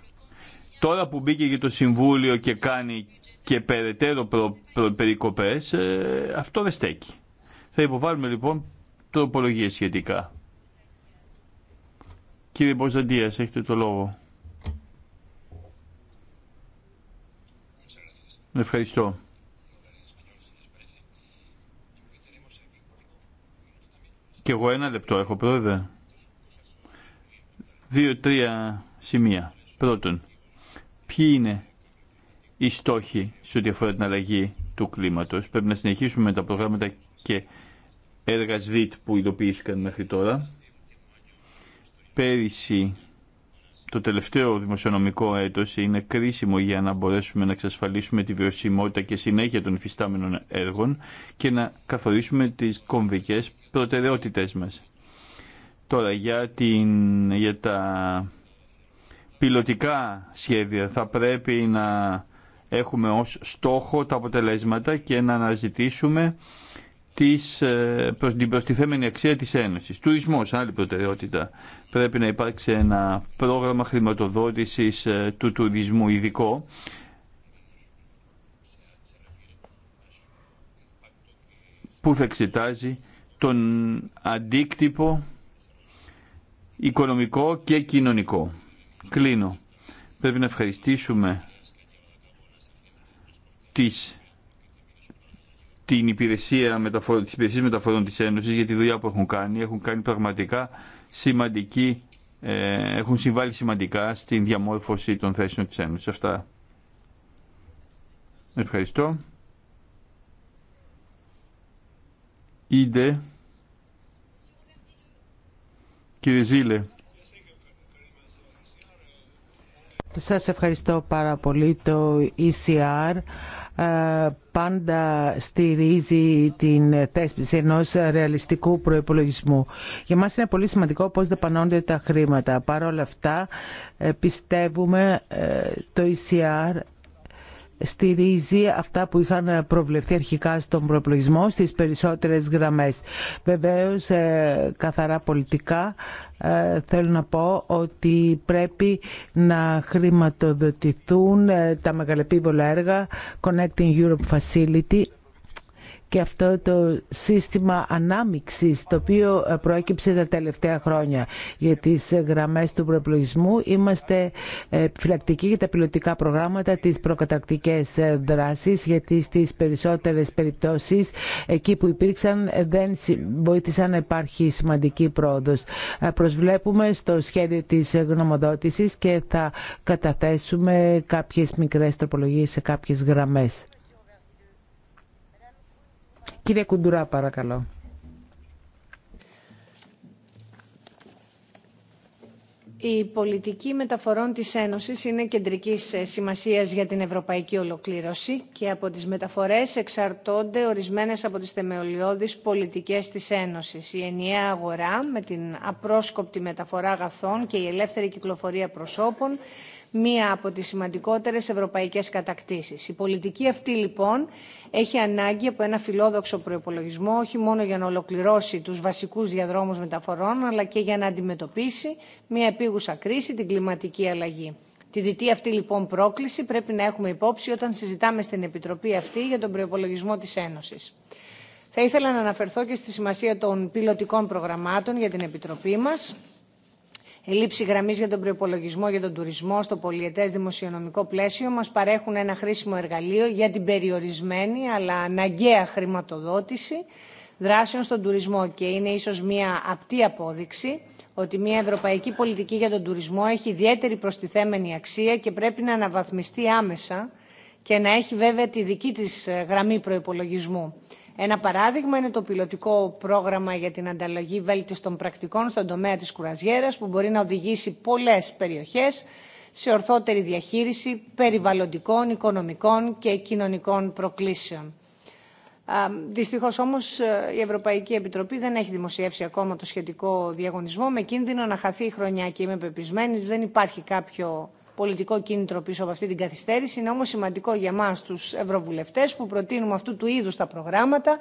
S3: Τώρα που μπήκε για το Συμβούλιο και κάνει και περαιτέρω προ, προ, ε, αυτό δεν στέκει. Θα υποβάλουμε λοιπόν τροπολογίες σχετικά. Κύριε Μποζαντίας, έχετε το λόγο. Ευχαριστώ. Κι εγώ ένα λεπτό έχω, πρόεδρε. Δύο-τρία σημεία. Πρώτον, ποιοι είναι οι στόχοι σε ό,τι αφορά την αλλαγή του κλίματος. Πρέπει να συνεχίσουμε με τα προγράμματα και έργα ΣΒΙΤ που υλοποιήθηκαν μέχρι τώρα. Πέρυσι το τελευταίο δημοσιονομικό έτος είναι κρίσιμο για να μπορέσουμε να εξασφαλίσουμε τη βιωσιμότητα και συνέχεια των υφιστάμενων έργων και να καθορίσουμε τις κομβικές προτεραιότητές μας. Τώρα για, την, για τα πιλωτικά σχέδια θα πρέπει να έχουμε ως στόχο τα αποτελέσματα και να αναζητήσουμε της, ε, προς την προστιθέμενη αξία της Ένωσης. Τουρισμός, άλλη προτεραιότητα. Πρέπει να υπάρξει ένα πρόγραμμα χρηματοδότησης ε, του τουρισμού ειδικό. που θα εξετάζει τον αντίκτυπο οικονομικό και κοινωνικό. Κλείνω. Πρέπει να ευχαριστήσουμε τις την υπηρεσία μεταφορών, τις υπηρεσίες μεταφορών της Ένωσης για τη δουλειά που έχουν κάνει. Έχουν κάνει πραγματικά σημαντική, ε, έχουν συμβάλει σημαντικά στην διαμόρφωση των θέσεων της Ένωσης. Αυτά. Ευχαριστώ. Είδε. Κύριε Ζήλε.
S2: Σας ευχαριστώ πάρα πολύ το ECR ε, πάντα στηρίζει την θέσπιση ενός ρεαλιστικού προϋπολογισμού. Για μας είναι πολύ σημαντικό πώς δεπανώνται τα χρήματα. Παρ' όλα αυτά ε, πιστεύουμε ε, το ECR στηρίζει αυτά που είχαν προβλεφθεί αρχικά στον προπολογισμό στις περισσότερες γραμμές. Βεβαίως, ε, καθαρά πολιτικά, ε, θέλω να πω ότι πρέπει να χρηματοδοτηθούν ε, τα μεγαλεπίβολα έργα Connecting Europe Facility και αυτό το σύστημα ανάμιξης το οποίο ε, προέκυψε τα τελευταία χρόνια για τις ε, γραμμές του προεπλογισμού. Είμαστε ε, φυλακτικοί για τα πιλωτικά προγράμματα, τις προκατακτικές δράσεις γιατί στις περισσότερες περιπτώσεις εκεί που υπήρξαν δεν βοήθησαν να υπάρχει σημαντική πρόοδος. Προσβλέπουμε στο σχέδιο της γνωμοδότησης και θα καταθέσουμε κάποιες μικρές τροπολογίες σε κάποιες γραμμές. Κύριε Κουντουρά, παρακαλώ.
S4: Η πολιτική μεταφορών της Ένωσης είναι κεντρικής ε, σημασίας για την ευρωπαϊκή ολοκλήρωση και από τις μεταφορές εξαρτώνται ορισμένες από τις θεμελιώδεις πολιτικές της Ένωσης. Η ενιαία αγορά με την απρόσκοπτη μεταφορά αγαθών και η ελεύθερη κυκλοφορία προσώπων μία από τις σημαντικότερες ευρωπαϊκές κατακτήσεις. Η πολιτική αυτή λοιπόν έχει ανάγκη από ένα φιλόδοξο προϋπολογισμό όχι μόνο για να ολοκληρώσει τους βασικούς διαδρόμους μεταφορών αλλά και για να αντιμετωπίσει μία επίγουσα κρίση την κλιματική αλλαγή. Τη διτή αυτή λοιπόν πρόκληση πρέπει να έχουμε υπόψη όταν συζητάμε στην Επιτροπή αυτή για τον προϋπολογισμό της Ένωσης. Θα ήθελα να αναφερθώ και στη σημασία των πιλωτικών προγραμμάτων για την Επιτροπή μας λήψη γραμμή για τον προπολογισμό για τον τουρισμό στο πολιετέ δημοσιονομικό πλαίσιο μας παρέχουν ένα χρήσιμο εργαλείο για την περιορισμένη αλλά αναγκαία χρηματοδότηση δράσεων στον τουρισμό και είναι ίσως μια απτή απόδειξη ότι μια ευρωπαϊκή πολιτική για τον τουρισμό έχει ιδιαίτερη προστιθέμενη αξία και πρέπει να αναβαθμιστεί άμεσα και να έχει βέβαια τη δική της ε, γραμμή προϋπολογισμού. Ένα παράδειγμα είναι το πιλωτικό πρόγραμμα για την ανταλλαγή βέλτιστων πρακτικών στον τομέα της κουραζιέρας που μπορεί να οδηγήσει πολλές περιοχές σε ορθότερη διαχείριση περιβαλλοντικών, οικονομικών και κοινωνικών προκλήσεων. Δυστυχώ όμω ε, η Ευρωπαϊκή Επιτροπή δεν έχει δημοσιεύσει ακόμα το σχετικό διαγωνισμό με κίνδυνο να χαθεί η χρονιά και είμαι πεπισμένη ότι δεν υπάρχει κάποιο πολιτικό κίνητρο πίσω από αυτή την καθυστέρηση. Είναι όμως σημαντικό για μας τους ευρωβουλευτές που προτείνουμε αυτού του είδους τα προγράμματα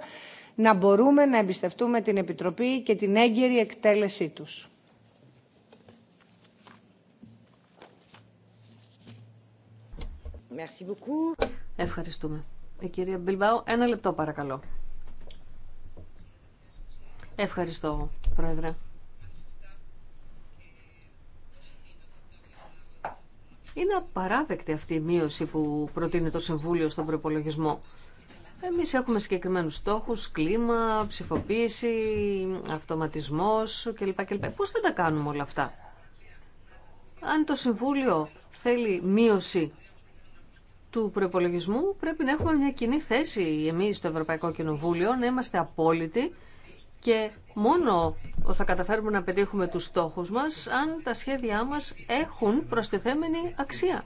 S4: να μπορούμε να εμπιστευτούμε την Επιτροπή και την έγκαιρη εκτέλεσή τους.
S1: Ευχαριστούμε. Η ε, κυρία Μπιλμπάου, ένα λεπτό παρακαλώ. Ευχαριστώ, Πρόεδρε. Είναι απαράδεκτη αυτή η μείωση που προτείνει το Συμβούλιο στον προπολογισμό. Εμείς έχουμε συγκεκριμένους στόχους, κλίμα, ψηφοποίηση, αυτοματισμός κλπ. κλπ. Πώς δεν τα κάνουμε όλα αυτά. Αν το Συμβούλιο θέλει μείωση του προπολογισμού, πρέπει να έχουμε μια κοινή θέση εμείς στο Ευρωπαϊκό Κοινοβούλιο, να είμαστε απόλυτοι και μόνο θα καταφέρουμε να πετύχουμε τους στόχους μας αν τα σχέδιά μας έχουν προστιθέμενη αξία.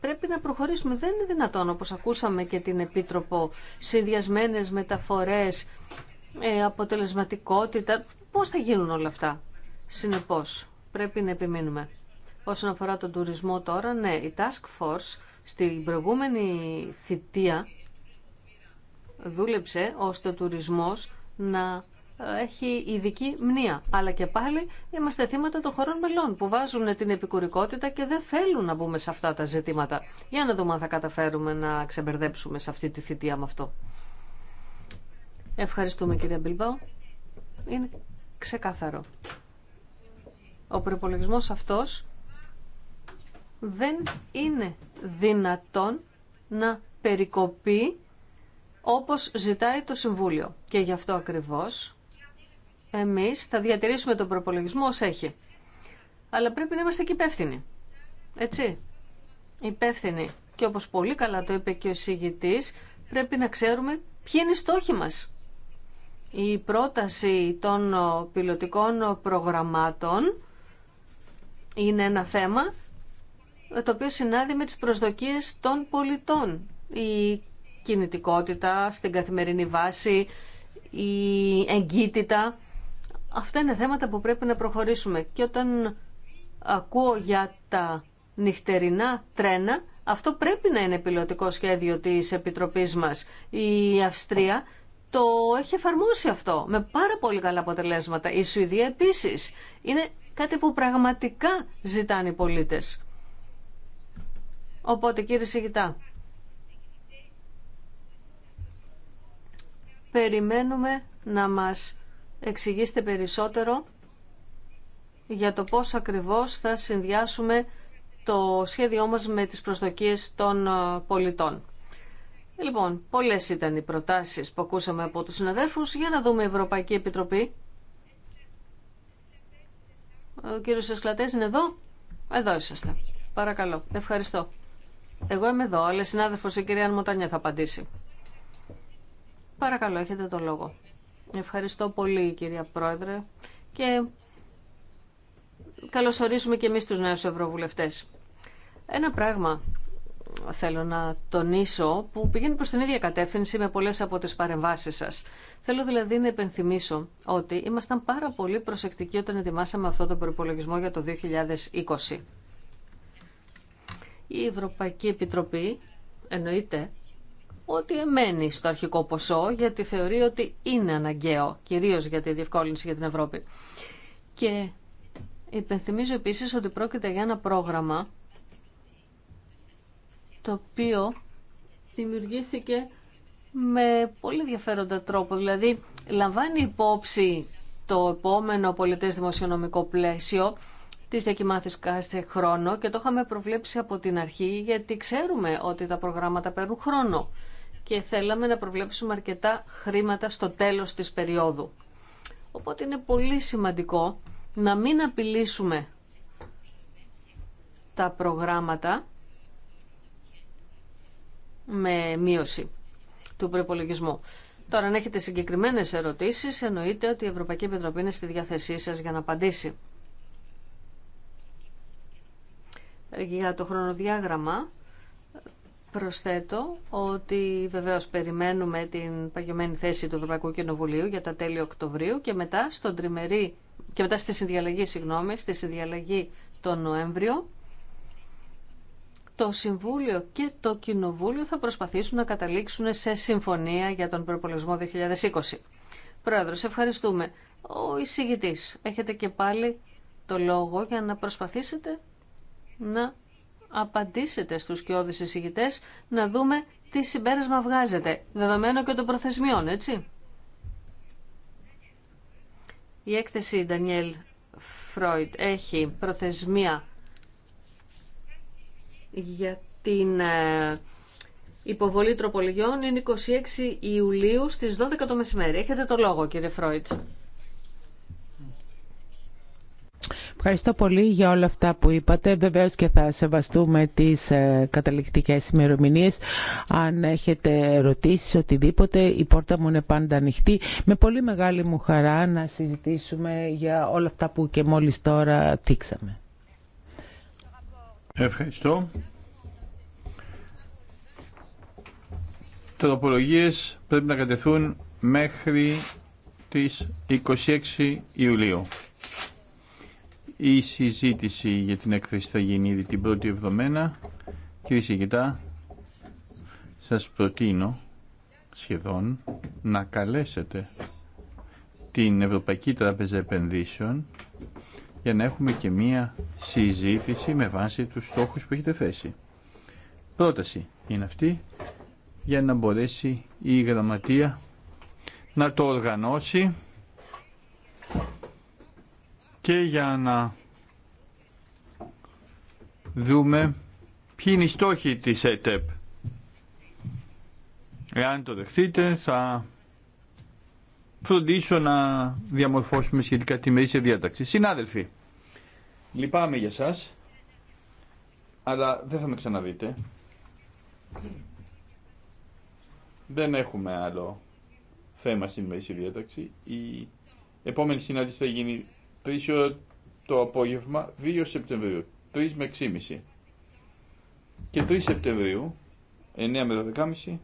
S1: Πρέπει να προχωρήσουμε. Δεν είναι δυνατόν, όπως ακούσαμε και την Επίτροπο, συνδυασμένες μεταφορές, ε, αποτελεσματικότητα. Πώς θα γίνουν όλα αυτά. Συνεπώς, πρέπει να επιμείνουμε. Όσον αφορά τον τουρισμό τώρα, ναι, η Task Force στην προηγούμενη θητεία δούλεψε ώστε ο τουρισμός να έχει ειδική μνήα. Αλλά και πάλι είμαστε θύματα των χωρών μελών που βάζουν την επικουρικότητα και δεν θέλουν να μπούμε σε αυτά τα ζητήματα. Για να δούμε αν θα καταφέρουμε να ξεμπερδέψουμε σε αυτή τη θητεία με αυτό. Ευχαριστούμε κυρία Μπιλμπάου. Είναι ξεκάθαρο. Ο προπολογισμό αυτός δεν είναι δυνατόν να περικοπεί όπως ζητάει το Συμβούλιο. Και γι' αυτό ακριβώς Εμεί θα διατηρήσουμε τον προπολογισμό ω έχει. Αλλά πρέπει να είμαστε και υπεύθυνοι. Έτσι. Υπεύθυνοι. Και όπως πολύ καλά το είπε και ο συγητή, πρέπει να ξέρουμε ποιοι είναι οι στόχοι μας. Η πρόταση των πιλωτικών προγραμμάτων είναι ένα θέμα το οποίο συνάδει με τις προσδοκίες των πολιτών. Η κινητικότητα στην καθημερινή βάση, η εγκύτητα Αυτά είναι θέματα που πρέπει να προχωρήσουμε. Και όταν ακούω για τα νυχτερινά τρένα, αυτό πρέπει να είναι πιλωτικό σχέδιο της Επιτροπής μας. Η Αυστρία το έχει εφαρμόσει αυτό με πάρα πολύ καλά αποτελέσματα. Η Σουηδία επίσης. Είναι κάτι που πραγματικά ζητάνε οι πολίτες. Οπότε κύριε Σιγητά, περιμένουμε να μας Εξηγήστε περισσότερο για το πώς ακριβώς θα συνδυάσουμε το σχέδιό μας με τις προσδοκίες των ε, πολιτών. Λοιπόν, πολλές ήταν οι προτάσεις που ακούσαμε από τους συναδέλφους. Για να δούμε η Ευρωπαϊκή Επιτροπή. Ο κύριος Εσκλατές είναι εδώ. Εδώ είσαστε. Παρακαλώ. Ευχαριστώ. Εγώ είμαι εδώ, αλλά συνάδελφος η κυρία Μοτανιά θα απαντήσει. Παρακαλώ, έχετε το λόγο. Ευχαριστώ πολύ κυρία Πρόεδρε και καλωσορίζουμε και εμείς τους νέους ευρωβουλευτές. Ένα πράγμα θέλω να τονίσω που πηγαίνει προς την ίδια κατεύθυνση με πολλές από τις παρεμβάσεις σας. Θέλω δηλαδή να υπενθυμίσω ότι ήμασταν πάρα πολύ προσεκτικοί όταν ετοιμάσαμε αυτό το προπολογισμό για το 2020. Η Ευρωπαϊκή Επιτροπή εννοείται ότι μένει στο αρχικό ποσό γιατί θεωρεί ότι είναι αναγκαίο, κυρίως για τη διευκόλυνση για την Ευρώπη. Και υπενθυμίζω επίσης ότι πρόκειται για ένα πρόγραμμα το οποίο δημιουργήθηκε με πολύ ενδιαφέροντα τρόπο. Δηλαδή, λαμβάνει υπόψη το επόμενο πολιτές δημοσιονομικό πλαίσιο τη διακυμάθηση κάθε χρόνο και το είχαμε προβλέψει από την αρχή γιατί ξέρουμε ότι τα προγράμματα παίρνουν χρόνο και θέλαμε να προβλέψουμε αρκετά χρήματα στο τέλος της περίοδου. Οπότε είναι πολύ σημαντικό να μην απειλήσουμε τα προγράμματα με μείωση του προπολογισμού. Τώρα, αν έχετε συγκεκριμένες ερωτήσεις, εννοείται ότι η Ευρωπαϊκή Επιτροπή είναι στη διάθεσή σας για να απαντήσει. Για το χρονοδιάγραμμα, Προσθέτω ότι βεβαίως περιμένουμε την παγιωμένη θέση του Ευρωπαϊκού Κοινοβουλίου για τα τέλη Οκτωβρίου και μετά, στον και μετά στη συνδιαλλαγή, συγγνώμη, στη συνδιαλλαγή τον Νοέμβριο, το Συμβούλιο και το Κοινοβούλιο θα προσπαθήσουν να καταλήξουν σε συμφωνία για τον προπολογισμό 2020. σε ευχαριστούμε. Ο εισηγητής, έχετε και πάλι το λόγο για να προσπαθήσετε να απαντήσετε στους κοιόδης εισηγητές να δούμε τι συμπέρασμα βγάζετε, δεδομένο και των προθεσμιών, έτσι. Η έκθεση Ντανιέλ Φρόιτ έχει προθεσμία για την ε, υποβολή τροπολογιών είναι 26 Ιουλίου στις 12 το μεσημέρι. Έχετε το λόγο κύριε Φρόιτ.
S2: Ευχαριστώ πολύ για όλα αυτά που είπατε. Βεβαίω και θα σεβαστούμε τις ε, καταληκτικές ημερομηνίε. Αν έχετε ερωτήσεις, οτιδήποτε, η πόρτα μου είναι πάντα ανοιχτή. Με πολύ μεγάλη μου χαρά να συζητήσουμε για όλα αυτά που και μόλις τώρα θίξαμε.
S3: Ευχαριστώ. Τροπολογίε πρέπει να κατεθούν μέχρι τις 26 Ιουλίου. Η συζήτηση για την έκθεση θα γίνει ήδη την πρώτη εβδομένα. Κύριε Σιγητά, σας προτείνω σχεδόν να καλέσετε την Ευρωπαϊκή Τράπεζα Επενδύσεων για να έχουμε και μία συζήτηση με βάση τους στόχους που έχετε θέσει. Πρόταση είναι αυτή για να μπορέσει η γραμματεία να το οργανώσει και για να δούμε ποιοι είναι οι στόχοι της ΕΤΕΠ. Εάν το δεχτείτε θα φροντίσω να διαμορφώσουμε σχετικά τη μερίσια διάταξη. Συνάδελφοι, λυπάμαι για σας, αλλά δεν θα με ξαναδείτε. Δεν έχουμε άλλο θέμα στην μερίσια διάταξη. Η επόμενη συνάντηση θα γίνει 3 το απόγευμα 2 Σεπτεμβρίου, 3 με 6.30 και 3 Σεπτεμβρίου 9 με 12.30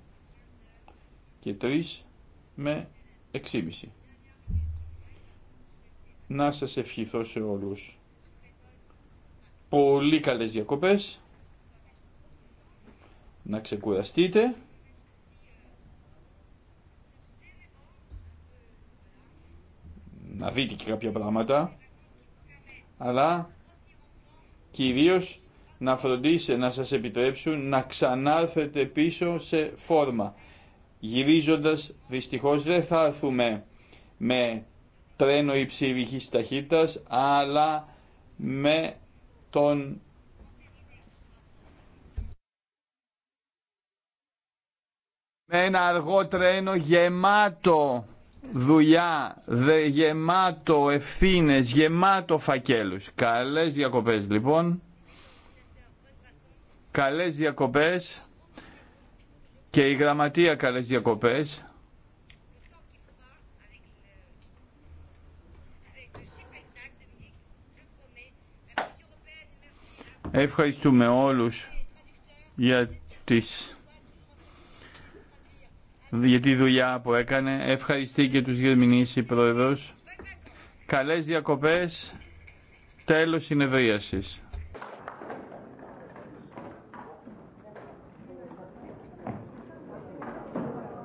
S3: και 3 με 6.30. Να σας ευχηθώ σε όλους. Πολύ καλές διακοπές. Να ξεκουραστείτε. να δείτε και κάποια πράγματα, αλλά κυρίως να φροντίσετε να σας επιτρέψουν να ξανάρθετε πίσω σε φόρμα. Γυρίζοντας, δυστυχώς δεν θα έρθουμε με τρένο υψηλής ταχύτητας, αλλά με τον με ένα αργό τρένο γεμάτο δουλειά, δε, γεμάτο ευθύνες, γεμάτο φακέλους. Καλές διακοπές λοιπόν. Καλές διακοπές και η γραμματεία καλές διακοπές. Ευχαριστούμε όλους για τις για τη δουλειά που έκανε. Ευχαριστεί και τους γερμηνείς η Πρόεδρος. Καλές διακοπές. Τέλος συνεδρίασης.